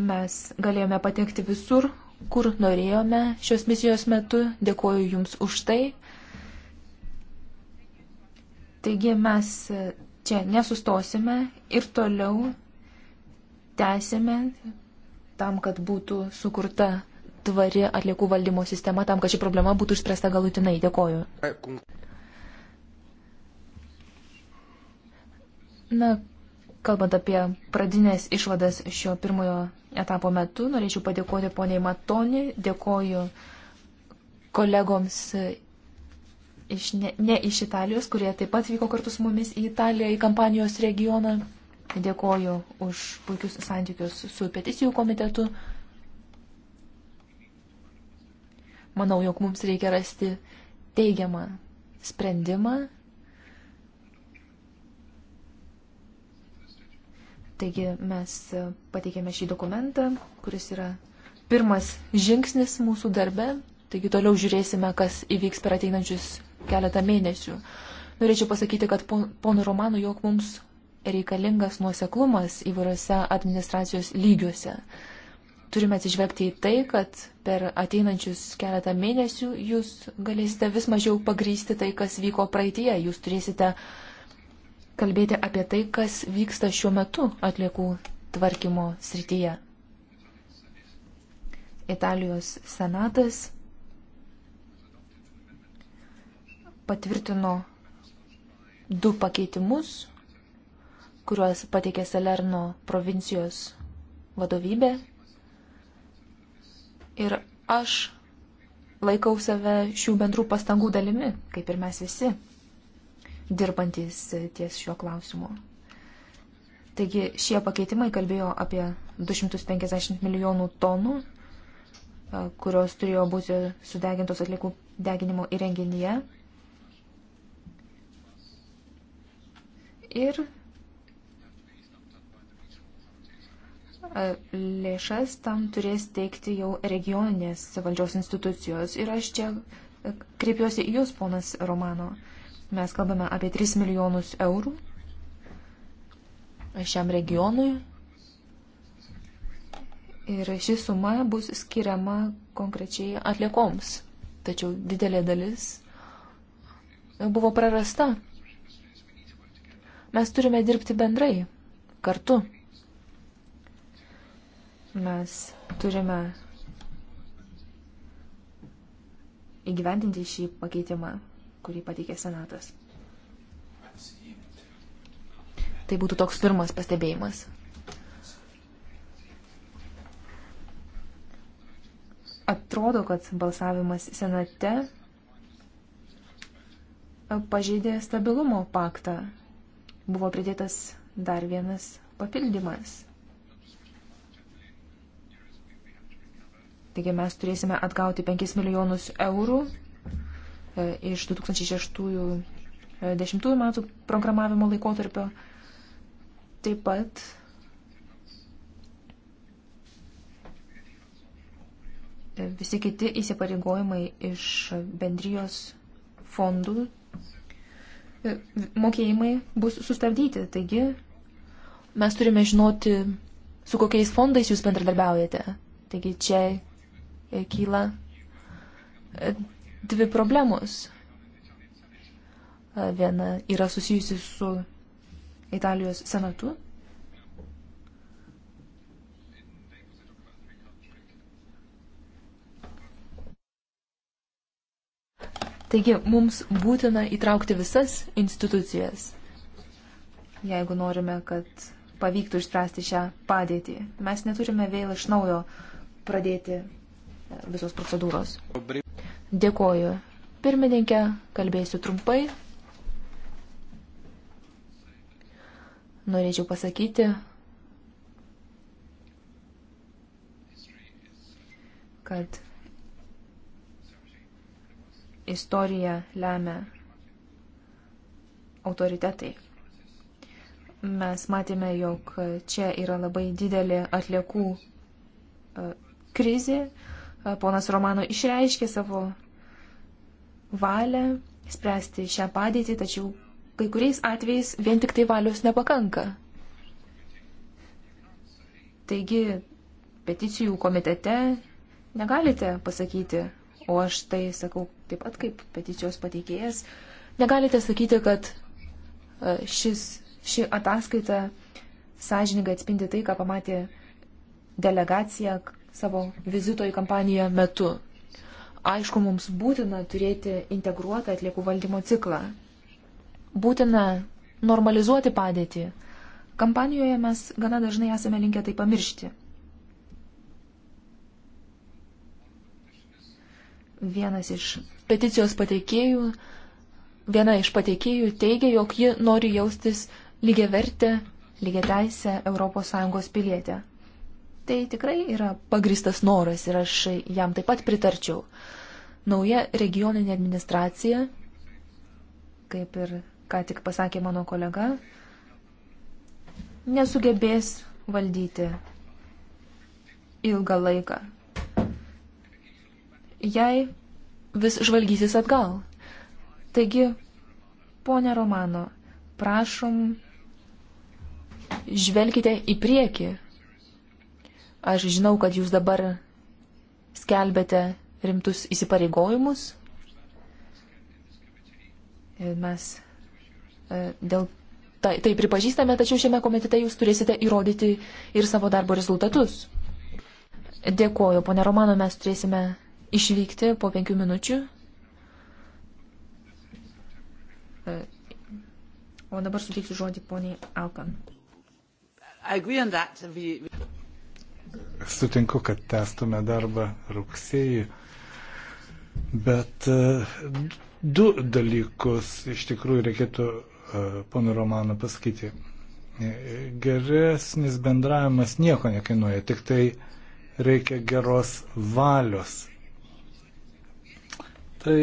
Mes galėjome patekti visur, kur norėjome šios misijos metu. Dėkuoju Jums už tai. Taigi mes čia nesustosime ir toliau tęsime tam, kad būtų sukurta tvari atliekų valdymo sistema, tam, kad ši problema būtų išspręsta galutinai. Dėkoju. Na, kalbant apie pradinės išvadas šio pirmojo etapo metu, norėčiau padėkoti poniai Matoni, dėkoju kolegoms iš ne, ne iš Italijos, kurie taip pat vyko kartu su mumis į Italiją, į kampanijos regioną. Dėkoju už puikius santykius su peticijų komitetu. Manau, jog mums reikia rasti teigiamą sprendimą Taigi mes e, pateikėme šį dokumentą, kuris yra pirmas žingsnis mūsų darbe. Taigi toliau žiūrėsime, kas įvyks per ateinančius keletą mėnesių. Norėčiau pasakyti, kad ponų Romanų, jog mums reikalingas nuoseklumas įvairiose administracijos lygiuose. Turime atsižvelgti į tai, kad per ateinančius keletą mėnesių jūs galėsite vis mažiau pagrysti tai, kas vyko praeitie. Jūs turėsite uh, kalbėti apie tai, kas vyksta šiuo metu atliekų tvarkymo srityje. Italijos senatas patvirtino du pakeitimus, kuriuos pateikė Salerno provincijos vadovybė. Ir aš laikau save šių bendrų pastangų dalimi, kaip ir mes visi dirbantis ties šiuo klausimu. Taigi šie pakeitimai kalbėjo apie 250 milijonų tonų, e, kurios turėjo būti sudegintos atliekų deginimo įrenginyje. Ir e, lėšas tam turės teikti jau regioninės valdžios institucijos. Ir aš čia e, kreipiuosi į Jūs, ponas Romano. Mes kalbame apie 3 milijonus eurų šiam regionui. Ir ši suma bus skiriama konkrečiai atliekoms. Tačiau didelė dalis buvo prarasta. Mes turime dirbti bendrai, kartu. Mes turime įgyvendinti šį pakeitimą kurį pateikė Senatas. Tai būtų toks pirmas pastebėjimas. Atrodo, kad balsavimas Senate pažeidė stabilumo paktą. Buvo pridėtas dar vienas papildymas. Taigi mes turėsime atgauti 5 milijonus eurų E, iš 2006-2010 e, metų programavimo laikotarpio. Taip pat visi kiti įsipareigojimai iš bendrijos fondų e, mokėjimai bus sustabdyti. Taigi mes turime žinoti, su kokiais fondais jūs bendradarbiaujate. Taigi čia kyla dvi problemos. Viena yra susijusi su Italijos senatu. Taigi mums būtina įtraukti visas institucijas, jeigu norime, kad pavyktų išspręsti šią padėtį. Mes neturime vėl iš naujo pradėti e, visos procedūros. Dėkoju. Pirmininkė, kalbėsiu trumpai. Norėčiau pasakyti, kad istoriją lemia autoritetai. Mes matėme, jog čia yra labai didelė atliekų e, krizė, ponas Romano išreiškė savo valią spręsti šią padėtį, tačiau kai kuriais atvejais vien tik tai valios nepakanka. Taigi, peticijų komitete negalite pasakyti, o aš tai sakau taip pat kaip peticijos pateikėjas, negalite sakyti, kad šis, ši ataskaita sąžininkai atspindi tai, ką pamatė delegacija, savo vizito į kampaniją metu. Aišku, mums būtina turėti integruotą atliekų valdymo ciklą. Būtina normalizuoti padėtį. Kampanijoje mes gana dažnai esame linkę tai pamiršti. Vienas iš peticijos pateikėjų, viena iš pateikėjų teigia, jog ji nori jaustis lygiavertę, lygiateisę ES pilietę tai tikrai yra pagristas noras ir aš jam taip pat pritarčiau. Nauja regioninė administracija, kaip ir ką tik pasakė mano kolega, nesugebės valdyti ilgą laiką. Jei vis žvalgysis atgal. Taigi, ponė Romano, prašom, žvelkite į priekį Aš žinau, kad jūs dabar skelbėte rimtus įsipareigojimus. Mes e, dėl tai, tai pripažįstame, tačiau šiame komitete jūs turėsite įrodyti ir savo darbo rezultatus. Dėkuoju, ponė Romano, mes turėsime išvykti po penkių minučių. E, o dabar suteiksiu žodį poniai Alkan sutinku, kad testume darbą rugsėjį, bet e, du dalykus iš tikrųjų reikėtų e, pono Romaną pasakyti. E, geresnis bendravimas nieko nekinuoja, tik tai reikia geros valios. Tai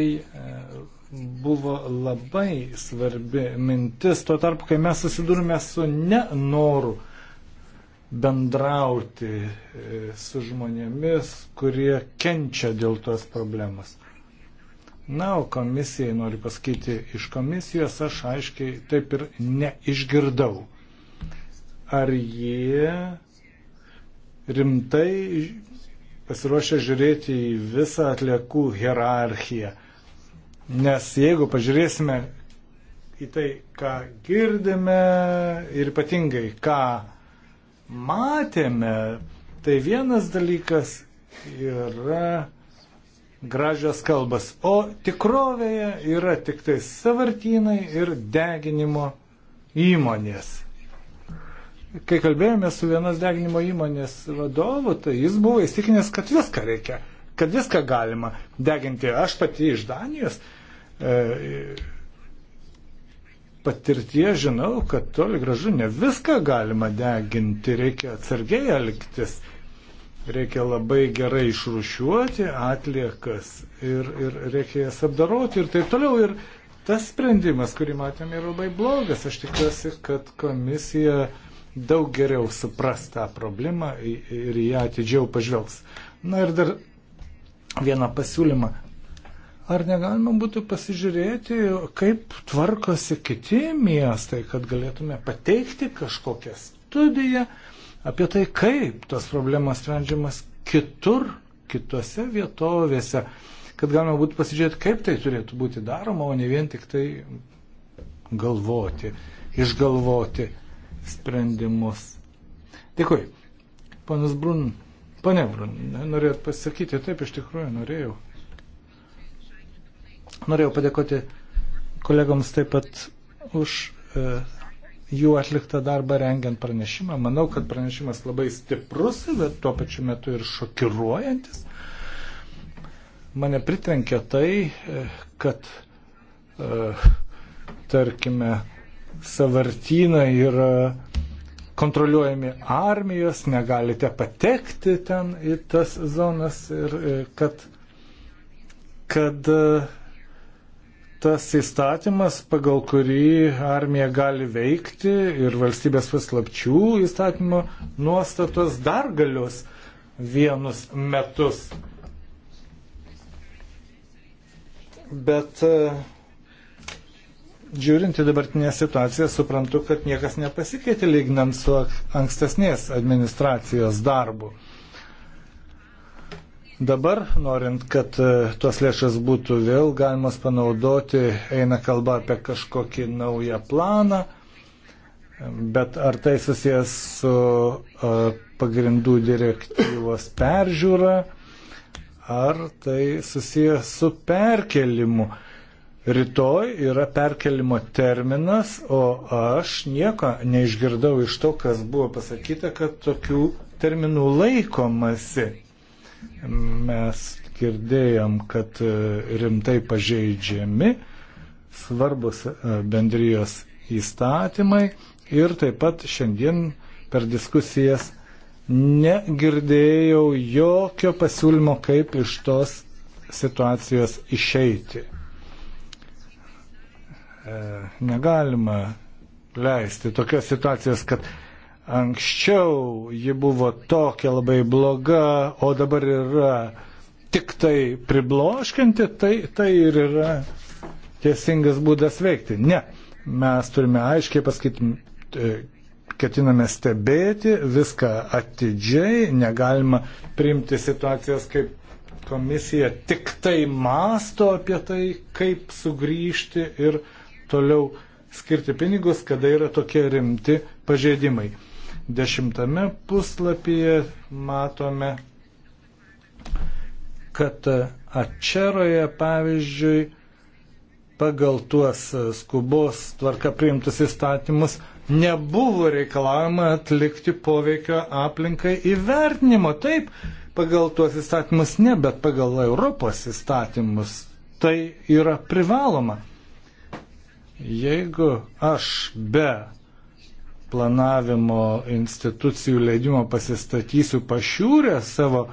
buvo labai svarbi mintis, tuo tarpu, kai mes susidurime su nenoru bendrauti e, su žmonėmis, kurie kenčia dėl tos problemos. Na, o komisijai noriu pasakyti, iš komisijos aš aiškiai taip ir neišgirdau. Ar jie rimtai pasiruošę žiūrėti į visą atliekų hierarchiją? Nes jeigu pažiūrėsime į tai, ką girdime ir ypatingai, ką matėme, tai vienas dalykas yra gražios kalbas, o tikrovėje yra tik tai savartynai ir deginimo įmonės. Kai kalbėjome su vienas deginimo įmonės vadovu, tai jis buvo įstikinęs, kad viską reikia, kad viską galima deginti. Aš pati iš Danijos e, patirtie žinau, kad toli gražu ne viską galima deginti, reikia atsargiai elgtis, reikia labai gerai išrušiuoti atliekas ir, ir reikia jas apdaroti ir taip toliau. Ir tas sprendimas, kurį matėme, yra labai blogas. Aš tikiuosi, kad komisija daug geriau supras tą problemą ir ją atidžiau pažvelgs. Na ir dar vieną pasiūlymą Ar negalima būtų pasižiūrėti, kaip tvarkosi kiti miestai, kad galėtume pateikti kažkokią studiją apie tai, kaip tos problemas sprendžiamas kitur, kitose vietovėse, kad galima būtų pasižiūrėti, kaip tai turėtų būti daroma, o ne vien tik tai galvoti, išgalvoti sprendimus. Dėkui. Panas Brun, pane Brun, norėjot pasakyti, taip iš tikrųjų norėjau. Norėjau padėkoti kolegoms taip pat už e, jų atliktą darbą rengiant pranešimą. Manau, kad pranešimas labai stiprus, bet tuo pačiu metu ir šokiruojantis. Mane pritrenkė tai, e, kad, e, tarkime, savartynai yra kontroliuojami armijos, negalite patekti ten į tas zonas ir e, kad, kad e, tas įstatymas, pagal kurį armija gali veikti ir valstybės paslapčių įstatymo nuostatos dar galios vienus metus. Bet e, žiūrint į dabartinę situaciją, suprantu, kad niekas nepasikeitė lyginant su ankstesnės administracijos darbu. Dabar, norint, kad e, tuos lėšas būtų vėl galimas panaudoti, eina kalba apie kažkokį naują planą, bet ar tai susijęs su e, pagrindų direktyvos peržiūra, ar tai susijęs su perkelimu. Rytoj yra perkelimo terminas, o aš nieko neišgirdau iš to, kas buvo pasakyta, kad tokių terminų laikomasi. Mes girdėjom, kad e, rimtai pažeidžiami svarbus e, bendrijos įstatymai ir taip pat šiandien per diskusijas negirdėjau jokio pasiūlymo, kaip iš tos situacijos išeiti. E, negalima leisti tokios situacijos, kad Anksčiau ji buvo tokia labai bloga, o dabar yra tik tai pribloškinti, tai, tai ir yra teisingas būdas veikti. Ne, mes turime aiškiai pasakyti, e, ketiname stebėti viską atidžiai, negalima priimti situacijos, kaip komisija tik tai masto apie tai, kaip sugrįžti ir toliau skirti pinigus, kada yra tokie rimti pažeidimai. Dešimtame puslapyje matome, kad Ačeroje, pavyzdžiui, pagal tuos skubos tvarka priimtus įstatymus nebuvo reikalavimo atlikti poveikio aplinkai įvertinimo. Taip, pagal tuos įstatymus ne, bet pagal Europos įstatymus tai yra privaloma. Jeigu aš be planavimo institucijų leidimo pasistatysiu pašiūrę savo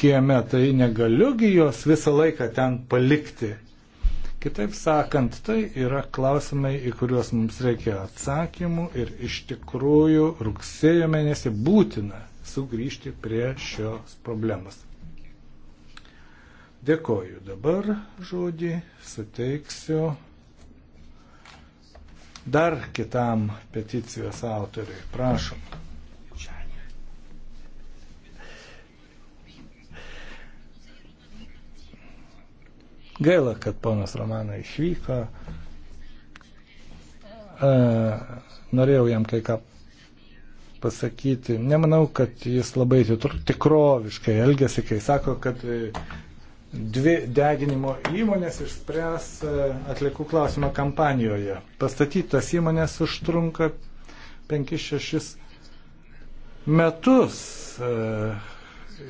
kieme, tai negaliugi jos visą laiką ten palikti. Kitaip sakant, tai yra klausimai, į kuriuos mums reikia atsakymų ir iš tikrųjų rugsėjo mėnesį būtina sugrįžti prie šios problemos. Dėkoju. Dabar žodį suteiksiu dar kitam peticijos autoriui. Prašom. Gaila, kad ponas Romanas išvyko. E, norėjau jam kai ką pasakyti. Nemanau, kad jis labai tikroviškai elgesi, kai sako, kad dvi deginimo įmonės išspręs e, atliekų klausimą kampanijoje. Pastatytas įmonės užtrunka 5-6 metus. E,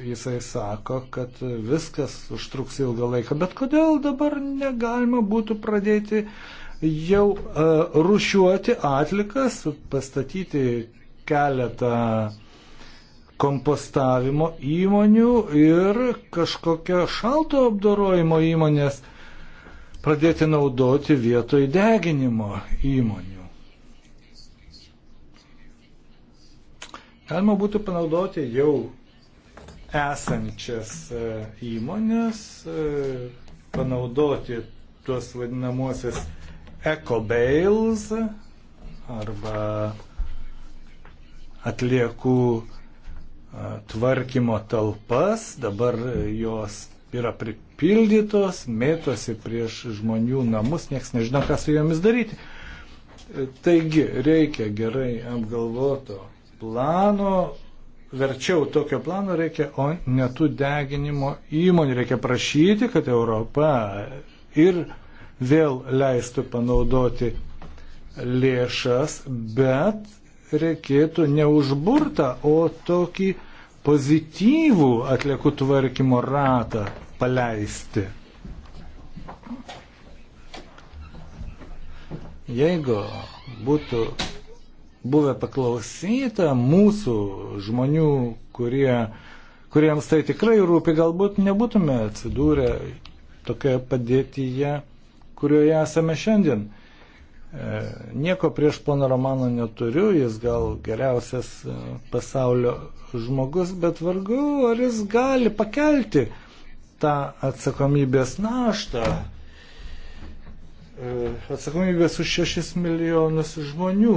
jisai sako, kad viskas užtruks ilgą laiką, bet kodėl dabar negalima būtų pradėti jau e, rušiuoti atlikas, pastatyti keletą kompostavimo įmonių ir kažkokio šalto apdorojimo įmonės pradėti naudoti vietoj deginimo įmonių. Galima būtų panaudoti jau esančias e, įmonės, e, panaudoti tuos vadinamosios ecobails arba atliekų tvarkymo talpas, dabar jos yra pripildytos, mėtosi prieš žmonių namus, niekas nežino, ką su jomis daryti. Taigi reikia gerai apgalvoto plano, verčiau tokio plano reikia, o ne tų deginimo įmonių. Reikia prašyti, kad Europa ir vėl leistų panaudoti lėšas, bet reikėtų neužburtą, o tokį pozityvų atliekų tvarkymo ratą paleisti. Jeigu būtų buvę paklausyta mūsų žmonių, kurie, kuriems tai tikrai rūpi, galbūt nebūtume atsidūrę tokioje padėtyje, kurioje esame šiandien. E, nieko prieš pono Romano neturiu, jis gal geriausias e, pasaulio žmogus, bet vargu, ar jis gali pakelti tą atsakomybės naštą. E, atsakomybės už 6 milijonus žmonių.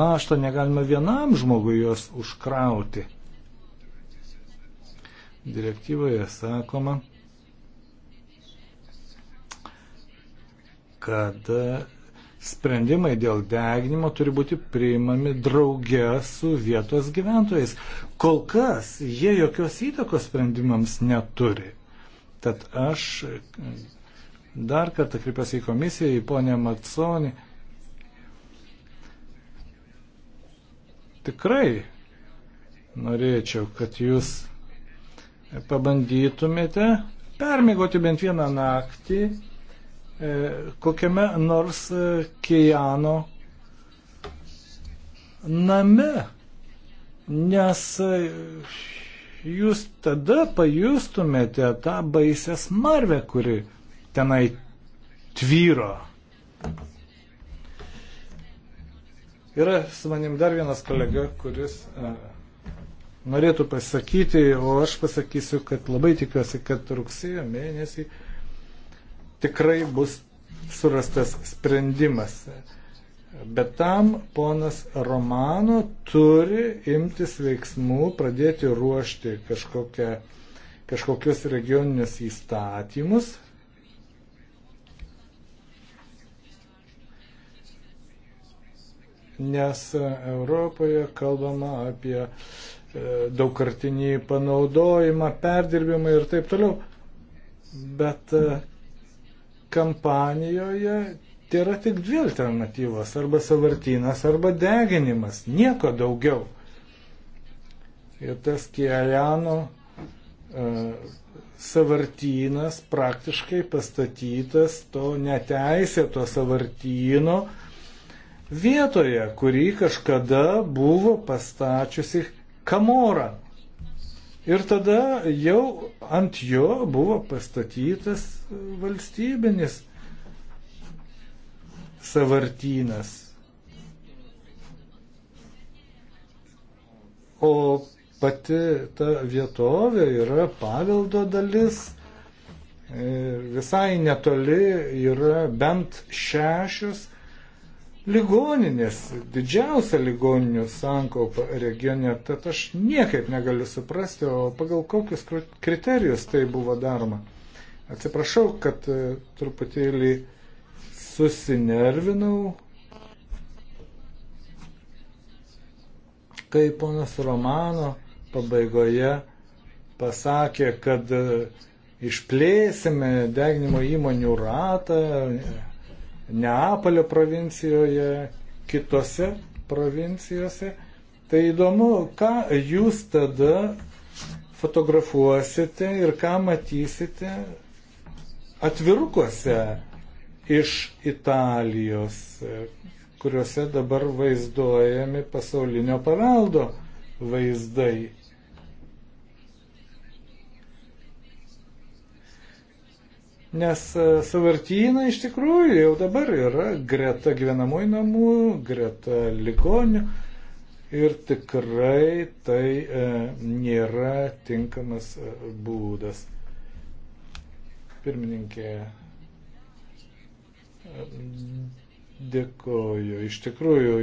Naštą negalima vienam žmogui jos užkrauti. Direktyvoje sakoma, kad sprendimai dėl deginimo turi būti priimami drauge su vietos gyventojais. Kol kas jie jokios įtakos sprendimams neturi. Tad aš mm, dar kartą kreipiuosi į komisiją, į ponę Matsonį. Tikrai norėčiau, kad jūs pabandytumėte permėgoti bent vieną naktį E, kokiame nors e, Kijano name, nes e, jūs tada pajustumėte tą baisę smarvę, kuri tenai tvyro. Yra su manim dar vienas kolega, kuris e, norėtų pasakyti, o aš pasakysiu, kad labai tikiuosi, kad rugsėjo mėnesį e, tikrai bus surastas sprendimas. Bet tam ponas Romano turi imtis veiksmų, pradėti ruošti kažkokią, kažkokius regioninius įstatymus, nes Europoje kalbama apie e, daugkartinį panaudojimą, perdirbimą ir taip toliau. Bet e, kampanijoje tėra tik dvi alternatyvos - arba savartynas, arba deginimas, nieko daugiau. Ir tas Kieliano uh, e, savartynas praktiškai pastatytas to neteisėto savartyno vietoje, kurį kažkada buvo pastačiusi Kamora. Ir tada jau ant jo buvo pastatytas valstybinis savartynas. O pati ta vietovė yra paveldo dalis. Visai netoli yra bent šešios ligoninės, didžiausia ligoninių sankaupą regione, tad aš niekaip negaliu suprasti, o pagal kokius kriterijus tai buvo daroma. Atsiprašau, kad e, truputėlį susinervinau, kai ponas Romano pabaigoje pasakė, kad e, išplėsime deginimo įmonių ratą, Neapolio provincijoje, kitose provincijose. Tai įdomu, ką jūs tada fotografuosite ir ką matysite atvirukuose iš Italijos, kuriuose dabar vaizduojami pasaulinio paveldo vaizdai. Nes e, savartynai iš tikrųjų jau dabar yra greta gyvenamųjų namų, greta ligonių ir tikrai tai e, nėra tinkamas e, būdas. Pirmininkė, e, dėkoju. Iš tikrųjų,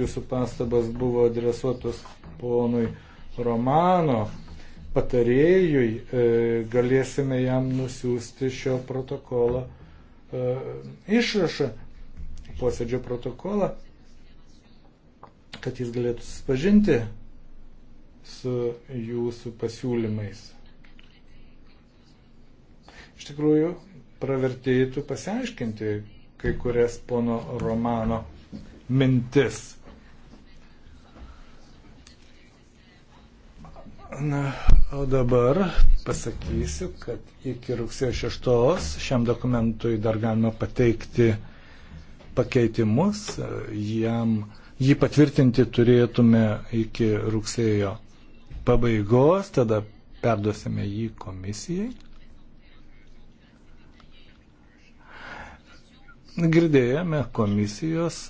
jūsų pastabas buvo adresuotos ponui Romano patarėjui e, galėsime jam nusiųsti šio protokolo e, išrašą, posėdžio protokolą, kad jis galėtų susipažinti su jūsų pasiūlymais. Iš tikrųjų, pravertėtų pasiaiškinti kai kurias pono romano mintis. Na, O dabar pasakysiu, kad iki rugsėjo 6 šiam dokumentui dar galima pateikti pakeitimus. Jam, jį patvirtinti turėtume iki rugsėjo pabaigos, tada perduosime jį komisijai. Girdėjome komisijos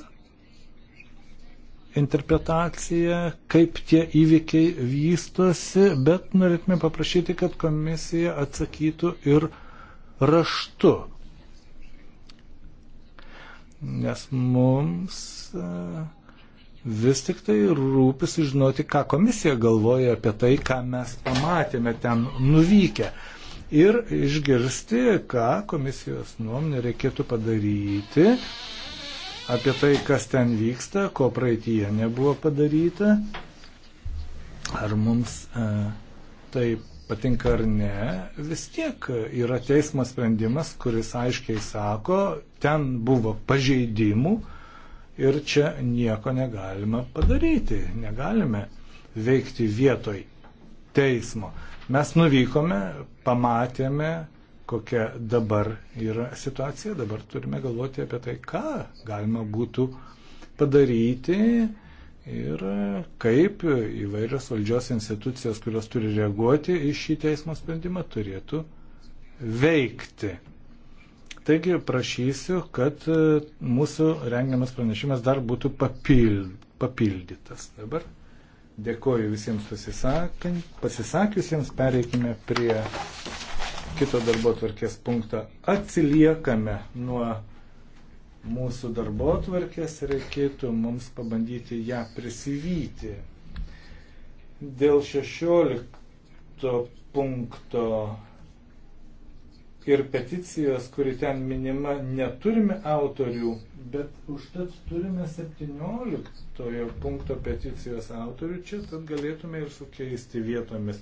interpretacija, kaip tie įvykiai vystosi, bet norėtume paprašyti, kad komisija atsakytų ir raštu. Nes mums e, vis tik tai rūpi sužinoti, ką komisija galvoja apie tai, ką mes pamatėme ten nuvykę. Ir išgirsti, ką komisijos nuomonė reikėtų padaryti, apie tai, kas ten vyksta, ko praeitie nebuvo padaryta, ar mums e, tai patinka ar ne, vis tiek yra teismo sprendimas, kuris aiškiai sako, ten buvo pažeidimų ir čia nieko negalima padaryti, negalime veikti vietoj teismo. Mes nuvykome, pamatėme, kokia dabar yra situacija. Dabar turime galvoti apie tai, ką galima būtų padaryti ir kaip įvairios valdžios institucijos, kurios turi reaguoti į šį teismo sprendimą, turėtų veikti. Taigi prašysiu, kad mūsų rengiamas pranešimas dar būtų papildytas. Dabar dėkoju visiems pasisakiusiems, pereikime prie kito darbo tvarkės punktą. Atsiliekame nuo mūsų darbo tvarkės, reikėtų mums pabandyti ją prisivyti. Dėl 16 punkto ir peticijos, kuri ten minima, neturime autorių, bet užtat turime 17 punkto peticijos autorių, čia tad galėtume ir sukeisti vietomis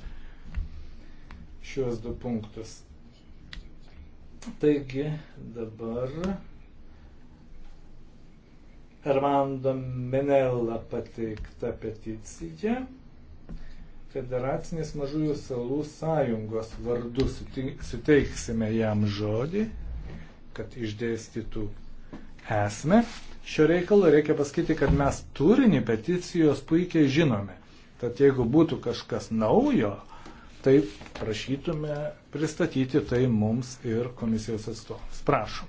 šiuos du punktus. Taigi dabar Armando Menella pateikta peticija Federacinės mažųjų salų sąjungos vardu suteiksime jam žodį, kad išdėstytų esmę. Šio reikalo reikia pasakyti, kad mes turinį peticijos puikiai žinome. Tad jeigu būtų kažkas naujo, tai prašytume pristatyti tai mums ir komisijos atstovams. Prašom.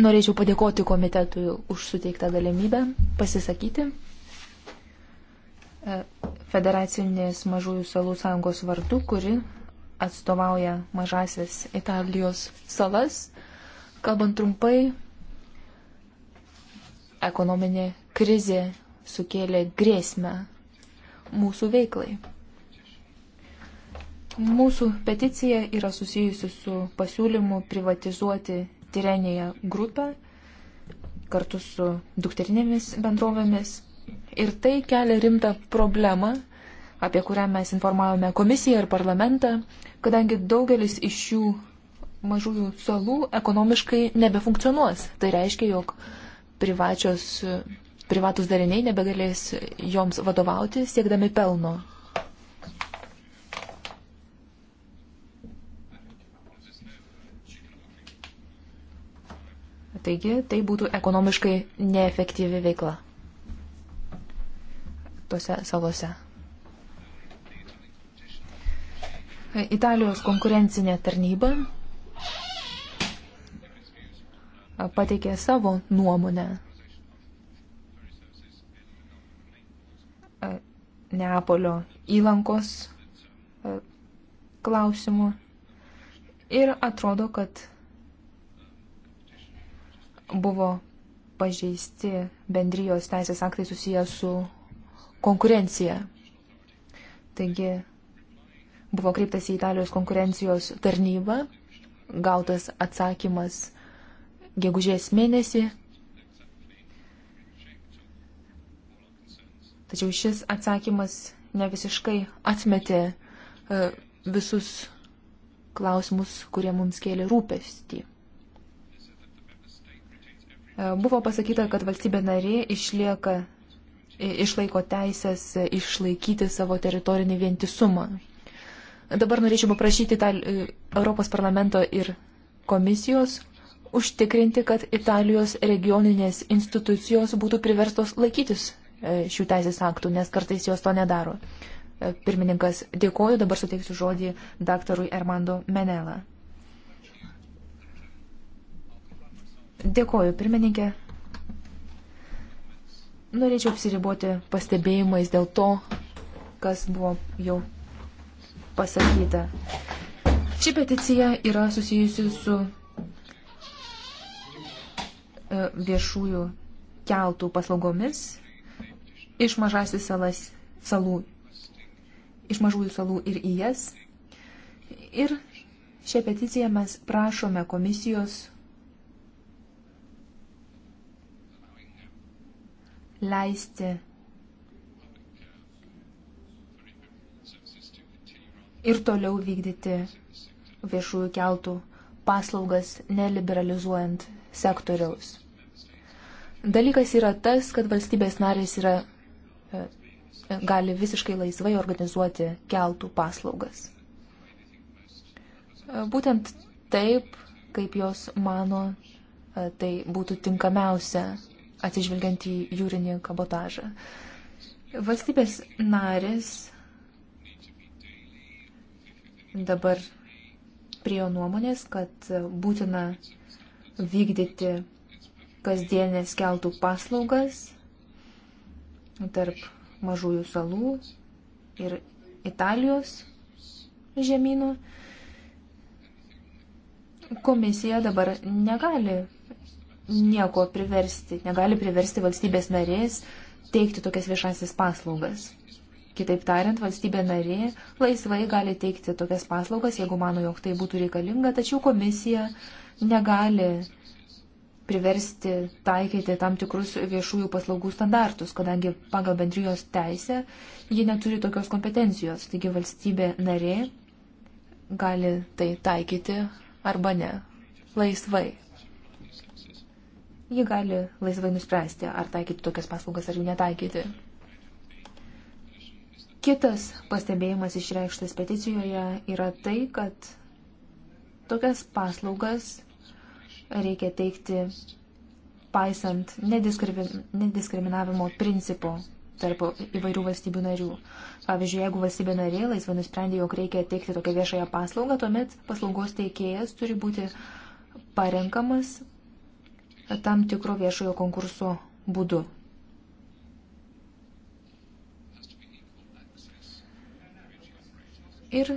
Norėčiau padėkoti komitetui už suteiktą galimybę pasisakyti. E, Federacinės mažųjų salų sąjungos vardu, kuri atstovauja mažasis Italijos salas. Kalbant trumpai, ekonominė krizė sukėlė grėsmę mūsų veiklai. Mūsų peticija yra susijusi su pasiūlymu privatizuoti Tirenėje grupę kartu su dukterinėmis bendrovėmis. Ir tai kelia rimtą problemą, apie kurią mes informavome komisiją ir parlamentą, kadangi daugelis iš šių mažųjų salų ekonomiškai nebefunkcionuos. Tai reiškia, jog privačios privatus dariniai nebegalės joms vadovauti siekdami pelno. Taigi tai būtų ekonomiškai neefektyvi veikla tose salose. Italijos konkurencinė tarnyba pateikė savo nuomonę Neapolio įlankos e, klausimų. Ir atrodo, kad buvo pažeisti bendrijos teisės aktai susiję su konkurencija. Taigi buvo kreiptas į Italijos konkurencijos tarnybą, gautas atsakymas gegužės mėnesį Tačiau šis atsakymas ne visiškai atmetė e, visus klausimus, kurie mums kėlė rūpestį. E, buvo pasakyta, kad valstybė narė išlieka, išlaiko teisės išlaikyti savo teritorinį vientisumą. Dabar norėčiau paprašyti Ital... E, Europos parlamento ir komisijos užtikrinti, kad Italijos regioninės institucijos būtų priverstos laikytis E, šių teisės aktų, nes kartais jos to nedaro. E, pirmininkas, dėkoju, dabar suteiksiu žodį daktarui Ermando Menelą. Dėkoju, pirmininkė. Norėčiau apsiriboti pastebėjimais dėl to, kas buvo jau pasakyta. Ši peticija yra susijusi su e, viešųjų keltų paslaugomis iš mažasis salas, salų, iš mažųjų salų ir į jas. Ir šią peticiją mes prašome komisijos leisti ir toliau vykdyti viešųjų keltų paslaugas, neliberalizuojant sektoriaus. Dalykas yra tas, kad valstybės narės yra gali visiškai laisvai organizuoti keltų paslaugas. Būtent taip, kaip jos mano, tai būtų tinkamiausia atsižvelgiant į jūrinį kabotažą. Valstybės narės dabar priejo nuomonės, kad būtina vykdyti kasdienės keltų paslaugas tarp mažųjų salų ir Italijos žemynų. Komisija dabar negali nieko priversti, negali priversti valstybės narės teikti tokias viešasis paslaugas. Kitaip tariant, valstybė narė laisvai gali teikti tokias paslaugas, jeigu mano, jog tai būtų reikalinga, tačiau komisija negali priversti taikyti tam tikrus viešųjų paslaugų standartus, kadangi pagal bendrijos teisę ji neturi tokios kompetencijos, taigi valstybė narė gali tai taikyti arba ne, laisvai. Ji gali laisvai nuspręsti, ar taikyti tokias paslaugas, ar jų netaikyti. Kitas pastebėjimas išreikštas peticijoje yra tai, kad tokias paslaugas reikia teikti paisant nediskriminavimo principų tarp įvairių valstybių narių. Pavyzdžiui, jeigu valstybė narė laisvai nusprendė, jog reikia teikti tokią viešąją paslaugą, tuomet paslaugos teikėjas turi būti parenkamas tam tikro viešojo konkurso būdu. Ir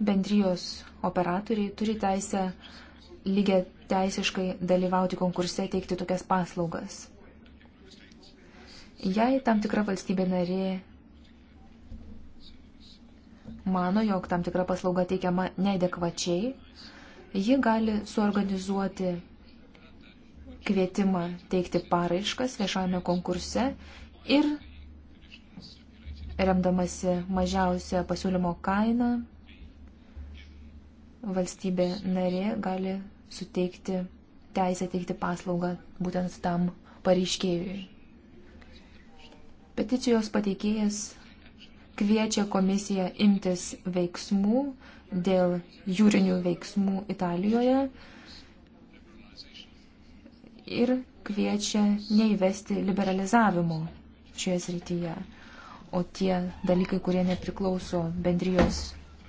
bendrijos operatoriai turi teisę lygiai teisiškai dalyvauti konkurse teikti tokias paslaugas. Jei tam tikra valstybė narė mano, jog tam tikra paslauga teikiama neadekvačiai, ji gali suorganizuoti kvietimą teikti paraiškas viešame konkurse ir remdamasi mažiausią pasiūlymo kainą valstybė narė gali suteikti teisę teikti paslaugą būtent tam pareiškėjui. Peticijos pateikėjas kviečia komisiją imtis veiksmų dėl jūrinių veiksmų Italijoje ir kviečia neįvesti liberalizavimo šioje srityje. O tie dalykai, kurie nepriklauso bendrijos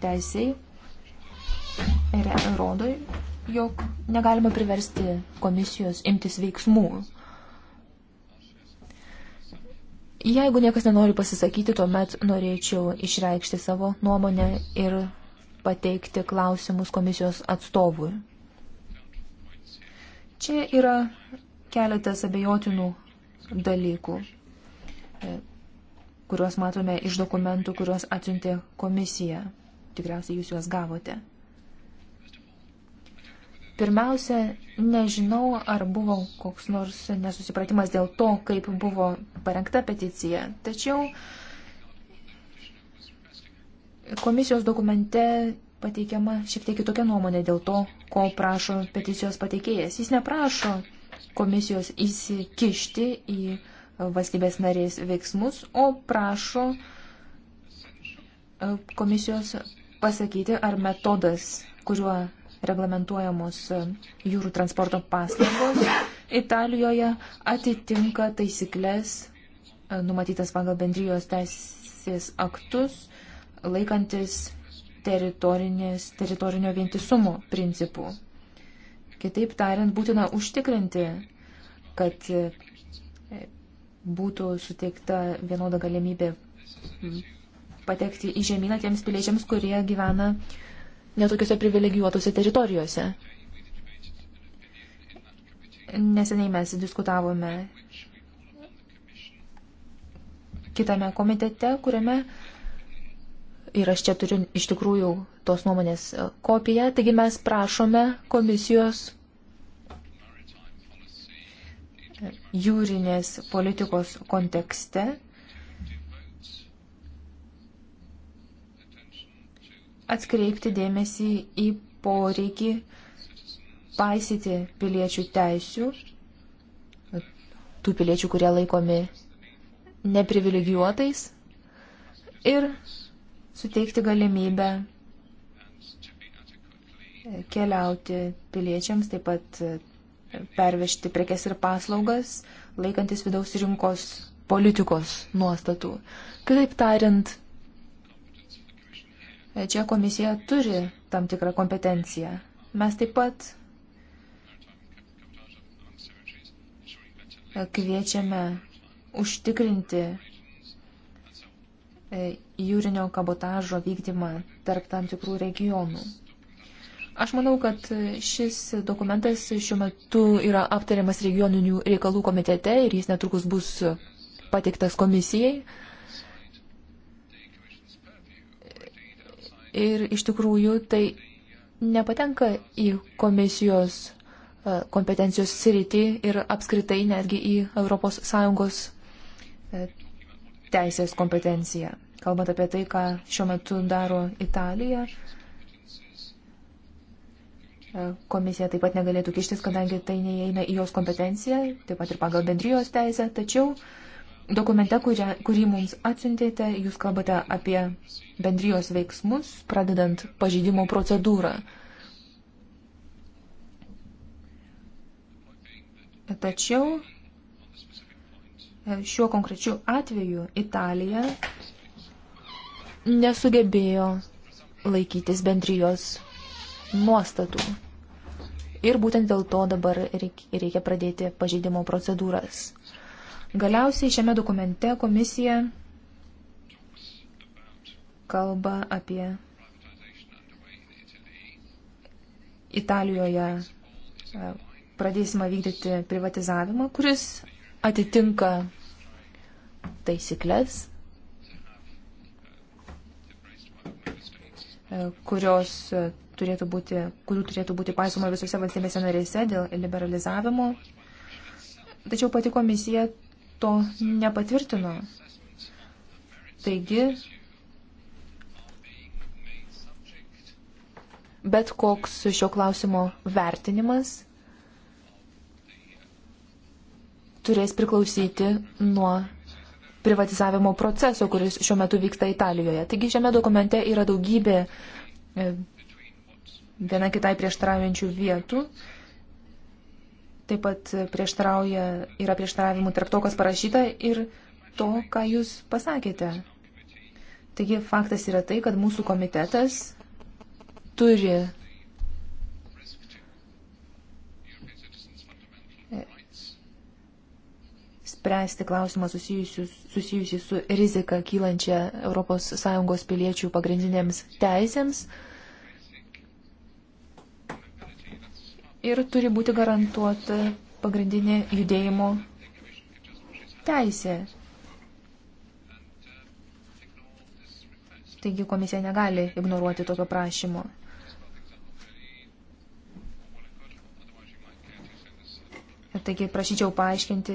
teisiai, rodoj, jog negalima priversti komisijos imtis veiksmų. Jeigu niekas nenori pasisakyti, tuomet norėčiau išreikšti savo nuomonę ir pateikti klausimus komisijos atstovui. Čia yra keletas abejotinų dalykų, e, kuriuos matome iš dokumentų, kuriuos atsiuntė komisija. Tikriausiai jūs juos gavote. Pirmiausia, nežinau, ar buvo koks nors nesusipratimas dėl to, kaip buvo parengta peticija. Tačiau komisijos dokumente pateikiama šiek tiek kitokia nuomonė dėl to, ko prašo peticijos pateikėjas. Jis neprašo komisijos įsikišti į valstybės narės veiksmus, o prašo e, komisijos pasakyti, ar metodas, kuriuo reglamentuojamos e, jūrų transporto paslaugos Italijoje atitinka taisyklės e, numatytas pagal bendrijos teisės aktus, laikantis teritorinio vientisumo principų. Kitaip tariant, būtina užtikrinti, kad e, būtų suteikta vienoda galimybė patekti į žemyną tiems piliečiams, kurie gyvena uh, netokiuose privilegijuotose teritorijose. Neseniai mes diskutavome kitame komitete, kuriame ir aš čia turiu iš tikrųjų tos nuomonės e, kopiją, taigi mes prašome komisijos jūrinės politikos kontekste atkreipti dėmesį į poreikį paisyti piliečių teisių, tų piliečių, kurie laikomi neprivilegijuotais, ir suteikti galimybę keliauti piliečiams, taip pat pervežti prekes ir paslaugas, laikantis vidaus rinkos politikos nuostatų. Kitaip tariant, Čia komisija turi tam tikrą kompetenciją. Mes taip pat kviečiame užtikrinti e, jūrinio kabotažo vykdymą tarp tam tikrų regionų. Aš manau, kad šis dokumentas šiuo metu yra aptariamas regioninių reikalų komitete ir jis netrukus bus pateiktas komisijai. ir iš tikrųjų tai nepatenka į komisijos e, kompetencijos sritį ir apskritai netgi į ES e, teisės kompetenciją. Kalbant apie tai, ką šiuo metu daro Italija, e, komisija taip pat negalėtų kištis, kadangi tai neįeina į jos kompetenciją, taip pat ir pagal bendrijos teisę, tačiau uh, Dokumente, kurią, kurį mums atsintėte, jūs kalbate apie bendrijos veiksmus, pradedant pažydimo procedūrą. Tačiau e, šiuo konkrečiu atveju Italija nesugebėjo laikytis bendrijos nuostatų. Ir būtent dėl to dabar reikia pradėti pažeidimo procedūras. Galiausiai šiame dokumente komisija kalba apie Italijoje e, pradėsime vykdyti privatizavimą, kuris atitinka taisyklės, e, kurios turėtų būti, kurių turėtų būti paisoma visose valstybėse narėse dėl liberalizavimo. Tačiau pati komisija to nepatvirtino. Taigi, bet koks šio klausimo vertinimas turės priklausyti nuo privatizavimo proceso, kuris šiuo metu vyksta Italijoje. Taigi šiame dokumente yra daugybė e, viena kitai prieštaraujančių vietų. Taip pat prieštarauja, yra prieštaravimų tarp to, kas parašyta ir to, ką jūs pasakėte. Taigi faktas yra tai, kad mūsų komitetas turi e, spręsti klausimą susijusį su rizika kylančia ES piliečių pagrindinėms teisėms. ir turi būti garantuota pagrindinė judėjimo teisė. Taigi komisija negali ignoruoti tokio prašymo. Taigi prašyčiau paaiškinti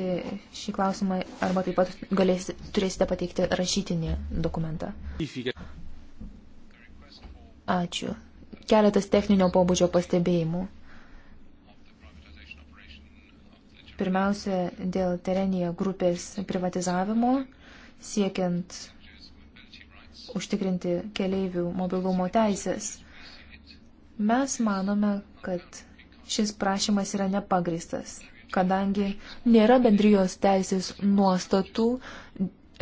šį klausimą arba taip pat galės, turėsite pateikti rašytinį dokumentą. Ačiū. Keletas techninio pobūdžio pastebėjimų. Pirmiausia, dėl terenija grupės privatizavimo, siekiant užtikrinti keleivių mobilumo teisės. Mes manome, kad šis prašymas yra nepagristas, kadangi nėra bendrijos teisės nuostatų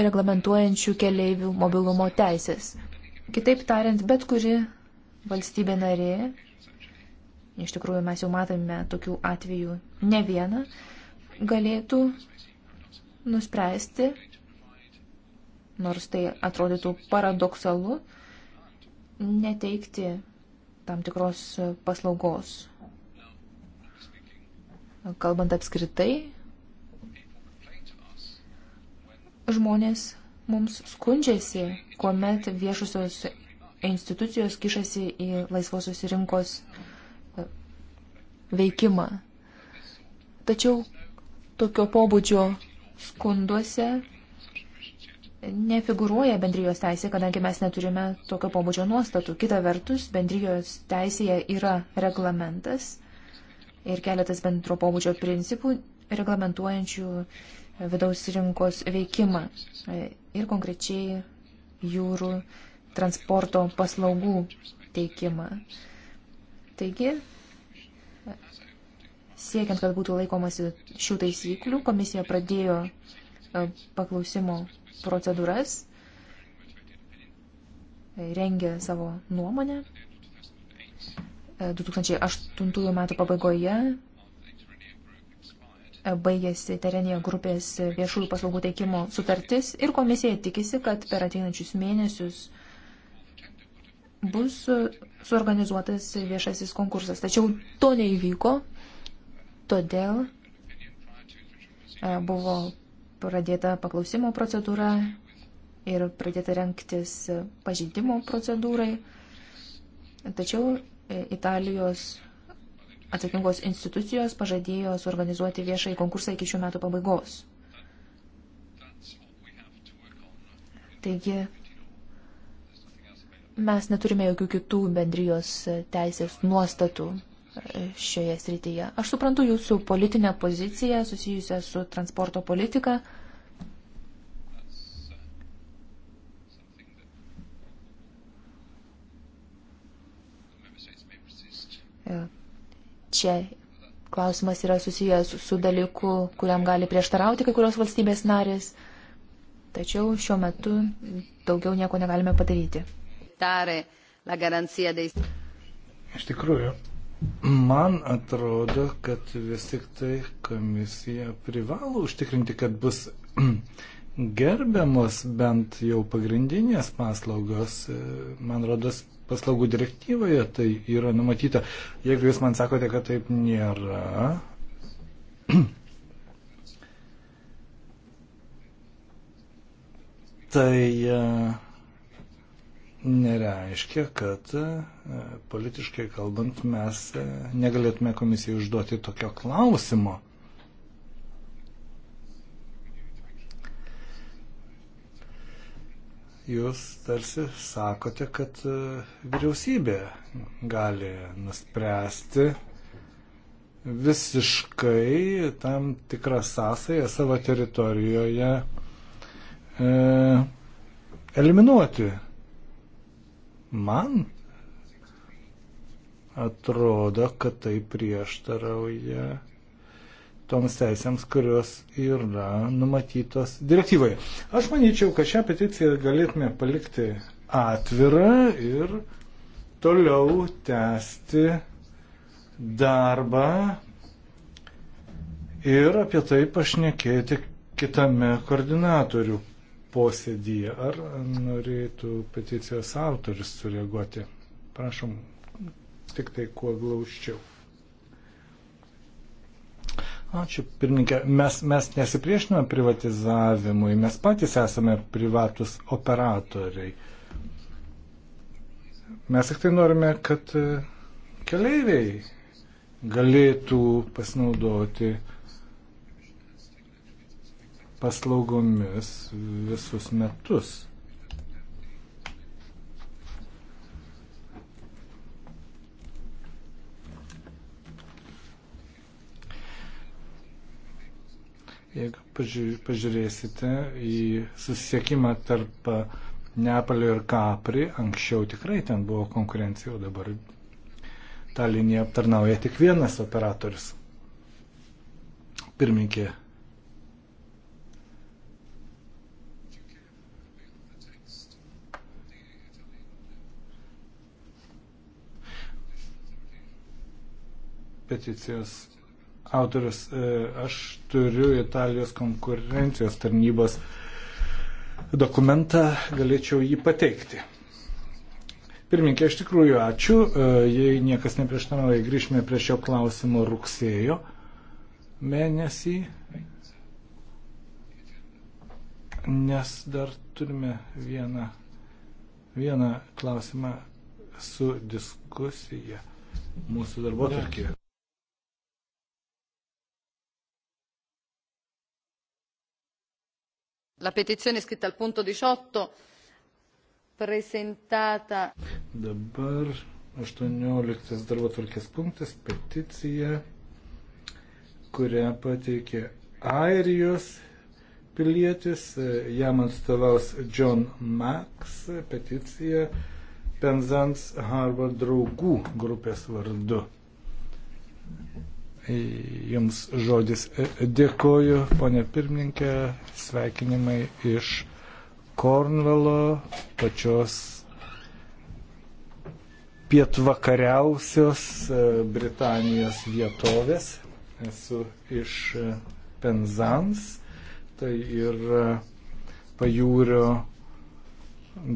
reglamentuojančių keleivių mobilumo teisės. Kitaip tariant, bet kuri valstybė narė, iš tikrųjų mes jau matome tokių atvejų ne vieną, galėtų nuspręsti, nors tai atrodytų paradoksalu, neteikti tam tikros paslaugos. Kalbant apskritai, žmonės mums skundžiasi, kuomet viešusios institucijos kišasi į laisvosios rinkos veikimą. Tačiau tokio pobūdžio skunduose nefiguruoja bendrijos teisė, kadangi mes neturime tokio pobūdžio nuostatų. Kita vertus, bendrijos teisėje yra reglamentas ir keletas bendro pobūdžio principų reglamentuojančių vidaus rinkos veikimą ir konkrečiai jūrų transporto paslaugų teikimą. Taigi, Siekiant, kad būtų laikomasi šių taisyklių, komisija pradėjo e, paklausimo procedūras, e, rengė savo nuomonę. 2008 e, m. pabaigoje baigėsi terenėje grupės viešųjų paslaugų teikimo sutartis ir komisija tikisi, kad per ateinančius mėnesius bus suorganizuotas viešasis konkursas. Tačiau to neįvyko, Todėl e, buvo pradėta paklausimo procedūra ir pradėta renktis pažydimo procedūrai. Tačiau e, Italijos atsakingos institucijos pažadėjo suorganizuoti viešai konkursą iki šių metų pabaigos. Taigi mes neturime jokių kitų bendrijos teisės nuostatų šioje srityje. Aš suprantu jūsų politinę poziciją susijusią su transporto politika. Čia klausimas yra susijęs su dalyku, kuriam gali prieštarauti kai kurios valstybės narės. Tačiau šiuo metu daugiau nieko negalime padaryti. Iš tikrųjų, Man atrodo, kad vis tik tai komisija privalo užtikrinti, kad bus gerbiamos bent jau pagrindinės paslaugos. Man rodos, paslaugų direktyvoje tai yra numatyta. Jeigu jūs man sakote, kad taip nėra. tai uh, nereiškia, kad e, politiškai kalbant mes e, negalėtume komisijai užduoti tokio klausimo. Jūs tarsi sakote, kad e, vyriausybė gali nuspręsti visiškai tam tikrą sąsąją savo teritorijoje e, eliminuoti Man atrodo, kad tai prieštarauja toms teisėms, kurios yra numatytos direktyvoje. Aš manyčiau, kad šią peticiją galėtume palikti atvirą ir toliau tęsti darbą ir apie tai pašnekėti kitame koordinatorių posėdyje. Ar norėtų peticijos autoris sureaguoti? Prašom, tik tai kuo glaučiau. Ačiū, pirmininkė. Mes, mes nesipriešiname privatizavimui, mes patys esame privatus operatoriai. Mes tik tai norime, kad keleiviai galėtų pasinaudoti uh, paslaugomis visus metus. Jeigu pažiūrėsite į susiekimą tarp Neapolio ir Kapri, anksčiau tikrai ten buvo konkurencija, o dabar tą liniją aptarnauja tik vienas operatorius. Pirmininkė peticijos autorius. E, aš turiu Italijos konkurencijos tarnybos dokumentą, galėčiau jį pateikti. Pirminkė, iš tikrųjų ačiū. E, jei niekas neprieštarauja, grįžime prie šio klausimo rugsėjo mėnesį, nes dar turime vieną, vieną klausimą su diskusija mūsų darbo tarkėje. La petizione scritta al punto 18 presentata. Dabar 18 darbo tvarkės punktas, peticija, kurią pateikė Airijos pilietis, jam atstovaus John Max, peticija Penzans Harvard draugų grupės vardu. Jums žodis. E, dėkoju, ponė pirmininkė, sveikinimai iš Kornvalo, pačios pietvakariausios e, Britanijos vietovės. Esu iš e, Penzans, tai yra pajūrio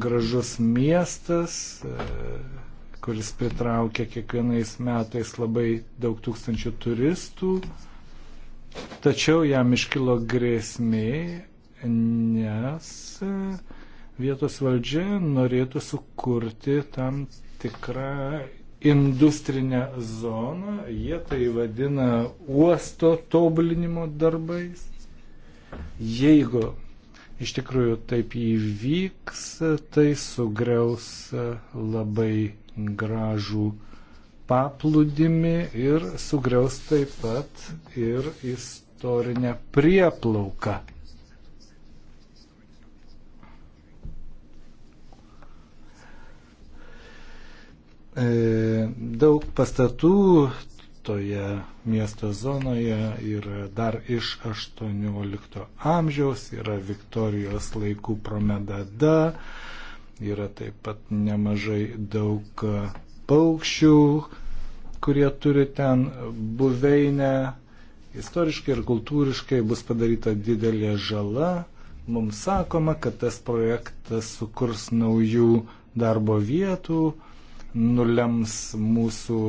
gražus miestas, kuris pritraukia kiekvienais metais labai daug tūkstančių turistų. Tačiau jam iškilo grėsmė, nes e, vietos valdžia norėtų sukurti tam tikrą industrinę zoną. Jie tai vadina uosto tobulinimo darbais. Jeigu iš tikrųjų taip įvyks, tai sugriaus labai gražų paplūdimį ir sugriaus taip pat ir istorinę prieplauką. E, daug pastatų toje miesto zonoje yra dar iš 18 amžiaus, yra Viktorijos laikų promenada, Yra taip pat nemažai daug e, paukščių, kurie turi ten buveinę. Istoriškai ir kultūriškai bus padaryta didelė žala. Mums sakoma, kad tas projektas sukurs naujų darbo vietų, nulems mūsų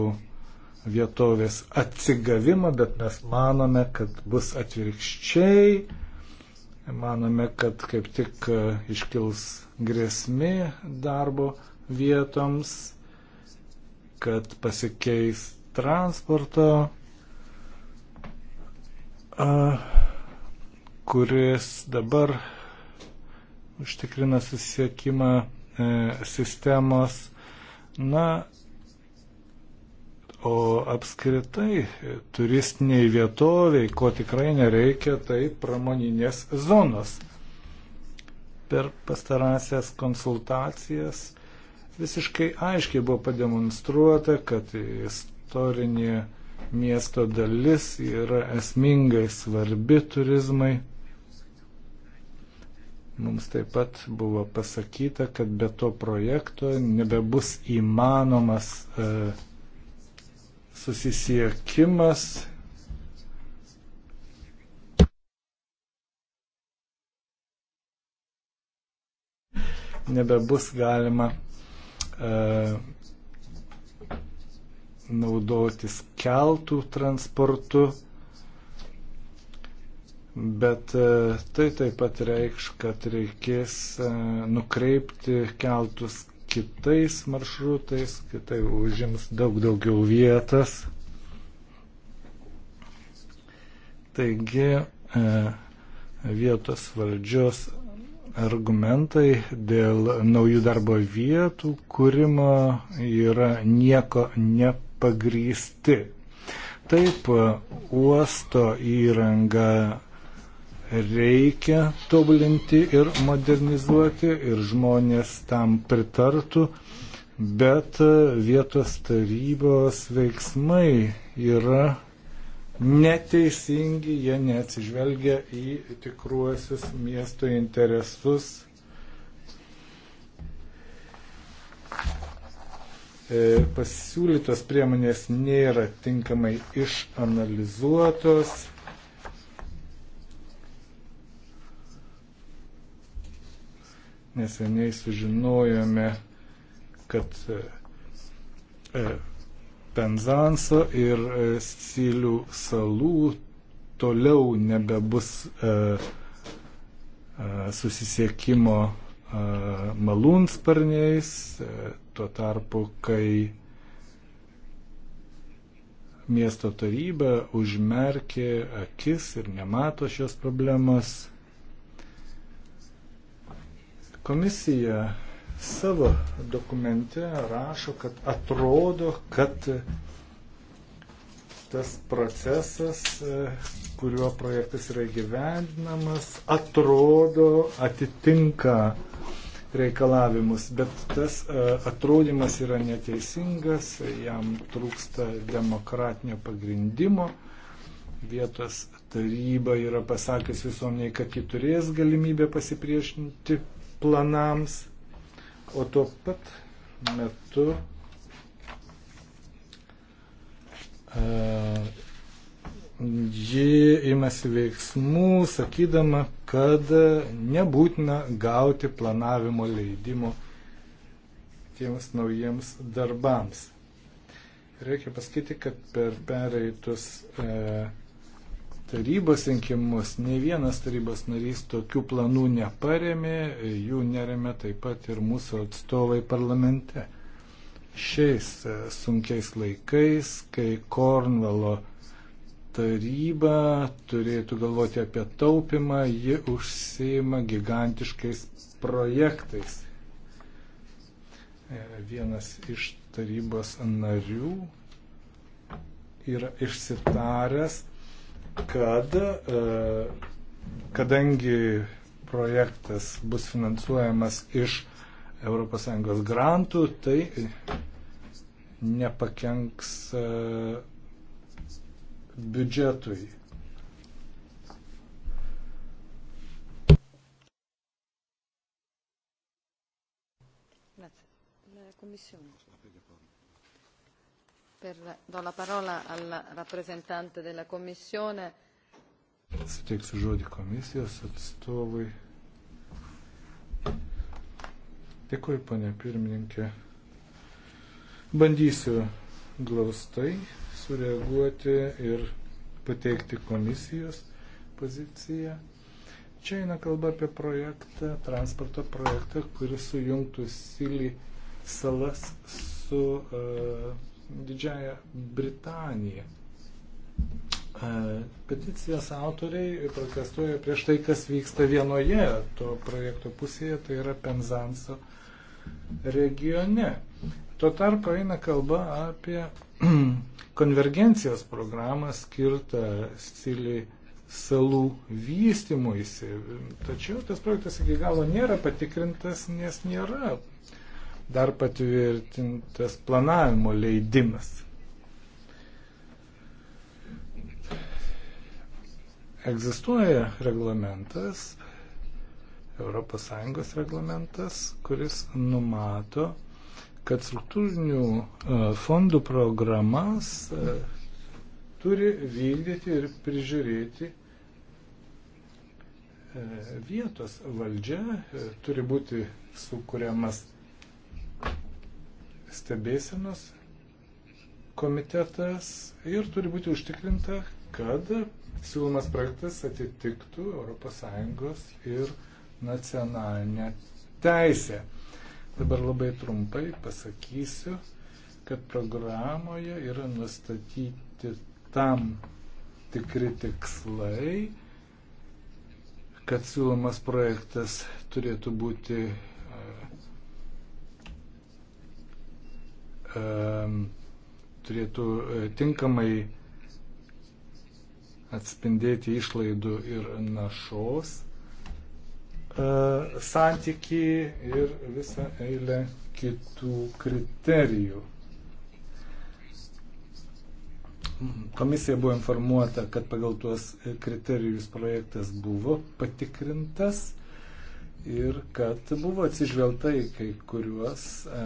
vietovės atsigavimą, bet mes manome, kad bus atvirkščiai. Manome, kad kaip tik e, iškils grėsmė darbo vietoms, kad pasikeis transporto, kuris dabar užtikrina susiekimą e, sistemos. Na, o apskritai turistiniai vietoviai, ko tikrai nereikia, tai pramoninės zonos per pastarąsias konsultacijas visiškai aiškiai buvo pademonstruota, kad istorinė miesto dalis yra esmingai svarbi turizmai. Mums taip pat buvo pasakyta, kad be to projekto nebebus įmanomas e, susisiekimas nebebus galima e, naudotis keltų transportu, bet e, tai taip pat reikš, kad reikės e, nukreipti keltus kitais maršrutais, kitai užims daug daugiau vietas. Taigi e, vietos valdžios argumentai dėl naujų darbo vietų kūrimo yra nieko nepagrysti. Taip, uosto įrangą reikia tobulinti ir modernizuoti ir žmonės tam pritartų, bet vietos tarybos veiksmai yra neteisingi, jie neatsižvelgia į tikruosius miesto interesus. E, pasiūlytos priemonės nėra tinkamai išanalizuotos. Neseniai sužinojome, kad e, e, Penzanso ir e, Silių salų toliau nebebus e, e, susisiekimo e, malūnsparniais, e, tuo tarpu, kai miesto taryba užmerkė akis ir nemato šios problemos. Komisija savo dokumente rašo, kad atrodo, kad tas procesas, e, kuriuo projektas yra gyvendinamas, atrodo atitinka reikalavimus, bet tas e, atrodymas yra neteisingas, jam trūksta demokratinio pagrindimo. Vietos taryba yra pasakęs visuomeniai, kad ji turės galimybę pasipriešinti planams, o tuo pat metu ji imasi veiksmų, sakydama, kad nebūtina gauti planavimo leidimo tiems naujiems darbams. Reikia pasakyti, kad per pereitus e, tarybos rinkimus, nei vienas tarybos narys tokių planų neparemė, jų neremė taip pat ir mūsų atstovai parlamente. Šiais e, sunkiais laikais, kai Kornvalo taryba turėtų galvoti apie taupimą, ji užsima gigantiškais projektais. E, vienas iš tarybos narių yra išsitaręs kad e, kadangi projektas bus finansuojamas iš ES grantų, tai nepakenks e, biudžetui. Grazie. La Commissione per, do la parola al rappresentante della Commissione. Suteiksiu žodį komisijos atstovui. Dėkui, panė pirmininkė. Bandysiu glaustai sureaguoti ir pateikti komisijos poziciją. Čia eina kalba apie projektą, transporto projektą, kuris sujungtų Silį salas su uh, Didžiąją Britaniją. E, peticijos autoriai protestuoja prieš tai, kas vyksta vienoje to projekto pusėje, tai yra Penzanso regione. Tuo tarpu eina kalba apie konvergencijos programą skirtą Sili salų vystimuisi. Tačiau tas projektas iki galo nėra patikrintas, nes nėra dar patvirtintas planavimo leidimas. Egzistuoja reglamentas, ES reglamentas, kuris numato, kad struktūrinių e, fondų programas e, turi vykdyti ir prižiūrėti e, vietos valdžia, turi būti sukūriamas stebėsenos komitetas ir turi būti užtikrinta, kad siūlomas projektas atitiktų ES ir nacionalinę teisę. Dabar labai trumpai pasakysiu, kad programoje yra nustatyti tam tikri tikslai, kad siūlomas projektas turėtų būti turėtų e, tinkamai atspindėti išlaidų ir našos e, santyki ir visą eilę kitų kriterijų. Komisija buvo informuota, kad pagal tuos kriterijus projektas buvo patikrintas ir kad buvo atsižvelgta į kai kuriuos e,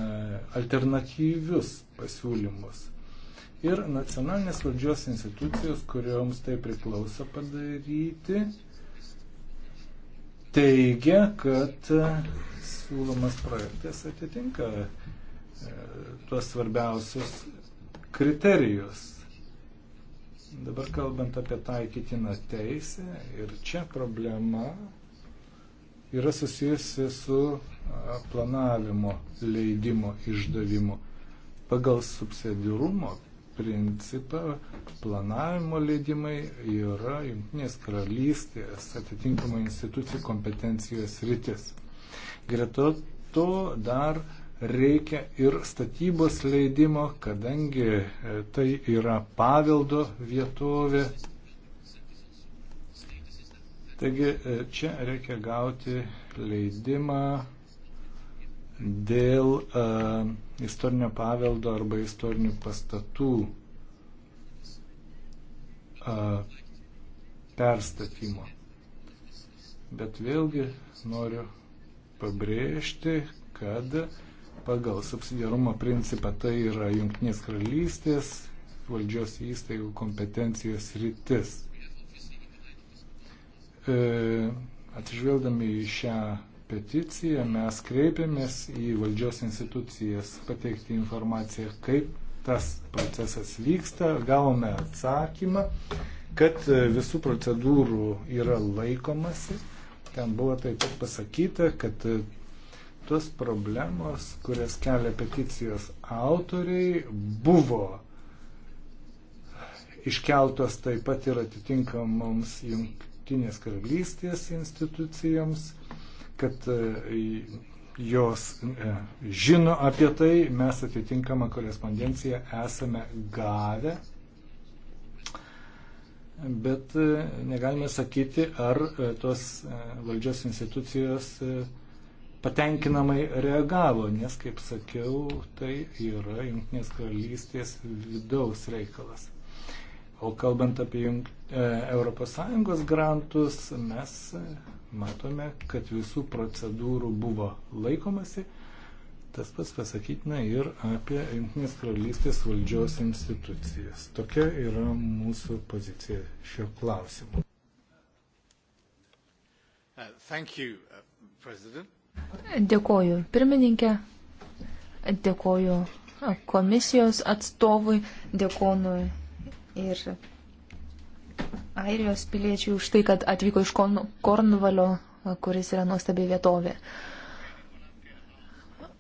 alternatyvius pasiūlymus. Ir nacionalinės valdžios institucijos, kurioms tai priklauso padaryti, teigia, kad e, siūlomas projektas atitinka e, tuos svarbiausius kriterijus. Dabar kalbant apie taikytiną teisę ir čia problema yra susijusi su planavimo leidimo išdavimu. Pagal subsidirumo principą planavimo leidimai yra Junktinės karalystės atitinkamų institucijų kompetencijos rytis. Greta to dar reikia ir statybos leidimo, kadangi e, tai yra paveldo vietovė, Taigi e, čia reikia gauti leidimą dėl e, istorinio paveldo arba istorinių pastatų e, perstatymo. Bet vėlgi noriu pabrėžti, kad pagal subsidiarumo principą tai yra Junktinės karalystės valdžios įstaigų kompetencijos rytis. E, atsižvelgdami į šią peticiją mes kreipėmės į valdžios institucijas pateikti informaciją, kaip tas procesas vyksta. Gavome atsakymą, kad e, visų procedūrų yra laikomasi. Ten buvo taip pat pasakyta, kad e, tos problemos, kurias kelia peticijos autoriai, buvo iškeltos taip pat ir atitinkamoms jungtinėms Junktinės karalystės institucijoms, kad e, jos e, žino apie tai, mes atitinkamą korespondenciją esame gavę, bet e, negalime sakyti, ar tos valdžios institucijos patenkinamai reagavo, nes, kaip sakiau, tai yra Junktinės karalystės vidaus reikalas. O kalbant apie jungtinę ES grantus, mes e, matome, kad visų procedūrų buvo laikomasi. Tas pats pasakytina ir apie Junktinės karalystės valdžios institucijas. Tokia yra mūsų pozicija šio klausimu. Uh, uh, dėkoju pirmininkė, dėkoju komisijos atstovui, dėkonui ir Airijos piliečiui už tai, kad atvyko iš Kornvalio, kuris yra nuostabi vietovė.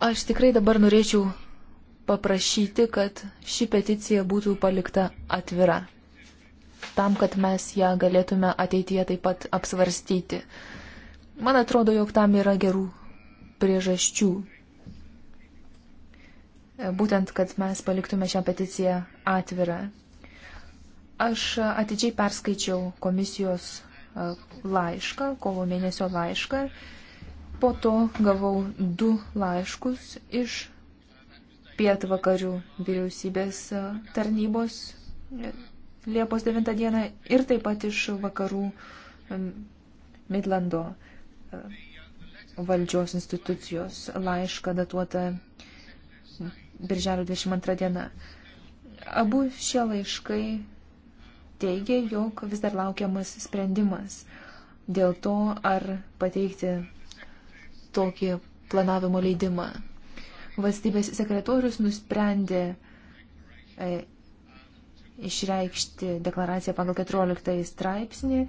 Aš tikrai dabar norėčiau paprašyti, kad ši peticija būtų palikta atvira, tam, kad mes ją galėtume ateityje taip pat apsvarstyti. Man atrodo, jog tam yra gerų priežasčių. Būtent, kad mes paliktume šią peticiją atvirą. Aš atidžiai perskaičiau komisijos e, laišką, kovo mėnesio laišką. Po to gavau du laiškus iš pietvakarių vyriausybės e, tarnybos e, Liepos 9 dieną ir taip pat iš vakarų Midlando valdžios institucijos laišką datuotą Birželio 22 diena. Abu šie laiškai teigia, jog vis dar laukiamas sprendimas dėl to, ar pateikti tokį planavimo leidimą. Valstybės sekretorius nusprendė e, išreikšti deklaraciją pagal 14 straipsnį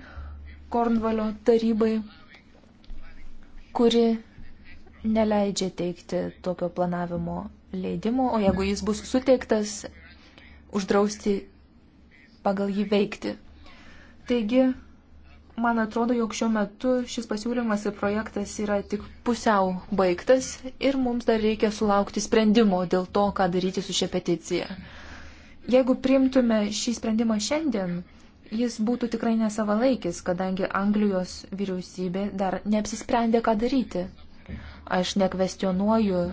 Kornvalio tarybai, kuri neleidžia teikti tokio planavimo leidimo, o jeigu jis bus suteiktas, uždrausti pagal jį veikti. Taigi, man atrodo, jog šiuo metu šis pasiūlymas ir projektas yra tik pusiau baigtas ir mums dar reikia sulaukti sprendimo dėl to, ką daryti su šia peticija. Jeigu primtume šį sprendimą šiandien, jis būtų tikrai nesavalaikis, kadangi Anglijos vyriausybė dar neapsisprendė, ką daryti. Aš nekvestionuoju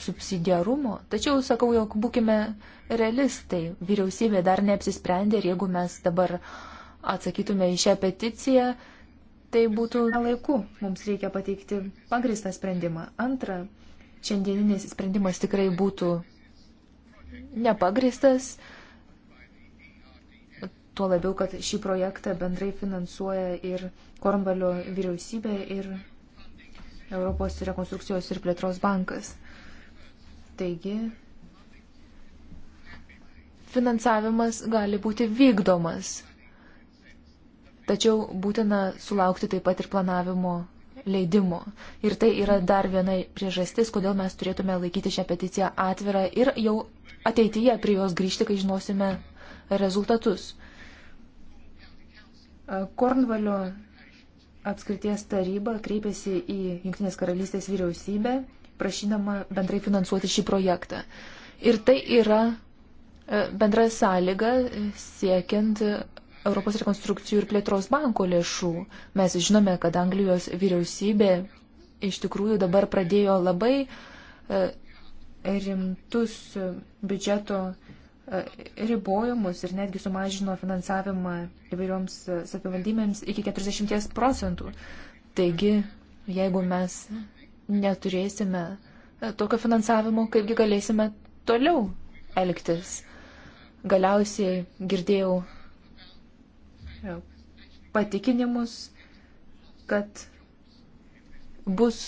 subsidiarumo, tačiau sakau, jog būkime realistai, vyriausybė dar neapsisprendė ir jeigu mes dabar atsakytume į šią peticiją, tai būtų laiku, mums reikia pateikti pagristą sprendimą. Antra, šiandieninis sprendimas tikrai būtų nepagristas, tuo labiau, kad šį projektą bendrai finansuoja ir Kornvalio vyriausybė ir Europos rekonstrukcijos ir plėtros bankas. Taigi, finansavimas gali būti vykdomas, tačiau būtina sulaukti taip pat ir planavimo leidimo. Ir tai yra dar viena priežastis, kodėl mes turėtume laikyti šią peticiją atvirą ir jau ateityje prie jos grįžti, kai žinosime rezultatus. Kornvalio atskirties taryba kreipėsi į Junktinės karalystės vyriausybę prašydama bendrai finansuoti šį projektą. Ir tai yra e, bendra sąlyga e, siekiant e, Europos rekonstrukcijų ir plėtros banko lėšų. Mes žinome, kad Anglijos vyriausybė iš tikrųjų dabar pradėjo labai rimtus biudžeto ribojimus ir netgi sumažino finansavimą įvairioms savivaldybėms iki 40 procentų. Taigi, jeigu mes neturėsime e, tokio finansavimo, kaipgi galėsime toliau elgtis. Galiausiai girdėjau e, patikinimus, kad bus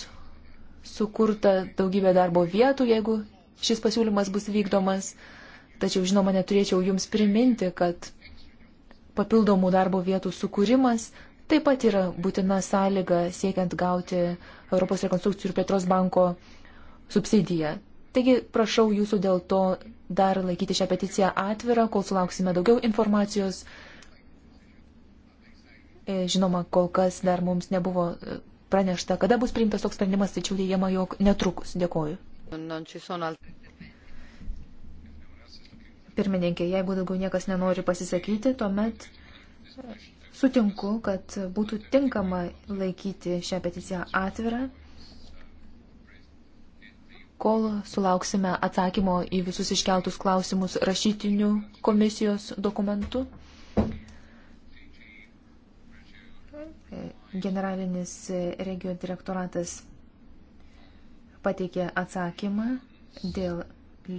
sukurta daugybė darbo vietų, jeigu šis pasiūlymas bus vykdomas. Tačiau, žinoma, neturėčiau jums priminti, kad papildomų darbo vietų sukūrimas taip pat yra būtina sąlyga siekiant gauti Europos rekonstrukcijų ir plėtros banko subsidiją. Taigi prašau jūsų dėl to dar laikyti šią peticiją atvirą, kol sulauksime daugiau informacijos. E, žinoma, kol kas dar mums nebuvo e, pranešta, kada bus priimtas toks sprendimas, tačiau teigiama, jog netrukus. Dėkoju. Pirmininkė, jeigu daugiau niekas nenori pasisakyti, tuomet Sutinku, kad būtų tinkama laikyti šią peticiją atvirą, kol sulauksime atsakymo į visus iškeltus klausimus rašytiniu komisijos dokumentu. Generalinis regio direktoratas pateikė atsakymą dėl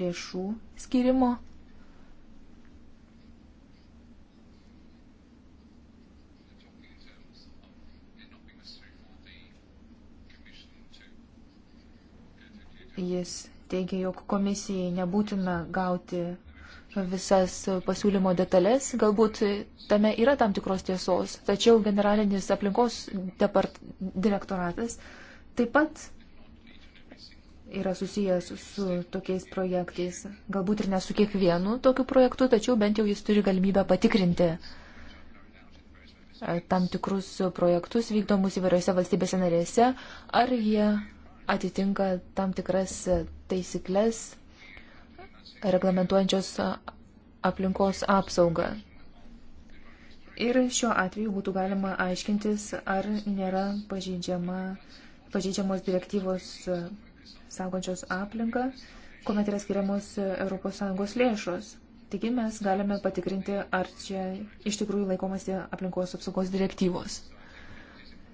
lėšų skirimo Jis teigia, jog komisijai nebūtina gauti visas pasiūlymo detalės, galbūt tame yra tam tikros tiesos, tačiau generalinis aplinkos depart, direktoratas taip pat yra susijęs su tokiais projektais. Galbūt ir ne su kiekvienu tokiu projektu, tačiau bent jau jis turi galimybę patikrinti e, tam tikrus projektus vykdomus įvairiose valstybėse narėse, ar jie atitinka tam tikras taisyklės reglamentuojančios aplinkos apsaugą. Ir šiuo atveju būtų galima aiškintis, ar nėra pažeidžiamos direktyvos saugančios aplinką, kuomet yra skiriamos ES lėšos. Taigi mes galime patikrinti, ar čia iš tikrųjų laikomasi aplinkos apsaugos direktyvos.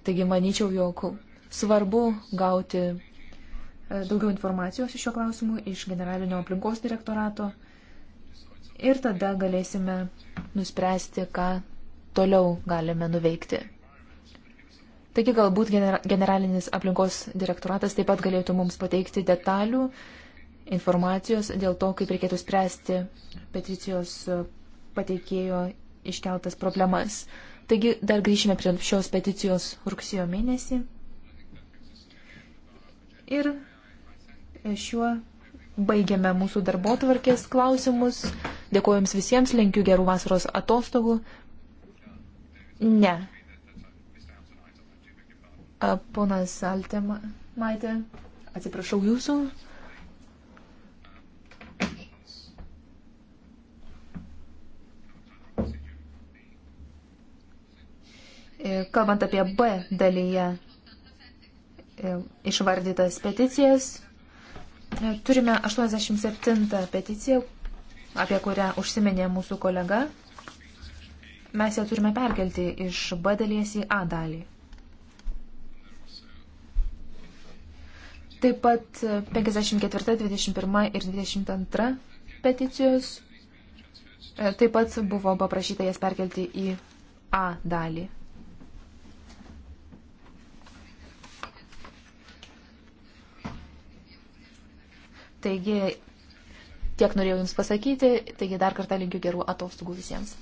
Taigi manyčiau, jog svarbu gauti e, daugiau informacijos iš šio klausimu iš generalinio aplinkos direktorato ir tada galėsime nuspręsti, ką toliau galime nuveikti. Taigi galbūt generalinis aplinkos direktoratas taip pat galėtų mums pateikti detalių informacijos dėl to, kaip reikėtų spręsti peticijos e, pateikėjo iškeltas problemas. Taigi dar grįšime prie šios peticijos rugsėjo mėnesį Ir šiuo baigiame mūsų darbo tvarkės klausimus. Dėkuoju Jums visiems, linkiu gerų vasaros atostogų. Ne. Ponas Altema, Maitė, atsiprašau Jūsų. E, kalbant apie B dalyje E, išvardytas peticijas. E, turime 87 peticiją, apie kurią užsiminė mūsų kolega. Mes ją turime perkelti iš B dalies į A dalį. Taip pat 54, 21 ir 22 peticijos. E, taip pat buvo paprašyta jas perkelti į A dalį. Taigi tiek norėjau Jums pasakyti, taigi dar kartą linkiu gerų atostogų visiems.